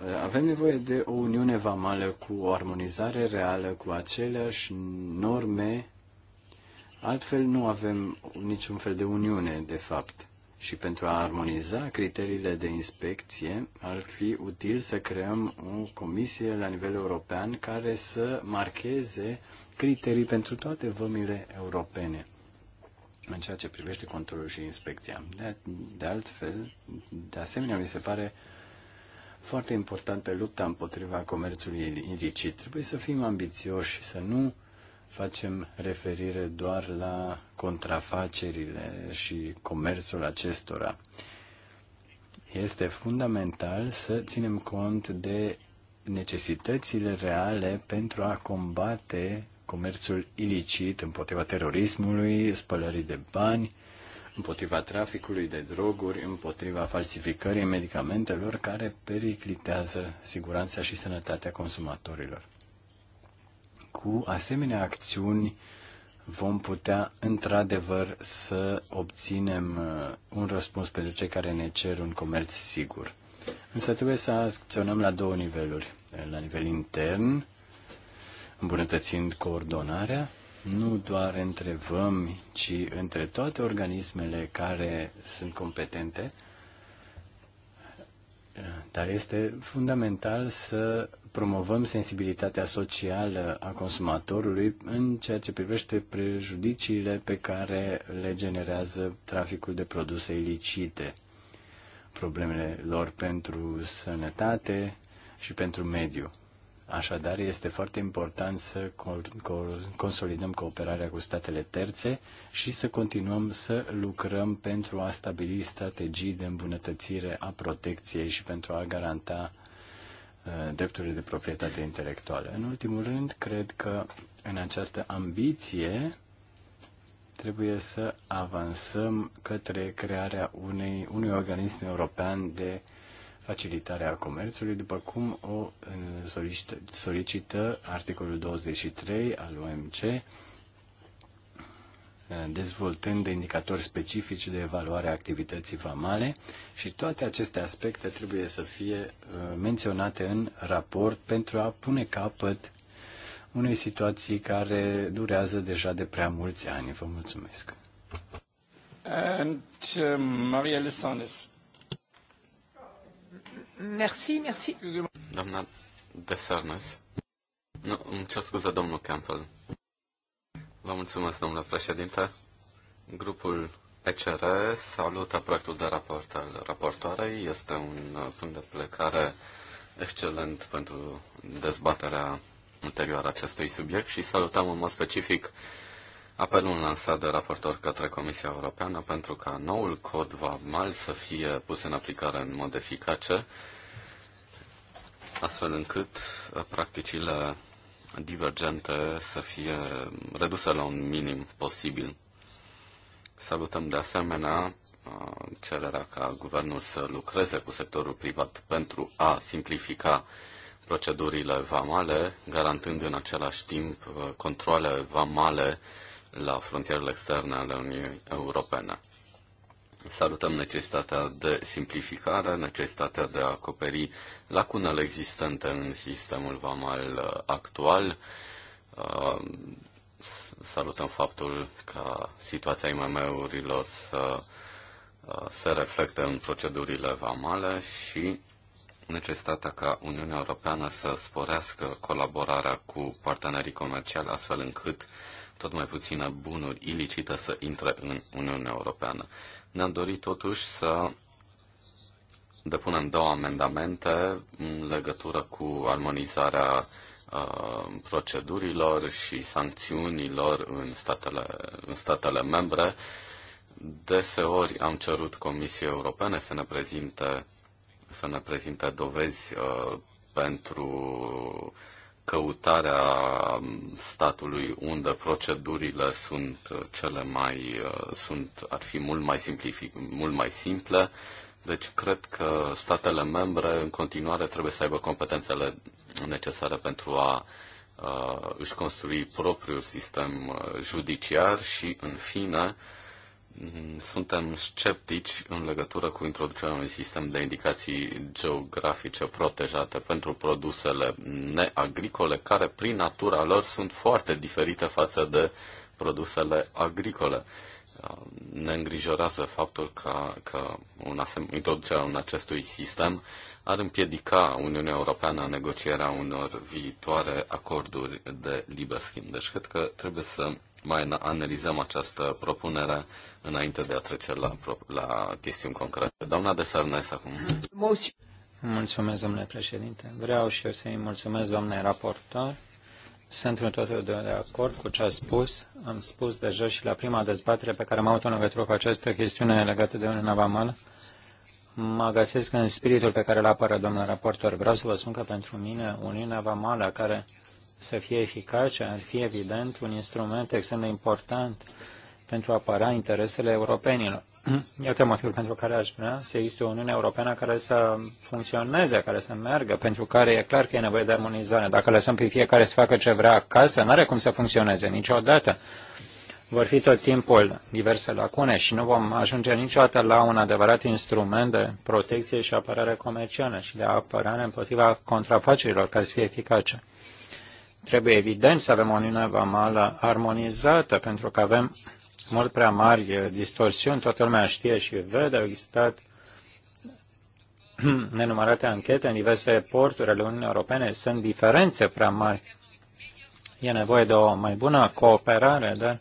Uh, avem nevoie de o uniune vamală cu o armonizare reală, cu aceleași norme, altfel nu avem niciun fel de uniune, de fapt și pentru a armoniza criteriile de inspecție, ar fi util să creăm o comisie la nivel european care să marcheze criterii pentru toate vămile europene în ceea ce privește controlul și inspecția. De, de altfel, de asemenea, mi se pare foarte importantă lupta împotriva comerțului ilicit. Trebuie să fim ambițioși, să nu facem referire doar la contrafacerile și comerțul acestora. Este fundamental să ținem cont de necesitățile reale pentru a combate comerțul ilicit împotriva terorismului, spălării de bani, împotriva traficului de droguri, împotriva falsificării medicamentelor care periclitează siguranța și sănătatea consumatorilor cu asemenea acțiuni vom putea într-adevăr să obținem uh, un răspuns pentru cei care ne cer un comerț sigur. Însă trebuie să acționăm la două niveluri. La nivel intern, îmbunătățind coordonarea, nu doar între vămi, ci între toate organismele care sunt competente, dar este fundamental să promovăm sensibilitatea socială a consumatorului în ceea ce privește prejudiciile pe care le generează traficul de produse ilicite, problemele lor pentru sănătate și pentru mediu. Așadar, este foarte important să consolidăm cooperarea cu statele terțe și să continuăm să lucrăm pentru a stabili strategii de îmbunătățire a protecției și pentru a garanta Uh, drepturile de proprietate intelectuală. În ultimul rând, cred că în această ambiție trebuie să avansăm către crearea unei, unui organism european de facilitare a comerțului, după cum o uh, solicită, solicită articolul 23 al OMC, Eh, dezvoltând indicatori specifici de evaluare a activității vamale și toate aceste aspecte trebuie să fie eh, menționate în raport pentru a pune capăt unei situații care durează deja de prea mulți ani. Vă mulțumesc. And, uh, Maria Lesanes. Merci, merci. Doamna de Sarnes. Nu, îmi cer scuze, domnul Campbell. Vă mulțumesc, domnule președinte. Grupul ECR salută proiectul de raport al raportoarei. Este un punct de plecare excelent pentru dezbaterea ulterioară acestui subiect și salutăm în mod specific apelul lansat de raportor către Comisia Europeană pentru ca noul cod VAMAL să fie pus în aplicare în mod eficace, astfel încât practicile divergente să fie reduse la un minim posibil. Salutăm de asemenea uh, cererea ca guvernul să lucreze cu sectorul privat pentru a simplifica procedurile vamale, garantând în același timp uh, controle vamale la frontierele externe ale Uniunii Europene. Salutăm necesitatea de simplificare, necesitatea de a acoperi lacunele existente în sistemul vamal actual. Uh, salutăm faptul că situația IMM-urilor să uh, se reflectă în procedurile vamale și necesitatea ca Uniunea Europeană să sporească colaborarea cu partenerii comerciali astfel încât tot mai puține bunuri ilicite să intre în Uniunea Europeană. Ne-am dorit totuși să depunem două amendamente în legătură cu armonizarea uh, procedurilor și sancțiunilor în statele, în statele membre. Deseori am cerut Comisiei Europene să ne prezinte, să ne prezinte dovezi uh, pentru căutarea statului unde procedurile sunt cele mai sunt ar fi mult mai simplific, mult mai simple. Deci cred că statele membre în continuare trebuie să aibă competențele necesare pentru a uh, își construi propriul sistem uh, judiciar și în fine uh, Mm, suntem sceptici în legătură cu introducerea unui sistem de indicații geografice protejate pentru produsele neagricole, care prin natura lor sunt foarte diferite față de produsele agricole. Ne îngrijorează faptul că, că un asem- introducerea în acestui sistem ar împiedica Uniunea Europeană negocierea unor viitoare acorduri de liber schimb. Deci cred că trebuie să mai analizăm această propunere înainte de a trece la, la chestiuni concrete. Doamna de Sarnes acum. Mulțumesc, domnule președinte. Vreau și eu să-i mulțumesc, domnule raportor. Sunt în totul de acord cu ce a spus. Am spus deja și la prima dezbatere pe care am avut-o în legătură cu această chestiune legată de Uniunea Vamală. Mă găsesc în spiritul pe care îl apără domnul raportor. Vreau să vă spun că pentru mine Uniunea Vamală, care să fie eficace, ar fi evident un instrument extrem de important pentru a apăra interesele europenilor. Iată motivul pentru care aș vrea să existe o Uniune Europeană care să funcționeze, care să meargă, pentru care e clar că e nevoie de armonizare. Dacă lăsăm pe fiecare să facă ce vrea acasă, nu are cum să funcționeze niciodată. Vor fi tot timpul diverse lacune și nu vom ajunge niciodată la un adevărat instrument de protecție și apărare comercială și de apărare împotriva contrafacerilor care să fie eficace. Trebuie evident să avem o Uniune Vamală armonizată, pentru că avem mult prea mari distorsiuni, toată lumea știe și vede, au existat nenumărate anchete în diverse porturi ale Uniunii Europene, sunt diferențe prea mari. E nevoie de o mai bună cooperare, dar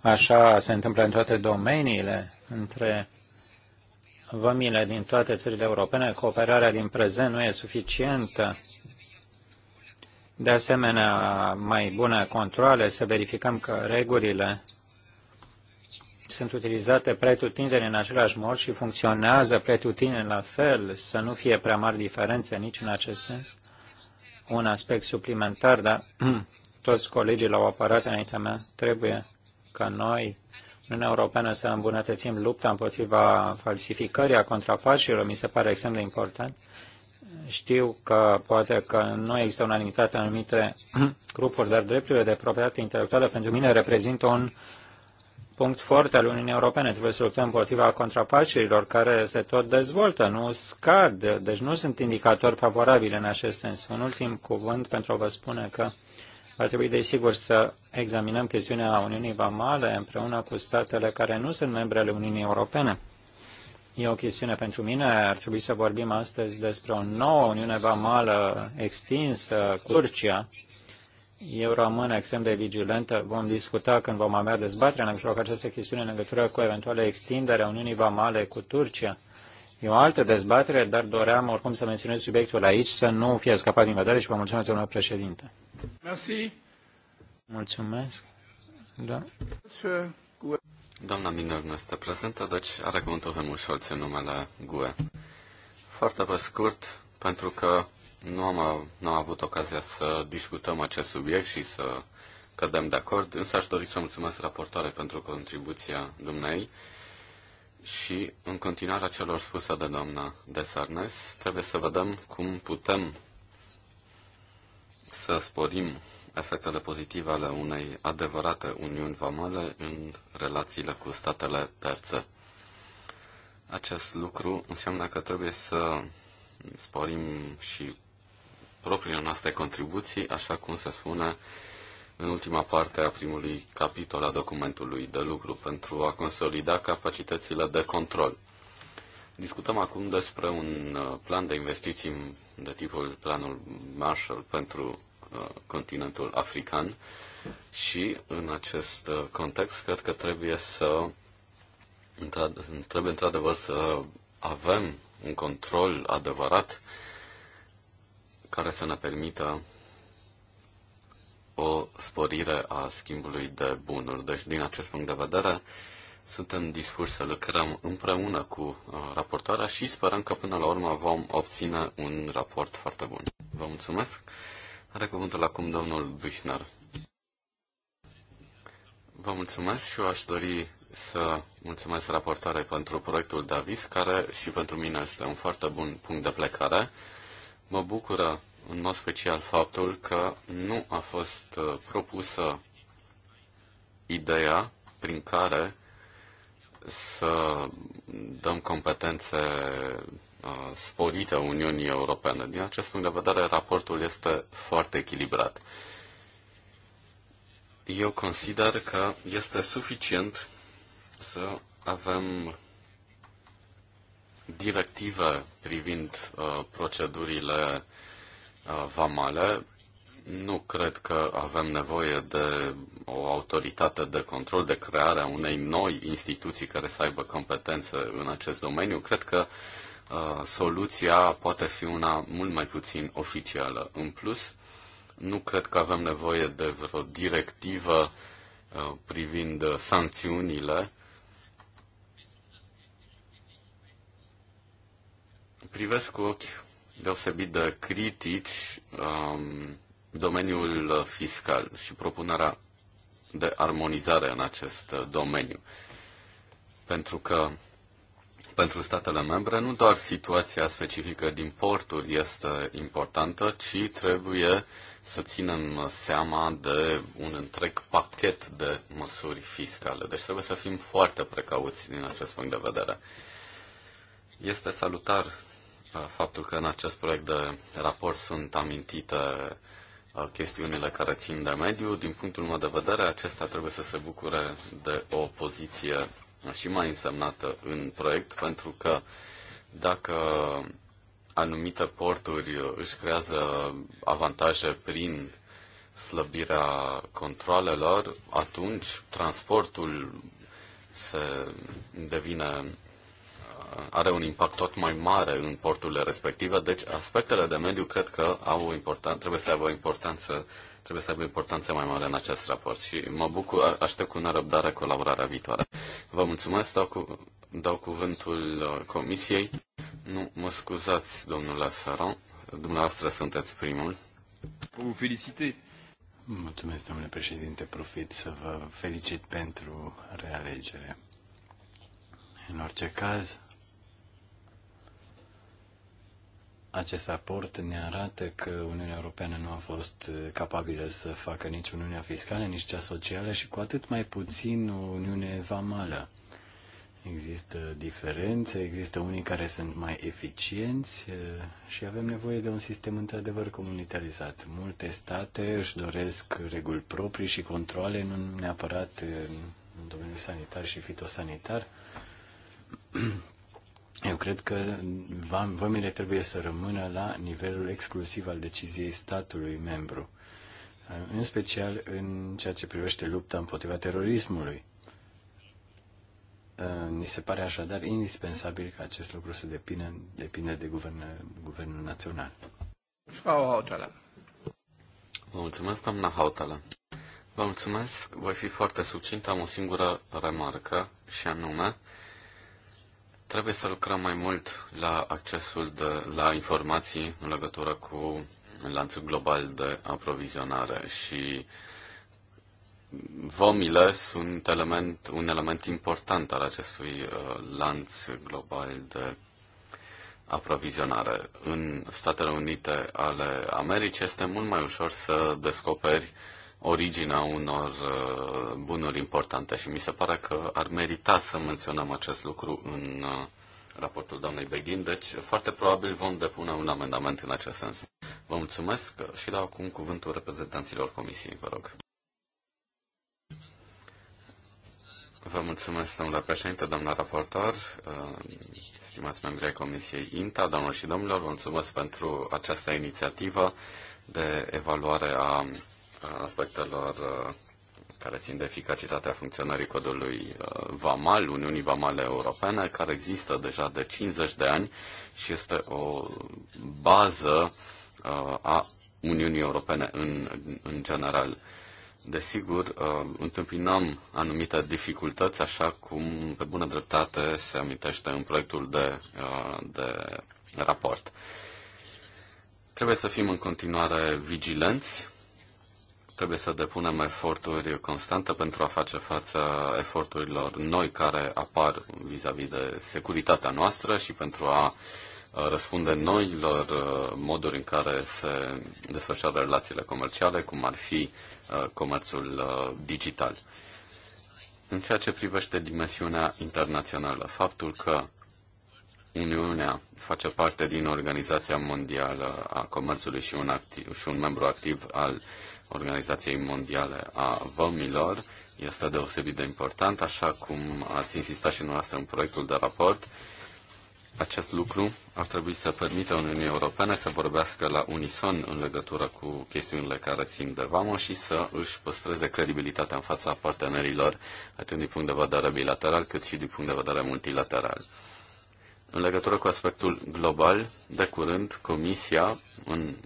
așa se întâmplă în toate domeniile între vămile din toate țările europene. Cooperarea din prezent nu e suficientă. De asemenea, mai bune controle, să verificăm că regulile sunt utilizate pretutindeni în același mod și funcționează pretutindeni la fel, să nu fie prea mari diferențe nici în acest sens. Un aspect suplimentar, dar toți colegii l-au apărat înaintea mea, trebuie ca noi, Uniunea Europeană, să îmbunătățim lupta împotriva falsificării a contrafacerilor, mi se pare extrem de important. Știu că poate că nu există unanimitate în anumite grupuri, dar drepturile de proprietate intelectuală pentru mine reprezintă un punct fort al Uniunii Europene. Trebuie să luptăm împotriva contrafacerilor care se tot dezvoltă, nu scad, deci nu sunt indicatori favorabili în acest sens. Un ultim cuvânt pentru a vă spune că ar trebui, desigur, să examinăm chestiunea Uniunii Vamale împreună cu statele care nu sunt membre ale Uniunii Europene. E o chestiune pentru mine. Ar trebui să vorbim astăzi despre o nouă Uniune Vamală extinsă cu Turcia eu rămân extrem de vigilentă. Vom discuta când vom avea dezbatere în legătură cu această chestiune, în legătură cu eventuală extindere a Uniunii Vamale cu Turcia. E o altă dezbatere, dar doream oricum să menționez subiectul aici, să nu fie scăpat din vedere și vă mulțumesc, domnule președinte. Merci. Mulțumesc. Da. Doamna Minor nu este prezentă, deci are cuvântul Hemul Scholz în numele GUE. Foarte pe scurt, pentru că nu am, nu am avut ocazia să discutăm acest subiect și să cădem de acord, însă aș dori să mulțumesc raportoare pentru contribuția dumnei și în continuarea celor spuse de doamna Desarnes, trebuie să vedem cum putem să sporim efectele pozitive ale unei adevărate uniuni vamale în relațiile cu statele terțe. Acest lucru înseamnă că trebuie să sporim și propriile noastre contribuții, așa cum se spune în ultima parte a primului capitol a documentului de lucru, pentru a consolida capacitățile de control. Discutăm acum despre un uh, plan de investiții de tipul planul Marshall pentru uh, continentul african și în acest uh, context cred că trebuie să trebuie într-adevăr să avem un control adevărat care să ne permită o sporire a schimbului de bunuri. Deci, din acest punct de vedere, suntem dispuși să lucrăm împreună cu uh, raportoarea și sperăm că până la urmă vom obține un raport foarte bun. Vă mulțumesc. Are cuvântul acum domnul Bușner. Vă mulțumesc și eu aș dori să mulțumesc raportoarei pentru proiectul Davis, care și pentru mine este un foarte bun punct de plecare. Mă bucură în mod special faptul că nu a fost uh, propusă ideea prin care să dăm competențe uh, sporite Uniunii Europene. Din acest punct de vedere, raportul este foarte echilibrat. Eu consider că este suficient să avem directive privind uh, procedurile uh, vamale, nu cred că avem nevoie de o autoritate de control, de crearea unei noi instituții care să aibă competențe în acest domeniu. Cred că uh, soluția poate fi una mult mai puțin oficială. În plus, nu cred că avem nevoie de vreo directivă uh, privind uh, sancțiunile privesc cu ochi deosebit de critici um, domeniul fiscal și propunerea de armonizare în acest domeniu. Pentru că pentru statele membre nu doar situația specifică din porturi este importantă, ci trebuie să ținem seama de un întreg pachet de măsuri fiscale. Deci trebuie să fim foarte precauți din acest punct de vedere. Este salutar Uh, faptul că în acest proiect de raport sunt amintite uh, chestiunile care țin de mediu. Din punctul meu de vedere, acesta trebuie să se bucure de o poziție și mai însemnată în proiect, pentru că dacă anumite porturi își creează avantaje prin slăbirea controlelor, atunci transportul se devine are un impact tot mai mare în porturile respective, deci aspectele de mediu cred că au important, trebuie să aibă importanță trebuie să aibă importanță mai mare în acest raport și mă bucur, aștept cu nerăbdare colaborarea viitoare. Vă mulțumesc, dau, cu, dau cuvântul uh, comisiei. Nu, mă scuzați, domnule Ferron, dumneavoastră sunteți primul. Vă felicite. Mulțumesc, domnule președinte, profit să vă felicit pentru realegere. În orice caz, Acest raport ne arată că Uniunea Europeană nu a fost eh, capabilă să facă nici Uniunea Fiscală, nici cea socială și cu atât mai puțin o Uniune Vamală. Există diferențe, există unii care sunt mai eficienți eh, și avem nevoie de un sistem într-adevăr comunitarizat. Multe state își doresc reguli proprii și controle, nu neapărat eh, în domeniul sanitar și fitosanitar. Eu cred că vămile trebuie să rămână la nivelul exclusiv al deciziei statului membru, în special în ceea ce privește lupta împotriva terorismului. Uh, ni se pare așadar indispensabil ca acest lucru să depină, depinde de guvern, guvernul național. Frau Hautala. Vă mulțumesc, doamna Hautala. Vă mulțumesc, voi fi foarte succint, am o singură remarcă și anume, Trebuie să lucrăm mai mult la accesul de, la informații în legătură cu lanțul global de aprovizionare și vomile sunt element, un element important al acestui uh, lanț global de aprovizionare. În Statele Unite ale Americii este mult mai ușor să descoperi uh, originea unor uh, bunuri importante și mi se pare că ar merita să menționăm acest lucru în uh, raportul doamnei Beghin, deci foarte probabil vom depune un amendament în acest sens. Vă mulțumesc și dau acum cuvântul reprezentanților comisiei, vă rog. Vă mulțumesc, domnule președinte, doamna raportor, uh, stimați membri ai Comisiei INTA, doamnelor și domnilor, vă mulțumesc pentru această inițiativă de evaluare a aspectelor uh, care țin de eficacitatea funcționării codului uh, VAMAL, Uniunii Vamale Europene, care există deja de 50 de ani și este o bază uh, a Uniunii Europene în, în general. Desigur, întâmpinăm anumite dificultăți, așa cum pe bună dreptate se amintește în proiectul de, de raport. Trebuie să fim în continuare vigilenți trebuie să depunem eforturi constante pentru a face față eforturilor noi care apar vis-a-vis -vis de securitatea noastră și pentru a uh, răspunde noilor uh, moduri în care se desfășoară relațiile comerciale, cum ar fi uh, comerțul digital. În ceea ce privește dimensiunea internațională, faptul că Uniunea face parte din Organizația Mondială a Comerțului și un, activ, și un membru activ al uh, Organizației Mondiale a Vămilor este deosebit de important, așa cum ați insistat și noastră în proiectul de raport. Acest lucru ar trebui să permită Uniunii Europene să vorbească la unison în legătură cu chestiunile care țin de vamă și să își păstreze credibilitatea în fața partenerilor, atât din punct de vedere bilateral, cât și din punct de vedere multilateral. În legătură cu aspectul global, de curând, Comisia, în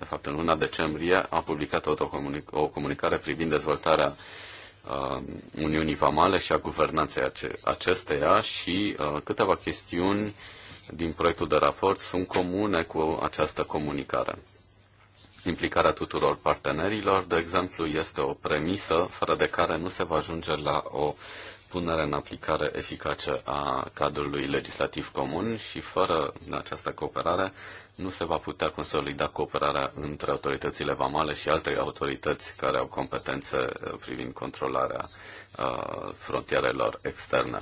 de fapt în luna decembrie, a publicat o, comunic- o comunicare privind dezvoltarea uh, Uniunii Vamale și a guvernanței ace- acesteia și uh, câteva chestiuni din proiectul de raport sunt comune cu această comunicare. Implicarea tuturor partenerilor, de exemplu, este o premisă fără de care nu se va ajunge la o uh, punere în aplicare eficace a cadrului legislativ comun și fără această cooperare nu se va putea consolida cooperarea între autoritățile vamale și alte autorități care au competențe uh, privind controlarea uh, frontierelor externe.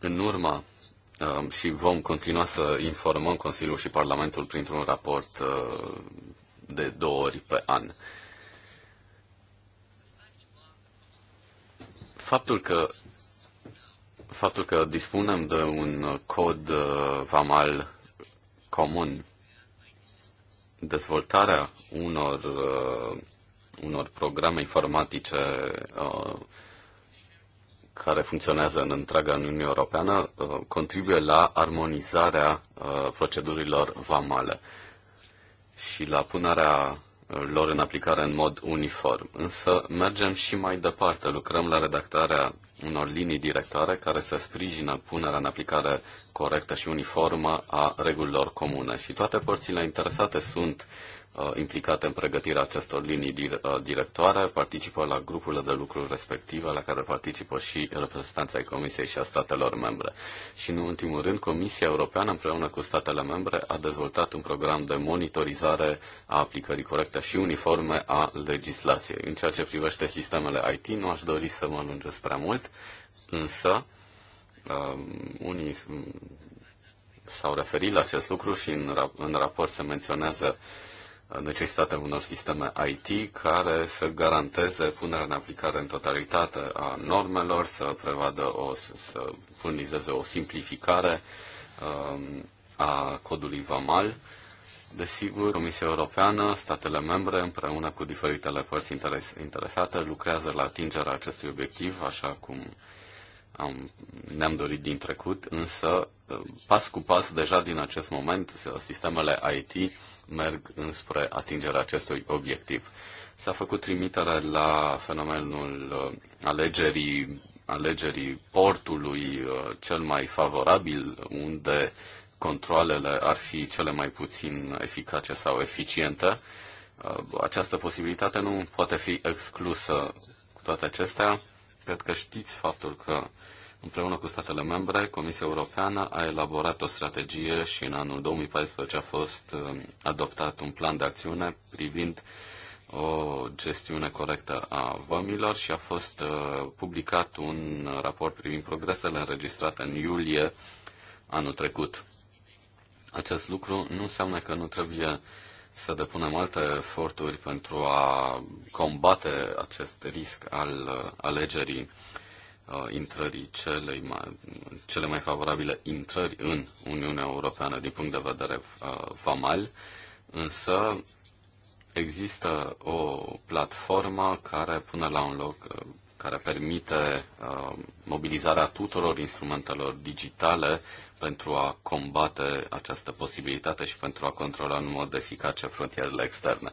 În urma um, și vom continua să informăm Consiliul și Parlamentul printr-un raport uh, de două ori pe an. Faptul că, faptul că dispunem de un cod uh, vamal comun, dezvoltarea unor, uh, unor programe informatice uh, care funcționează în întreaga Uniune Europeană uh, contribuie la armonizarea uh, procedurilor vamale și la punerea lor în aplicare în mod uniform. Însă mergem și mai departe, lucrăm la redactarea unor linii directoare care să sprijină punerea în aplicare corectă și uniformă a regulilor comune. Și toate părțile interesate sunt uh, Uh, implicate în pregătirea acestor linii uh, directoare, participă la grupurile de lucru respective, la care participă și reprezentanța ai Comisiei și a statelor membre. Și, în ultimul rând, Comisia Europeană, împreună cu statele membre, a dezvoltat un program de monitorizare a aplicării corecte și uniforme a legislației. În ceea ce privește sistemele IT, nu aș dori să mă lungesc prea mult, însă, um, unii s-au referit la acest lucru și în, ra- în raport se menționează uh, necesitatea unor sisteme IT care să garanteze punerea în aplicare în totalitate a normelor, să prevadă o, să furnizeze o simplificare um, a codului VAMAL. Desigur, Comisia Europeană, statele membre, împreună cu diferitele părți interes- interesate, lucrează la atingerea acestui obiectiv, așa cum am, ne-am dorit din trecut, însă uh, pas cu pas, deja din acest moment, sistemele IT merg înspre atingerea acestui obiectiv. S-a făcut trimitere la fenomenul uh, alegerii, alegerii portului uh, cel mai favorabil, unde controlele ar fi cele mai puțin eficace sau eficiente. Această posibilitate nu poate fi exclusă. Cu toate acestea, Cred că știți faptul că împreună cu statele membre, Comisia Europeană a elaborat o strategie și în anul 2014 a fost um, adoptat un plan de acțiune privind o gestiune corectă a vămilor și a fost uh, publicat un raport privind progresele înregistrate în iulie anul trecut. Acest lucru nu înseamnă că nu trebuie să depunem alte eforturi pentru a combate acest risc al uh, alegerii uh, intrării cele mai, cele mai favorabile intrări în Uniunea Europeană din punct de vedere uh, vamal, însă există o platformă care pune la un loc, uh, care permite uh, mobilizarea tuturor instrumentelor digitale pentru a combate această posibilitate și pentru a controla în mod eficace frontierele externe.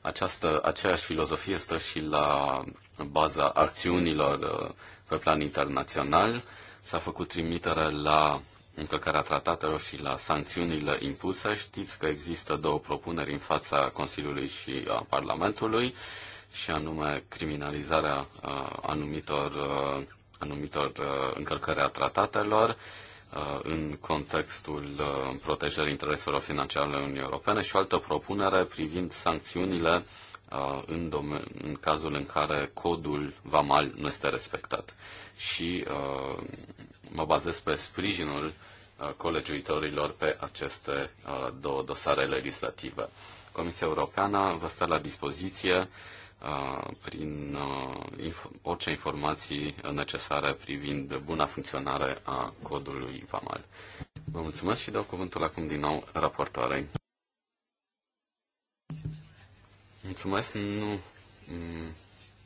Această, aceeași filozofie stă și la baza acțiunilor uh, pe plan internațional. S-a făcut trimitere la încălcarea tratatelor și la sancțiunile impuse. Știți că există două propuneri în fața Consiliului și a Parlamentului, și anume criminalizarea uh, anumitor, uh, anumitor uh, încălcări a tratatelor Uh, în contextul uh, protejării intereselor financiare ale Uniunii Europene și o altă propunere privind sancțiunile uh, în, în cazul în care codul VAMAL nu este respectat. Și mă bazez pe sprijinul colegiuitorilor pe aceste două dosare legislative. Comisia Europeană vă stă la dispoziție prin orice informații necesare privind buna funcționare a codului VAMAL. Vă mulțumesc și dau cuvântul acum din nou raportoarei. Mulțumesc, nu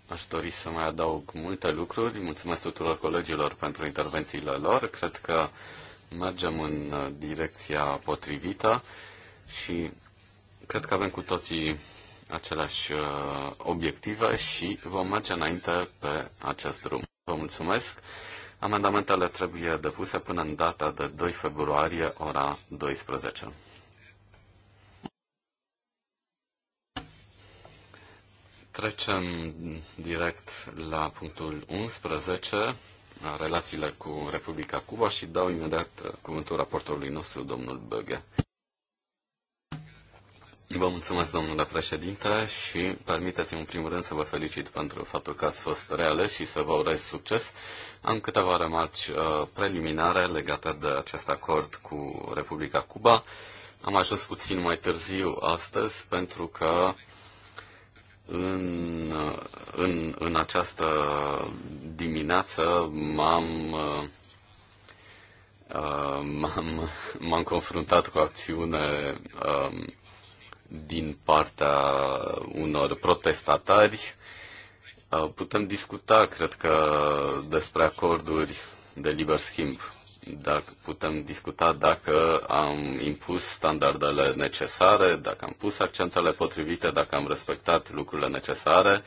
aș dori să mai adaug multe lucruri. Mulțumesc tuturor colegilor pentru intervențiile lor. Cred că mergem în direcția potrivită și cred că avem cu toții aceleași uh, obiective și vom merge înainte pe acest drum. Vă mulțumesc! Amendamentele trebuie depuse până în data de 2 februarie, ora 12. Trecem direct la punctul 11, relațiile cu Republica Cuba și dau imediat uh, cuvântul raportorului nostru, domnul Băghe. Vă mulțumesc, domnule președinte, și permiteți-mi în primul rând să vă felicit pentru faptul că ați fost reale și să vă urez succes. Am câteva remarci uh, preliminare legate de acest acord cu Republica Cuba. Am ajuns puțin mai târziu astăzi pentru că în, în, în această dimineață m-am uh, m-am, m-am confruntat cu o acțiune uh, din partea unor protestatari. Uh, putem discuta, cred că, despre acorduri de liber schimb. Dacă putem discuta dacă am impus standardele necesare, dacă am pus accentele potrivite, dacă am respectat lucrurile necesare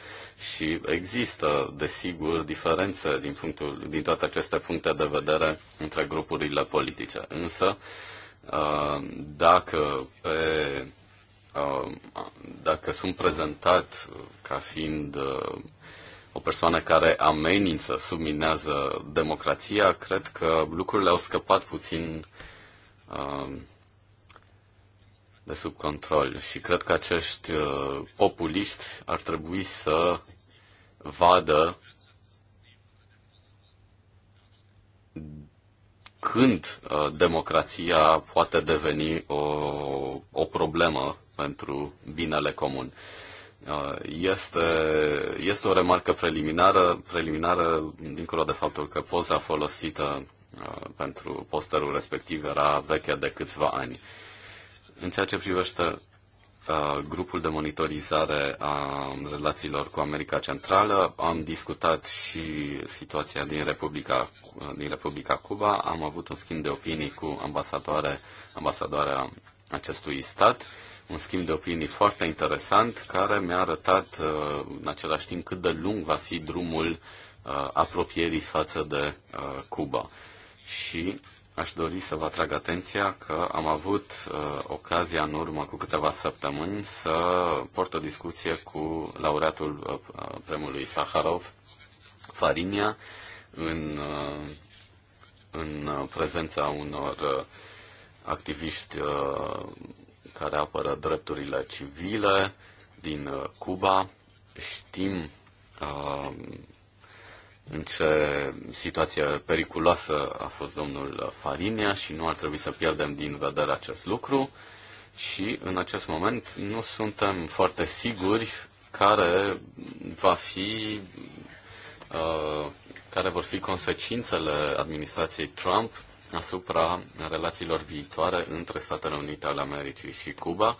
și există, desigur, diferențe din, punctul, din toate aceste puncte de vedere între grupurile politice. Însă, uh, dacă pe Um, dacă sunt prezentat uh, ca fiind uh, o persoană care amenință, subminează democrația, cred că lucrurile au scăpat puțin um, de sub control și cred că acești uh, populiști ar trebui să vadă când democrația poate deveni o, o problemă pentru binele comun. Uh, este, este o remarcă preliminară, preliminară dincolo de faptul că poza folosită uh, pentru posterul respectiv era veche de câțiva ani. În ceea ce privește uh, grupul de monitorizare a relațiilor cu America Centrală. Am discutat și situația din Republica, din Republica Cuba. Am avut un schimb de opinii cu ambasadoare, ambasadoarea acestui stat un schimb de opinii foarte interesant, care mi-a arătat uh, în același timp cât de lung va fi drumul uh, apropierii față de uh, Cuba. Și aș dori să vă atrag atenția că am avut ocazia în urmă cu câteva săptămâni să port o discuție cu laureatul premiului Saharov, Farinia, în, în prezența unor activiști care apără drepturile civile din uh, Cuba. Știm uh, în ce situație periculoasă a fost domnul Farinia și nu ar trebui să pierdem din vedere acest lucru. Și în acest moment nu suntem foarte siguri care va fi uh, care vor fi consecințele administrației Trump asupra relațiilor viitoare între Statele Unite ale Americii și Cuba.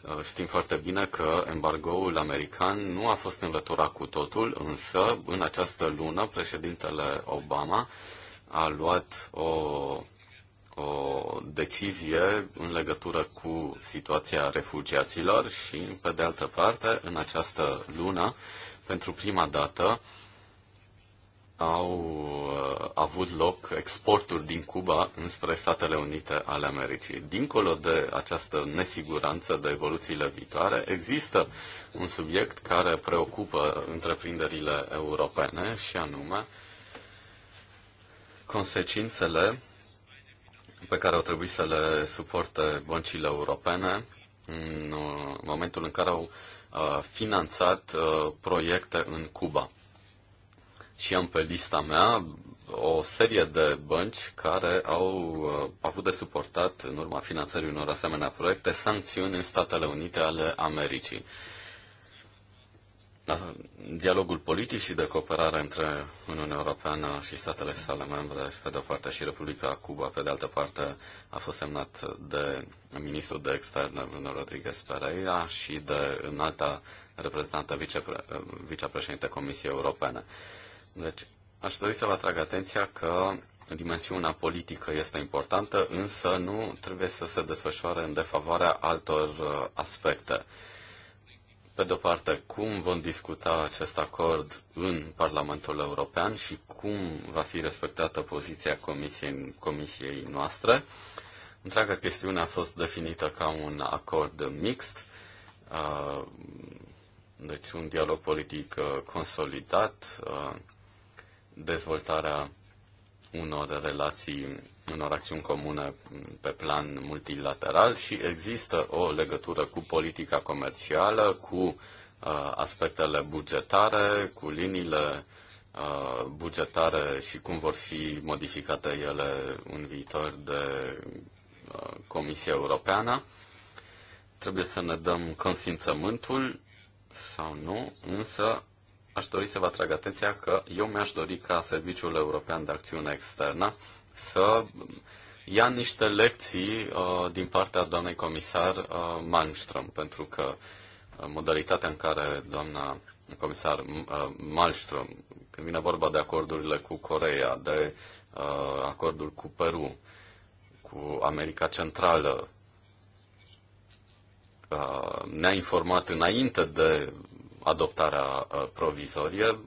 Uh, știm foarte bine că embargoul american nu a fost înlăturat cu totul, însă în această lună președintele Obama a luat o, o decizie în legătură cu situația refugiaților și, pe de altă parte, în această lună, pentru prima dată, au uh, avut loc exporturi din Cuba înspre Statele Unite ale Americii. Dincolo de această nesiguranță de evoluțiile viitoare, există un subiect care preocupă întreprinderile europene și anume consecințele pe care au trebuit să le suporte băncile europene în uh, momentul în care au uh, finanțat proiecte în Cuba și am pe lista mea o serie de bănci care au uh, avut de suportat în urma finanțării unor asemenea proiecte sancțiuni în Statele Unite ale Americii. Da, dialogul politic și de cooperare între Uniunea Europeană și statele sale membre, pe de-o parte, și Republica Cuba, pe de altă parte, a fost semnat de ministrul de externe, Bruno Rodriguez Pereira, și de înalta reprezentantă vicepre- vicepreședinte Comisiei Europene. Deci, aș dori să vă atrag atenția că dimensiunea politică este importantă, însă nu trebuie să se desfășoare în defavoarea altor uh, aspecte. Pe de-o parte, cum vom discuta acest acord în Parlamentul European și cum va fi respectată poziția comisiei, comisiei noastre. Întreaga chestiune a fost definită ca un acord mixt, uh, deci un dialog politic uh, consolidat, dezvoltarea unor relații, unor acțiuni comune pe plan multilateral și există o legătură cu politica comercială, cu uh, aspectele bugetare, cu liniile uh, bugetare și cum vor fi modificate ele în viitor de uh, Comisia Europeană. Trebuie să ne dăm consimțământul sau nu, însă aș dori să vă atrag atenția că eu mi-aș dori ca Serviciul European de Acțiune Externă să ia niște lecții uh, din partea doamnei comisar uh, Malmström, pentru că uh, modalitatea în care doamna comisar uh, Malmström, când vine vorba de acordurile cu Coreea, de uh, acordul cu Peru, cu America Centrală, uh, ne-a informat înainte de adoptarea uh, provizorie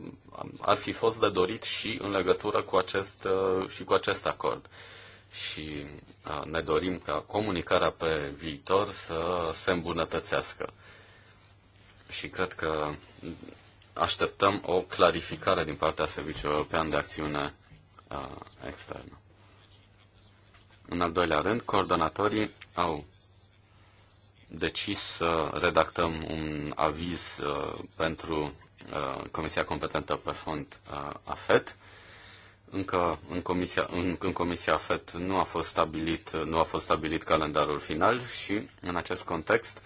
ar fi fost de dorit și în legătură cu acest, uh, și cu acest acord. Și uh, ne dorim ca comunicarea pe viitor să se îmbunătățească. Și cred că așteptăm o clarificare din partea Serviciului European de Acțiune Externă. În al doilea rând, coordonatorii au decis să redactăm un aviz uh, pentru uh, Comisia competentă pe fond uh, AFET. Încă în comisia, în, în comisia AFET nu a, fost stabilit, nu a fost stabilit calendarul final și în acest context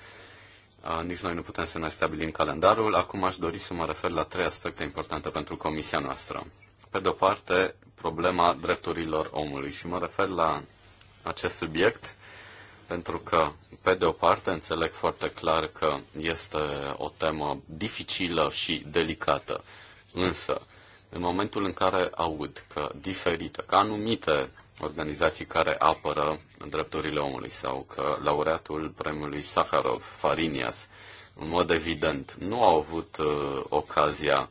nici noi nu putem să ne stabilim calendarul. Acum aș dori să mă refer la trei aspecte importante pentru comisia noastră. Pe de-o parte, problema drepturilor omului și mă refer la acest subiect pentru că, pe de o parte, înțeleg foarte clar că este o temă dificilă și delicată, însă, în momentul în care aud că diferite, că anumite organizații care apără drepturile omului sau că laureatul premiului Saharov, Farinias, în mod evident, nu au avut uh, ocazia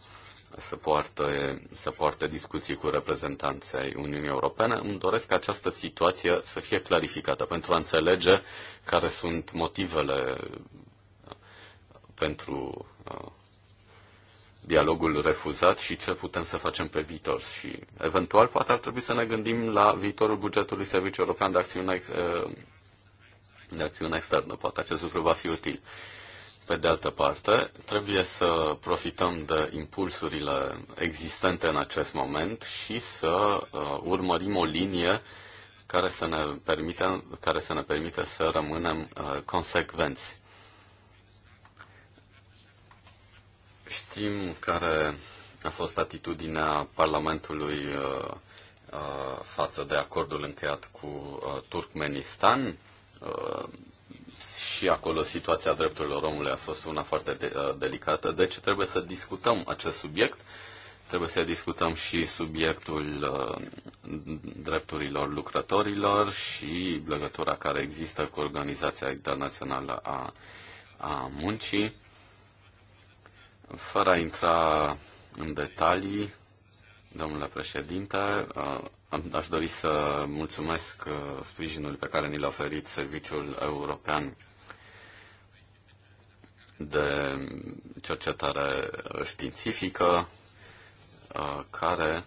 să poartă, să poartă discuții cu reprezentanții Uniunii Europene. Îmi doresc ca această situație să fie clarificată pentru a înțelege care sunt motivele pentru uh, dialogul refuzat și ce putem să facem pe viitor. Și eventual poate ar trebui să ne gândim la viitorul bugetului Serviciului European de Acțiune, uh, de acțiune Externă. Poate acest lucru va fi util. Pe de altă parte, trebuie să profităm de impulsurile existente în acest moment și să uh, urmărim o linie care să ne permite, care să, ne permite să rămânem uh, consecvenți. Știm care a fost atitudinea Parlamentului uh, uh, față de acordul încheiat cu uh, Turkmenistan. Uh, și acolo situația drepturilor omului a fost una foarte de, uh, delicată, deci trebuie să discutăm acest subiect, trebuie să discutăm și subiectul uh, drepturilor lucrătorilor și legătura care există cu Organizația Internațională a, a Muncii. Fără a intra în detalii, domnule președinte, uh, Aș dori să mulțumesc sprijinul pe care ni l-a oferit Serviciul European de cercetare științifică uh, care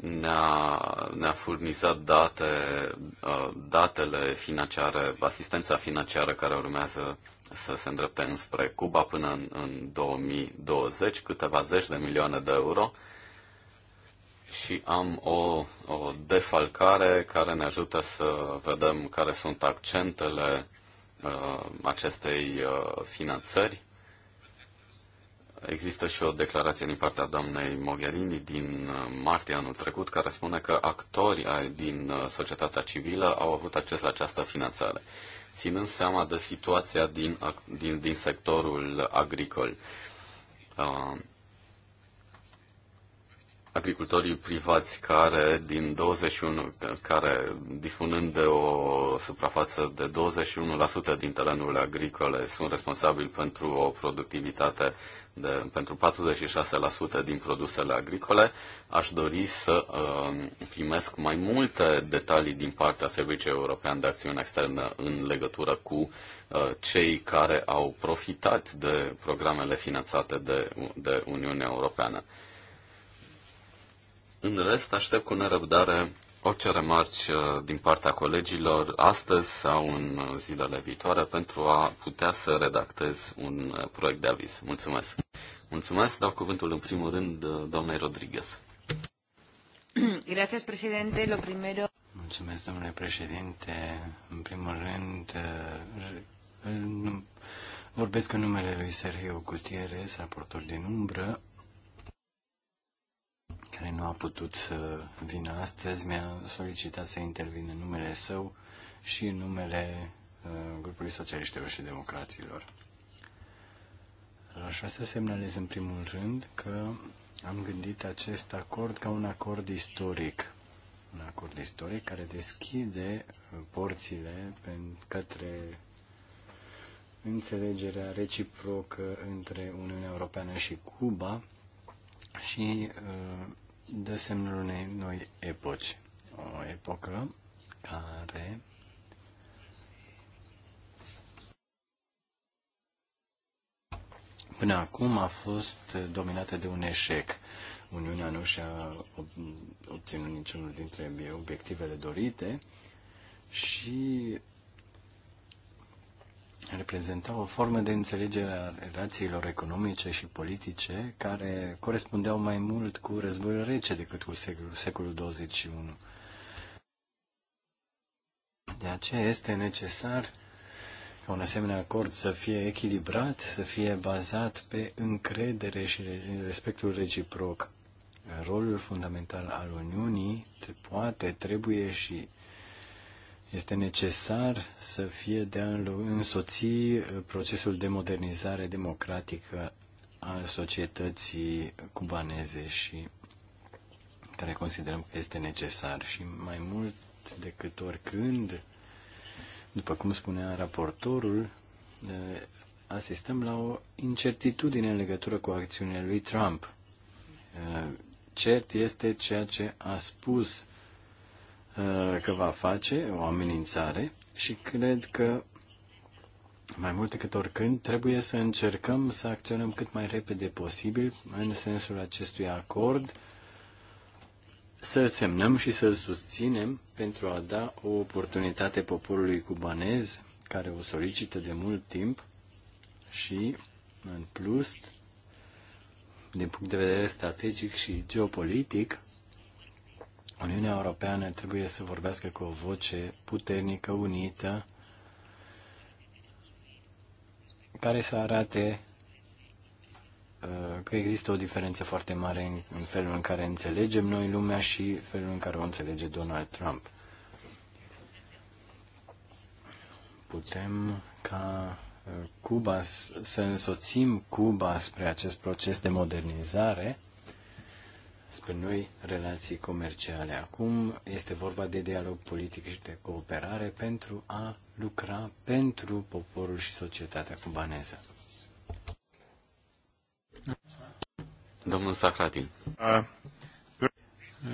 ne-a, ne-a furnizat date, uh, datele financiare, asistența financiară care urmează să se îndrepte înspre Cuba până în, în 2020, câteva zeci de milioane de euro și am o, o defalcare care ne ajută să vedem care sunt accentele Uh, acestei uh, finanțări. Există și o declarație din partea doamnei Mogherini din uh, martie anul trecut care spune că actorii din societatea civilă au avut acces la această finanțare, ținând seama de situația din, din, din sectorul agricol agricultorii privați care din 21 care dispunând de o suprafață de 21% din terenurile agricole sunt responsabili pentru o productivitate de, pentru 46% din produsele agricole, aș dori să uh, primesc mai multe detalii din partea Serviciului European de Acțiune Externă în legătură cu uh, cei care au profitat de programele finanțate de, de Uniunea Europeană. În rest, aștept cu nerăbdare orice remarci uh, din partea colegilor astăzi sau în zilele viitoare pentru a putea să redactez un uh, proiect de aviz. Mulțumesc! Mulțumesc, dau cuvântul în primul rând uh, doamnei Rodriguez. Gracias, presidente. Lo primero... Mulțumesc, domnule președinte. În primul rând, vorbesc în numele lui Sergio Gutierrez, raportor din umbră, care nu a putut să vină astăzi, mi-a solicitat să intervin în numele său și în numele uh, grupului socialiștilor și democraților. Aș vrea să semnalez în primul rând că am gândit acest acord ca un acord istoric. Un acord istoric care deschide uh, porțile către înțelegerea reciprocă între Uniunea Europeană și Cuba și uh, dă semnul unei noi epoci. O epocă care până acum a fost dominată de un eșec. Uniunea nu și-a obținut niciunul dintre obiectivele dorite și reprezenta o formă de înțelegere a relațiilor economice și politice care corespundeau mai mult cu războiul rece decât cu secolul, secolul 21. De aceea este necesar ca un asemenea acord să fie echilibrat, să fie bazat pe încredere și respectul reciproc. Rolul fundamental al Uniunii poate, trebuie și este necesar să fie de a însoți uh, procesul de modernizare democratică a societății cubaneze și care considerăm că este necesar și mai mult decât oricând, după cum spunea raportorul, uh, asistăm la o incertitudine în legătură cu acțiunile lui Trump. Uh, cert este ceea ce a spus Uh, că va face o amenințare și cred că mai mult decât oricând, trebuie să încercăm să acționăm cât mai repede posibil în sensul acestui acord, să-l semnăm și să-l susținem pentru a da o oportunitate poporului cubanez care o solicită de mult timp și, în plus, din punct de vedere strategic și geopolitic, Uniunea Europeană trebuie să vorbească cu o voce puternică, unită, care să arate uh, că există o diferență foarte mare în, felul în care înțelegem noi lumea și felul în care o înțelege Donald Trump. Putem ca uh, Cuba să însoțim Cuba spre acest proces de modernizare spre noi relații comerciale. Acum este vorba de dialog politic și de cooperare pentru a lucra pentru poporul și societatea cubaneză. Domnul Sacratin.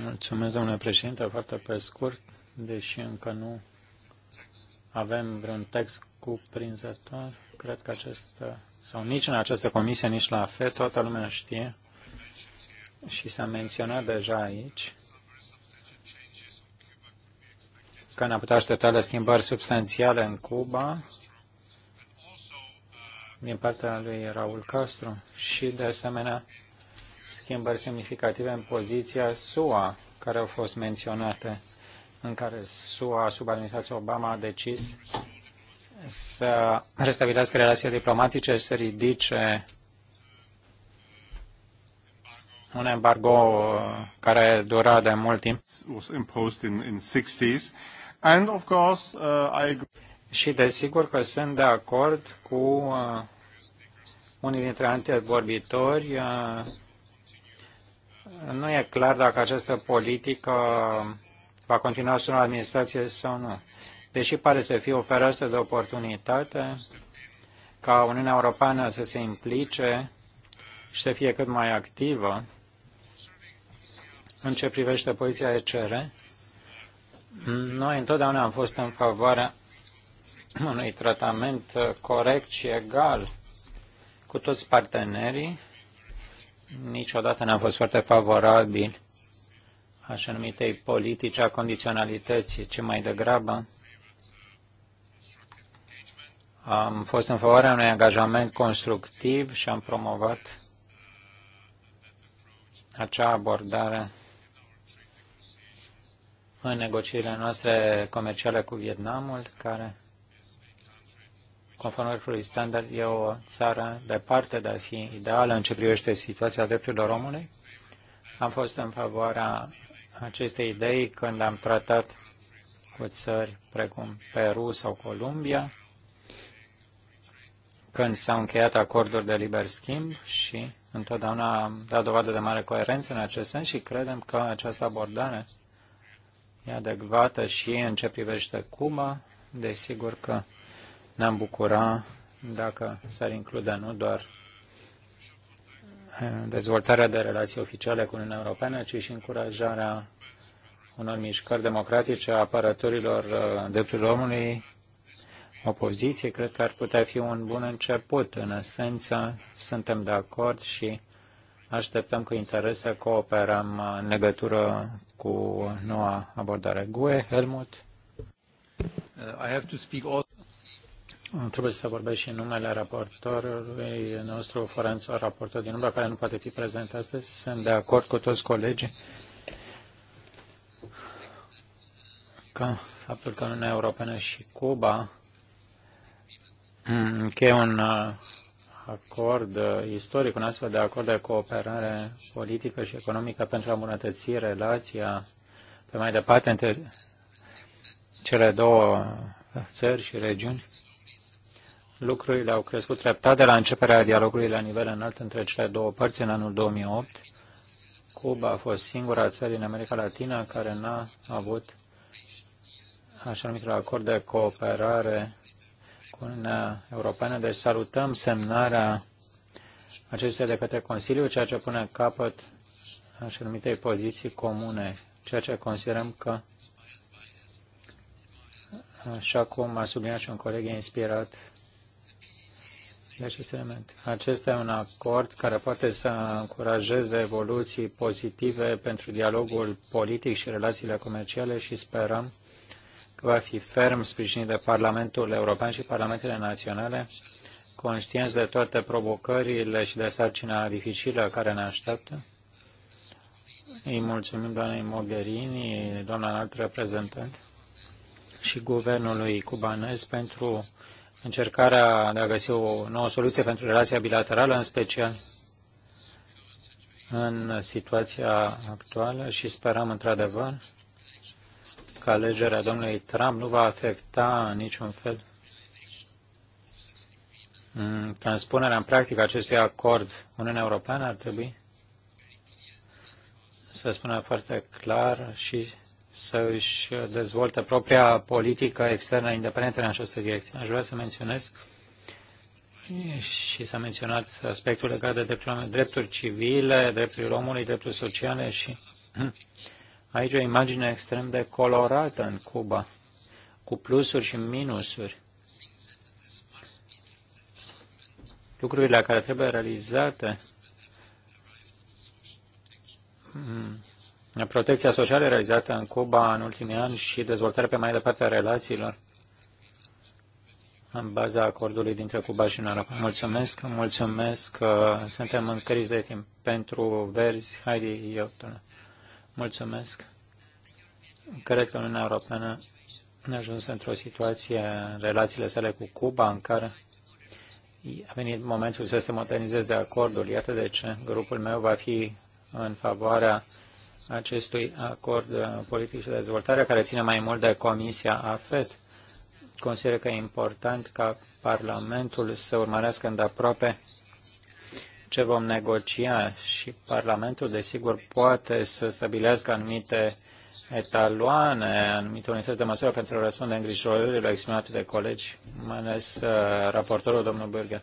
Mulțumesc, domnule președinte. Foarte pe scurt, deși încă nu avem vreun text cuprinzător, cred că acest, sau nici în această comisie, nici la FE, toată lumea știe și s-a menționat deja aici că ne-am putea aștepta la schimbări substanțiale în Cuba din partea lui Raul Castro și, de asemenea, schimbări semnificative în poziția SUA, care au fost menționate, în care SUA, sub administrația Obama, a decis să restabilească relații diplomatice, să ridice un embargo care dura de mult timp. Uh, și desigur că sunt de acord cu uh, unii dintre antevorbitori. Uh, nu e clar dacă această politică va continua sub administrație sau nu. Deși pare să fie o fereastră de oportunitate ca Uniunea Europeană să se implice și să fie cât mai activă, în ce privește poziția ECR, noi întotdeauna am fost în favoarea unui tratament corect și egal cu toți partenerii. Niciodată n-am fost foarte favorabil așa numitei politici a condiționalității, ci mai degrabă am fost în favoarea unui angajament constructiv și am promovat acea abordare în negocierile noastre comerciale cu Vietnamul, care, conform oricului standard, e o țară departe de a fi ideală în ce privește situația drepturilor omului. Am fost în favoarea acestei idei când am tratat cu țări precum Peru sau Columbia, când s-au încheiat acorduri de liber schimb și întotdeauna am dat dovadă de mare coerență în acest sens și credem că această abordare e adecvată și în ce privește cum, Desigur că ne-am bucura dacă s-ar include nu doar eh, dezvoltarea de relații oficiale cu Uniunea Europeană, ci și încurajarea unor mișcări democratice a apărătorilor eh, drepturilor omului, opoziție, cred că ar putea fi un bun început. În esență, suntem de acord și Așteptăm cu interes să cooperăm în legătură cu noua abordare. GUE, Helmut? Uh, I have to speak all... Trebuie să vorbesc și în numele raportorului nostru, Forenț, raportor din Umbra, care nu poate fi prezent astăzi. Sunt de acord cu toți colegii că faptul că Uniunea Europeană și Cuba încheie un uh, acord istoric, un astfel de acord de cooperare politică și economică pentru a îmbunătăți relația pe mai departe între cele două țări și regiuni. Lucrurile au crescut treptat de la începerea dialogului la nivel înalt între cele două părți în anul 2008. Cuba a fost singura țară din America Latină care n-a avut așa numitul acord de cooperare cu Uniunea Europeană, deci salutăm semnarea acestuia de către Consiliu, ceea ce pune capăt așa numitei poziții comune, ceea ce considerăm că, așa cum a subliniat și un coleg, e inspirat de acest element. Acesta e un acord care poate să încurajeze evoluții pozitive pentru dialogul politic și relațiile comerciale și sperăm va fi ferm sprijinit de Parlamentul European și Parlamentele Naționale, conștienți de toate provocările și de sarcina dificilă care ne așteaptă. Îi mulțumim doamnei Mogherini, doamna înalt reprezentant și guvernului cubanez pentru încercarea de a găsi o nouă soluție pentru relația bilaterală, în special în situația actuală și sperăm într-adevăr că alegerea domnului Trump nu va afecta în niciun fel transpunerea mm, în practică acestui acord. Uniunea Europeană ar trebui să spună foarte clar și să își dezvolte propria politică externă independentă în această direcție. Aș vrea să menționez și s-a menționat aspectul legat de drepturi, drepturi civile, drepturile omului, drepturi sociale și Aici o imagine extrem de colorată în Cuba, cu plusuri și minusuri. Lucrurile care trebuie realizate, hmm, protecția socială realizată în Cuba în ultimii ani și dezvoltarea pe mai departe a relațiilor în baza acordului dintre Cuba și Uniunea Mulțumesc, mulțumesc că suntem în criză de timp. Pentru verzi, Heidi Iotuna. Mulțumesc. Cred că Uniunea Europeană a ajuns într-o situație în relațiile sale cu Cuba în care a venit momentul să se modernizeze acordul. Iată de ce grupul meu va fi în favoarea acestui acord politic și de dezvoltare care ține mai mult de Comisia AFET. Consider că e important ca Parlamentul să urmărească îndeaproape aproape ce vom negocia și Parlamentul, desigur, poate să stabilească anumite etaloane, anumite unități de măsură pentru a răspunde îngrijorările exprimate de colegi, mai ales uh, raportorul domnul Bârghe.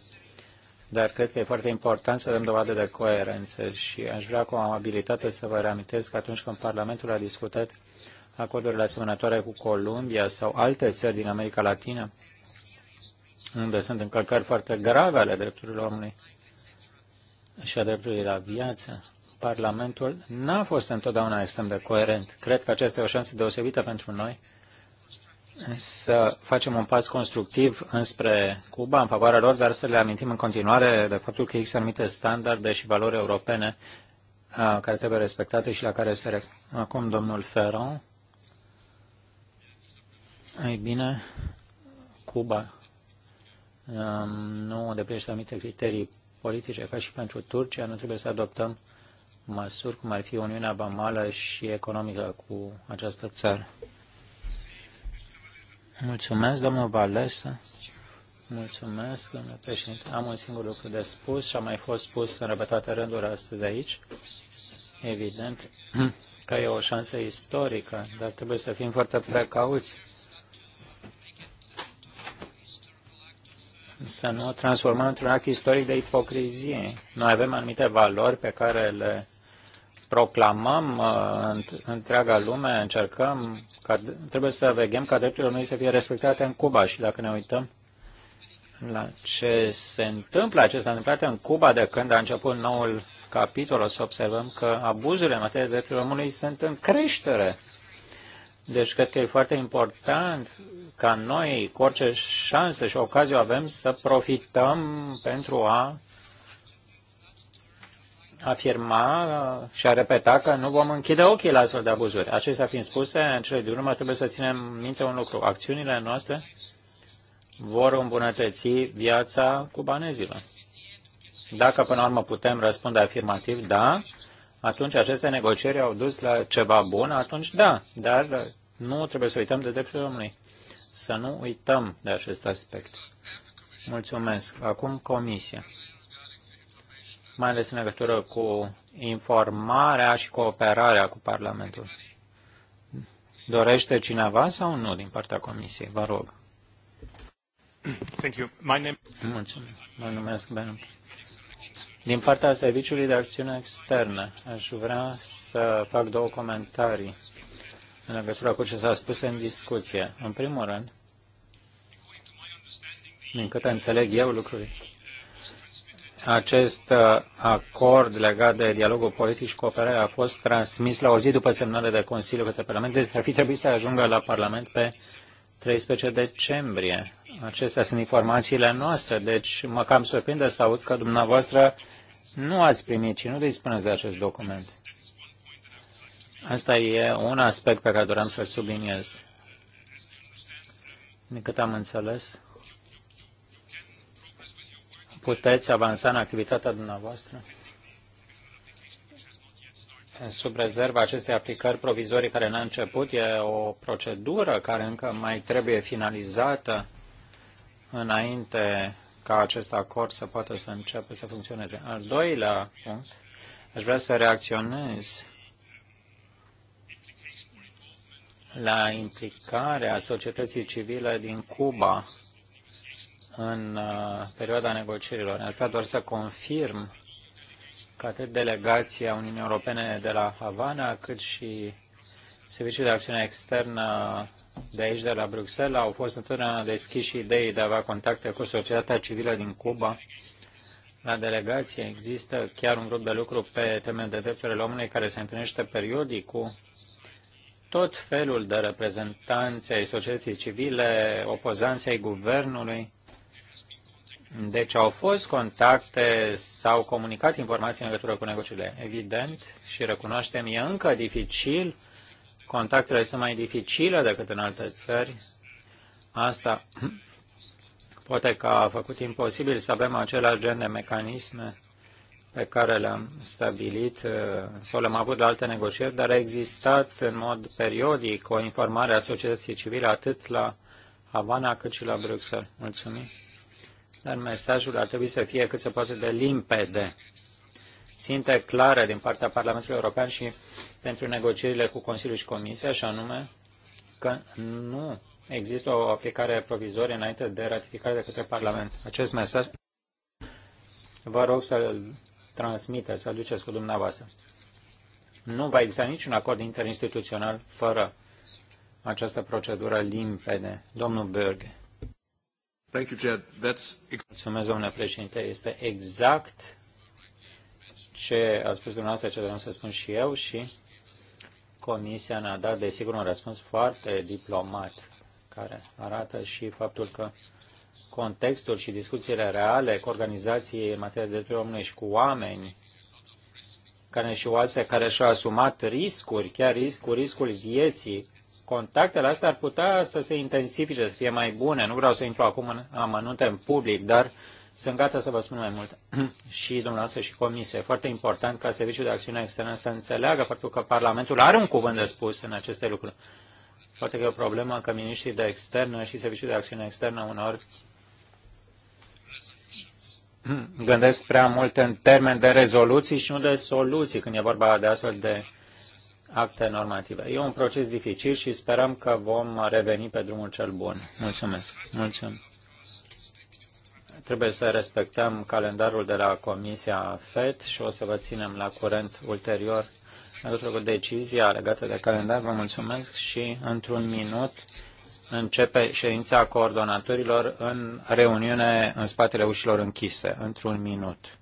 Dar cred că e foarte important să dăm dovadă de coerență și aș vrea cu amabilitate să vă reamintesc că atunci când Parlamentul a discutat acordurile asemănătoare cu Columbia sau alte țări din America Latină, unde sunt încălcări foarte grave ale drepturilor omului, și a dreptului la viață, Parlamentul n-a fost întotdeauna extrem de coerent. Cred că aceasta e o șansă deosebită pentru noi să facem un pas constructiv înspre Cuba, în favoarea lor, dar să le amintim în continuare de faptul că există anumite standarde și valori europene care trebuie respectate și la care se... Acum, domnul Ferro. Ei bine, Cuba nu îndeplinește anumite criterii politice ca și pentru Turcia, nu trebuie să adoptăm măsuri cum ar fi Uniunea Bamală și economică cu această țară. Mulțumesc, domnul Valesa. Mulțumesc, domnule președinte. Am un singur lucru de spus și a mai fost spus în repetate rânduri astăzi aici. Evident că e o șansă istorică, dar trebuie să fim foarte precauți să nu o transformăm într-un act istoric de ipocrizie. Noi avem anumite valori pe care le proclamăm uh, în întreaga lume, încercăm, ca, trebuie să veghem ca drepturile noi să fie respectate în Cuba și dacă ne uităm la ce se întâmplă, ce s-a întâmplat în Cuba de când a început noul capitol, o să observăm că abuzurile în materie de drepturile omului sunt în creștere deci cred că e foarte important ca noi, cu orice șansă și ocazie avem, să profităm pentru a afirma și a repeta că nu vom închide ochii la astfel de abuzuri. Acestea fiind spuse, în cele din urmă trebuie să ținem minte un lucru. Acțiunile noastre vor îmbunătăți viața cubanezilor. Dacă până la urmă putem răspunde afirmativ, da, atunci aceste negocieri au dus la ceva bun, atunci da, dar nu trebuie să uităm de drepturile omului. Să nu uităm de acest aspect. Mulțumesc. Acum Comisia. Mai ales în legătură cu informarea și cooperarea cu Parlamentul. Dorește cineva sau nu din partea Comisiei? Vă rog. Thank you. My name... Mulțumesc. Mă numesc Ben. Din partea Serviciului de Acțiune Externă, aș vrea să fac două comentarii în legătură cu ce s-a spus în discuție. În primul rând, din câte înțeleg eu lucrurile, acest uh, acord legat de dialogul politic și cooperare a fost transmis la o zi după semnare de Consiliu către Parlament, deci ar fi trebuit să ajungă la Parlament pe 13 decembrie. Acestea sunt informațiile noastre, deci mă cam surprinde să aud că dumneavoastră nu ați primit și nu dispuneți de acest document. Asta e un aspect pe care doream să-l subliniez. Din cât am înțeles, puteți avansa în activitatea dumneavoastră sub rezerva acestei aplicări provizorii care n-a început. E o procedură care încă mai trebuie finalizată înainte ca acest acord să poată să înceapă să funcționeze. Al doilea punct, aș vrea să reacționez la implicarea societății civile din Cuba în uh, perioada negocierilor. Aș vrea doar să confirm că atât delegația Uniunii Europene de la Havana, cât și Serviciul de Acțiune Externă de aici, de la Bruxelles, au fost întotdeauna deschiși idei de a avea contacte cu societatea civilă din Cuba. La delegație există chiar un grup de lucru pe teme de drepturile omului care se întâlnește periodic cu tot felul de reprezentanți ai societății civile, opozanții ai guvernului. Deci au fost contacte, s-au comunicat informații în legătură cu negocierile. Evident, și recunoaștem, e încă dificil contactele sunt mai dificile decât în alte țări. Asta poate că a făcut imposibil să avem același gen de mecanisme pe care le-am stabilit uh, sau le-am avut la alte negocieri, dar a existat în mod periodic o informare a societății civile atât la Havana cât și la Bruxelles. Mulțumim. Dar mesajul ar trebui să fie cât se poate de limpede ținte clară din partea Parlamentului European și pentru negocierile cu Consiliul și Comisia, și anume că nu există o aplicare provizorie înainte de ratificare de către Parlament. Acest mesaj vă rog să-l transmite, să-l duceți cu dumneavoastră. Nu va exista niciun acord interinstituțional fără această procedură limpede. Domnul Berge. Mulțumesc, domnule președinte. Este exact ce a spus dumneavoastră, ce vreau să spun și eu și Comisia ne-a dat, desigur, un răspuns foarte diplomat, care arată și faptul că contextul și discuțiile reale cu organizații în materie de drepturi omului și cu oameni care și oase care și-au asumat riscuri, chiar risc, cu riscul vieții, contactele astea ar putea să se intensifice, să fie mai bune. Nu vreau să intru acum în amănunte în public, dar uh, sunt gata să vă spun mai mult și dumneavoastră și comisie. E foarte important ca Serviciul de Acțiune Externă să înțeleagă faptul că Parlamentul are un cuvânt de spus în aceste lucruri. Poate că e o problemă că miniștrii de externă și Serviciul de Acțiune Externă uneori gândesc prea mult în termen de rezoluții și nu de soluții când e vorba de astfel de acte normative. E un proces dificil și sperăm că vom reveni pe drumul cel bun. Mulțumesc. Mulțumesc. Trebuie să respectăm calendarul de la Comisia FED și o să vă ținem la curent ulterior pentru decizia legată de calendar. Vă mulțumesc și într-un minut începe ședința coordonatorilor în reuniune în spatele ușilor închise. Într-un minut.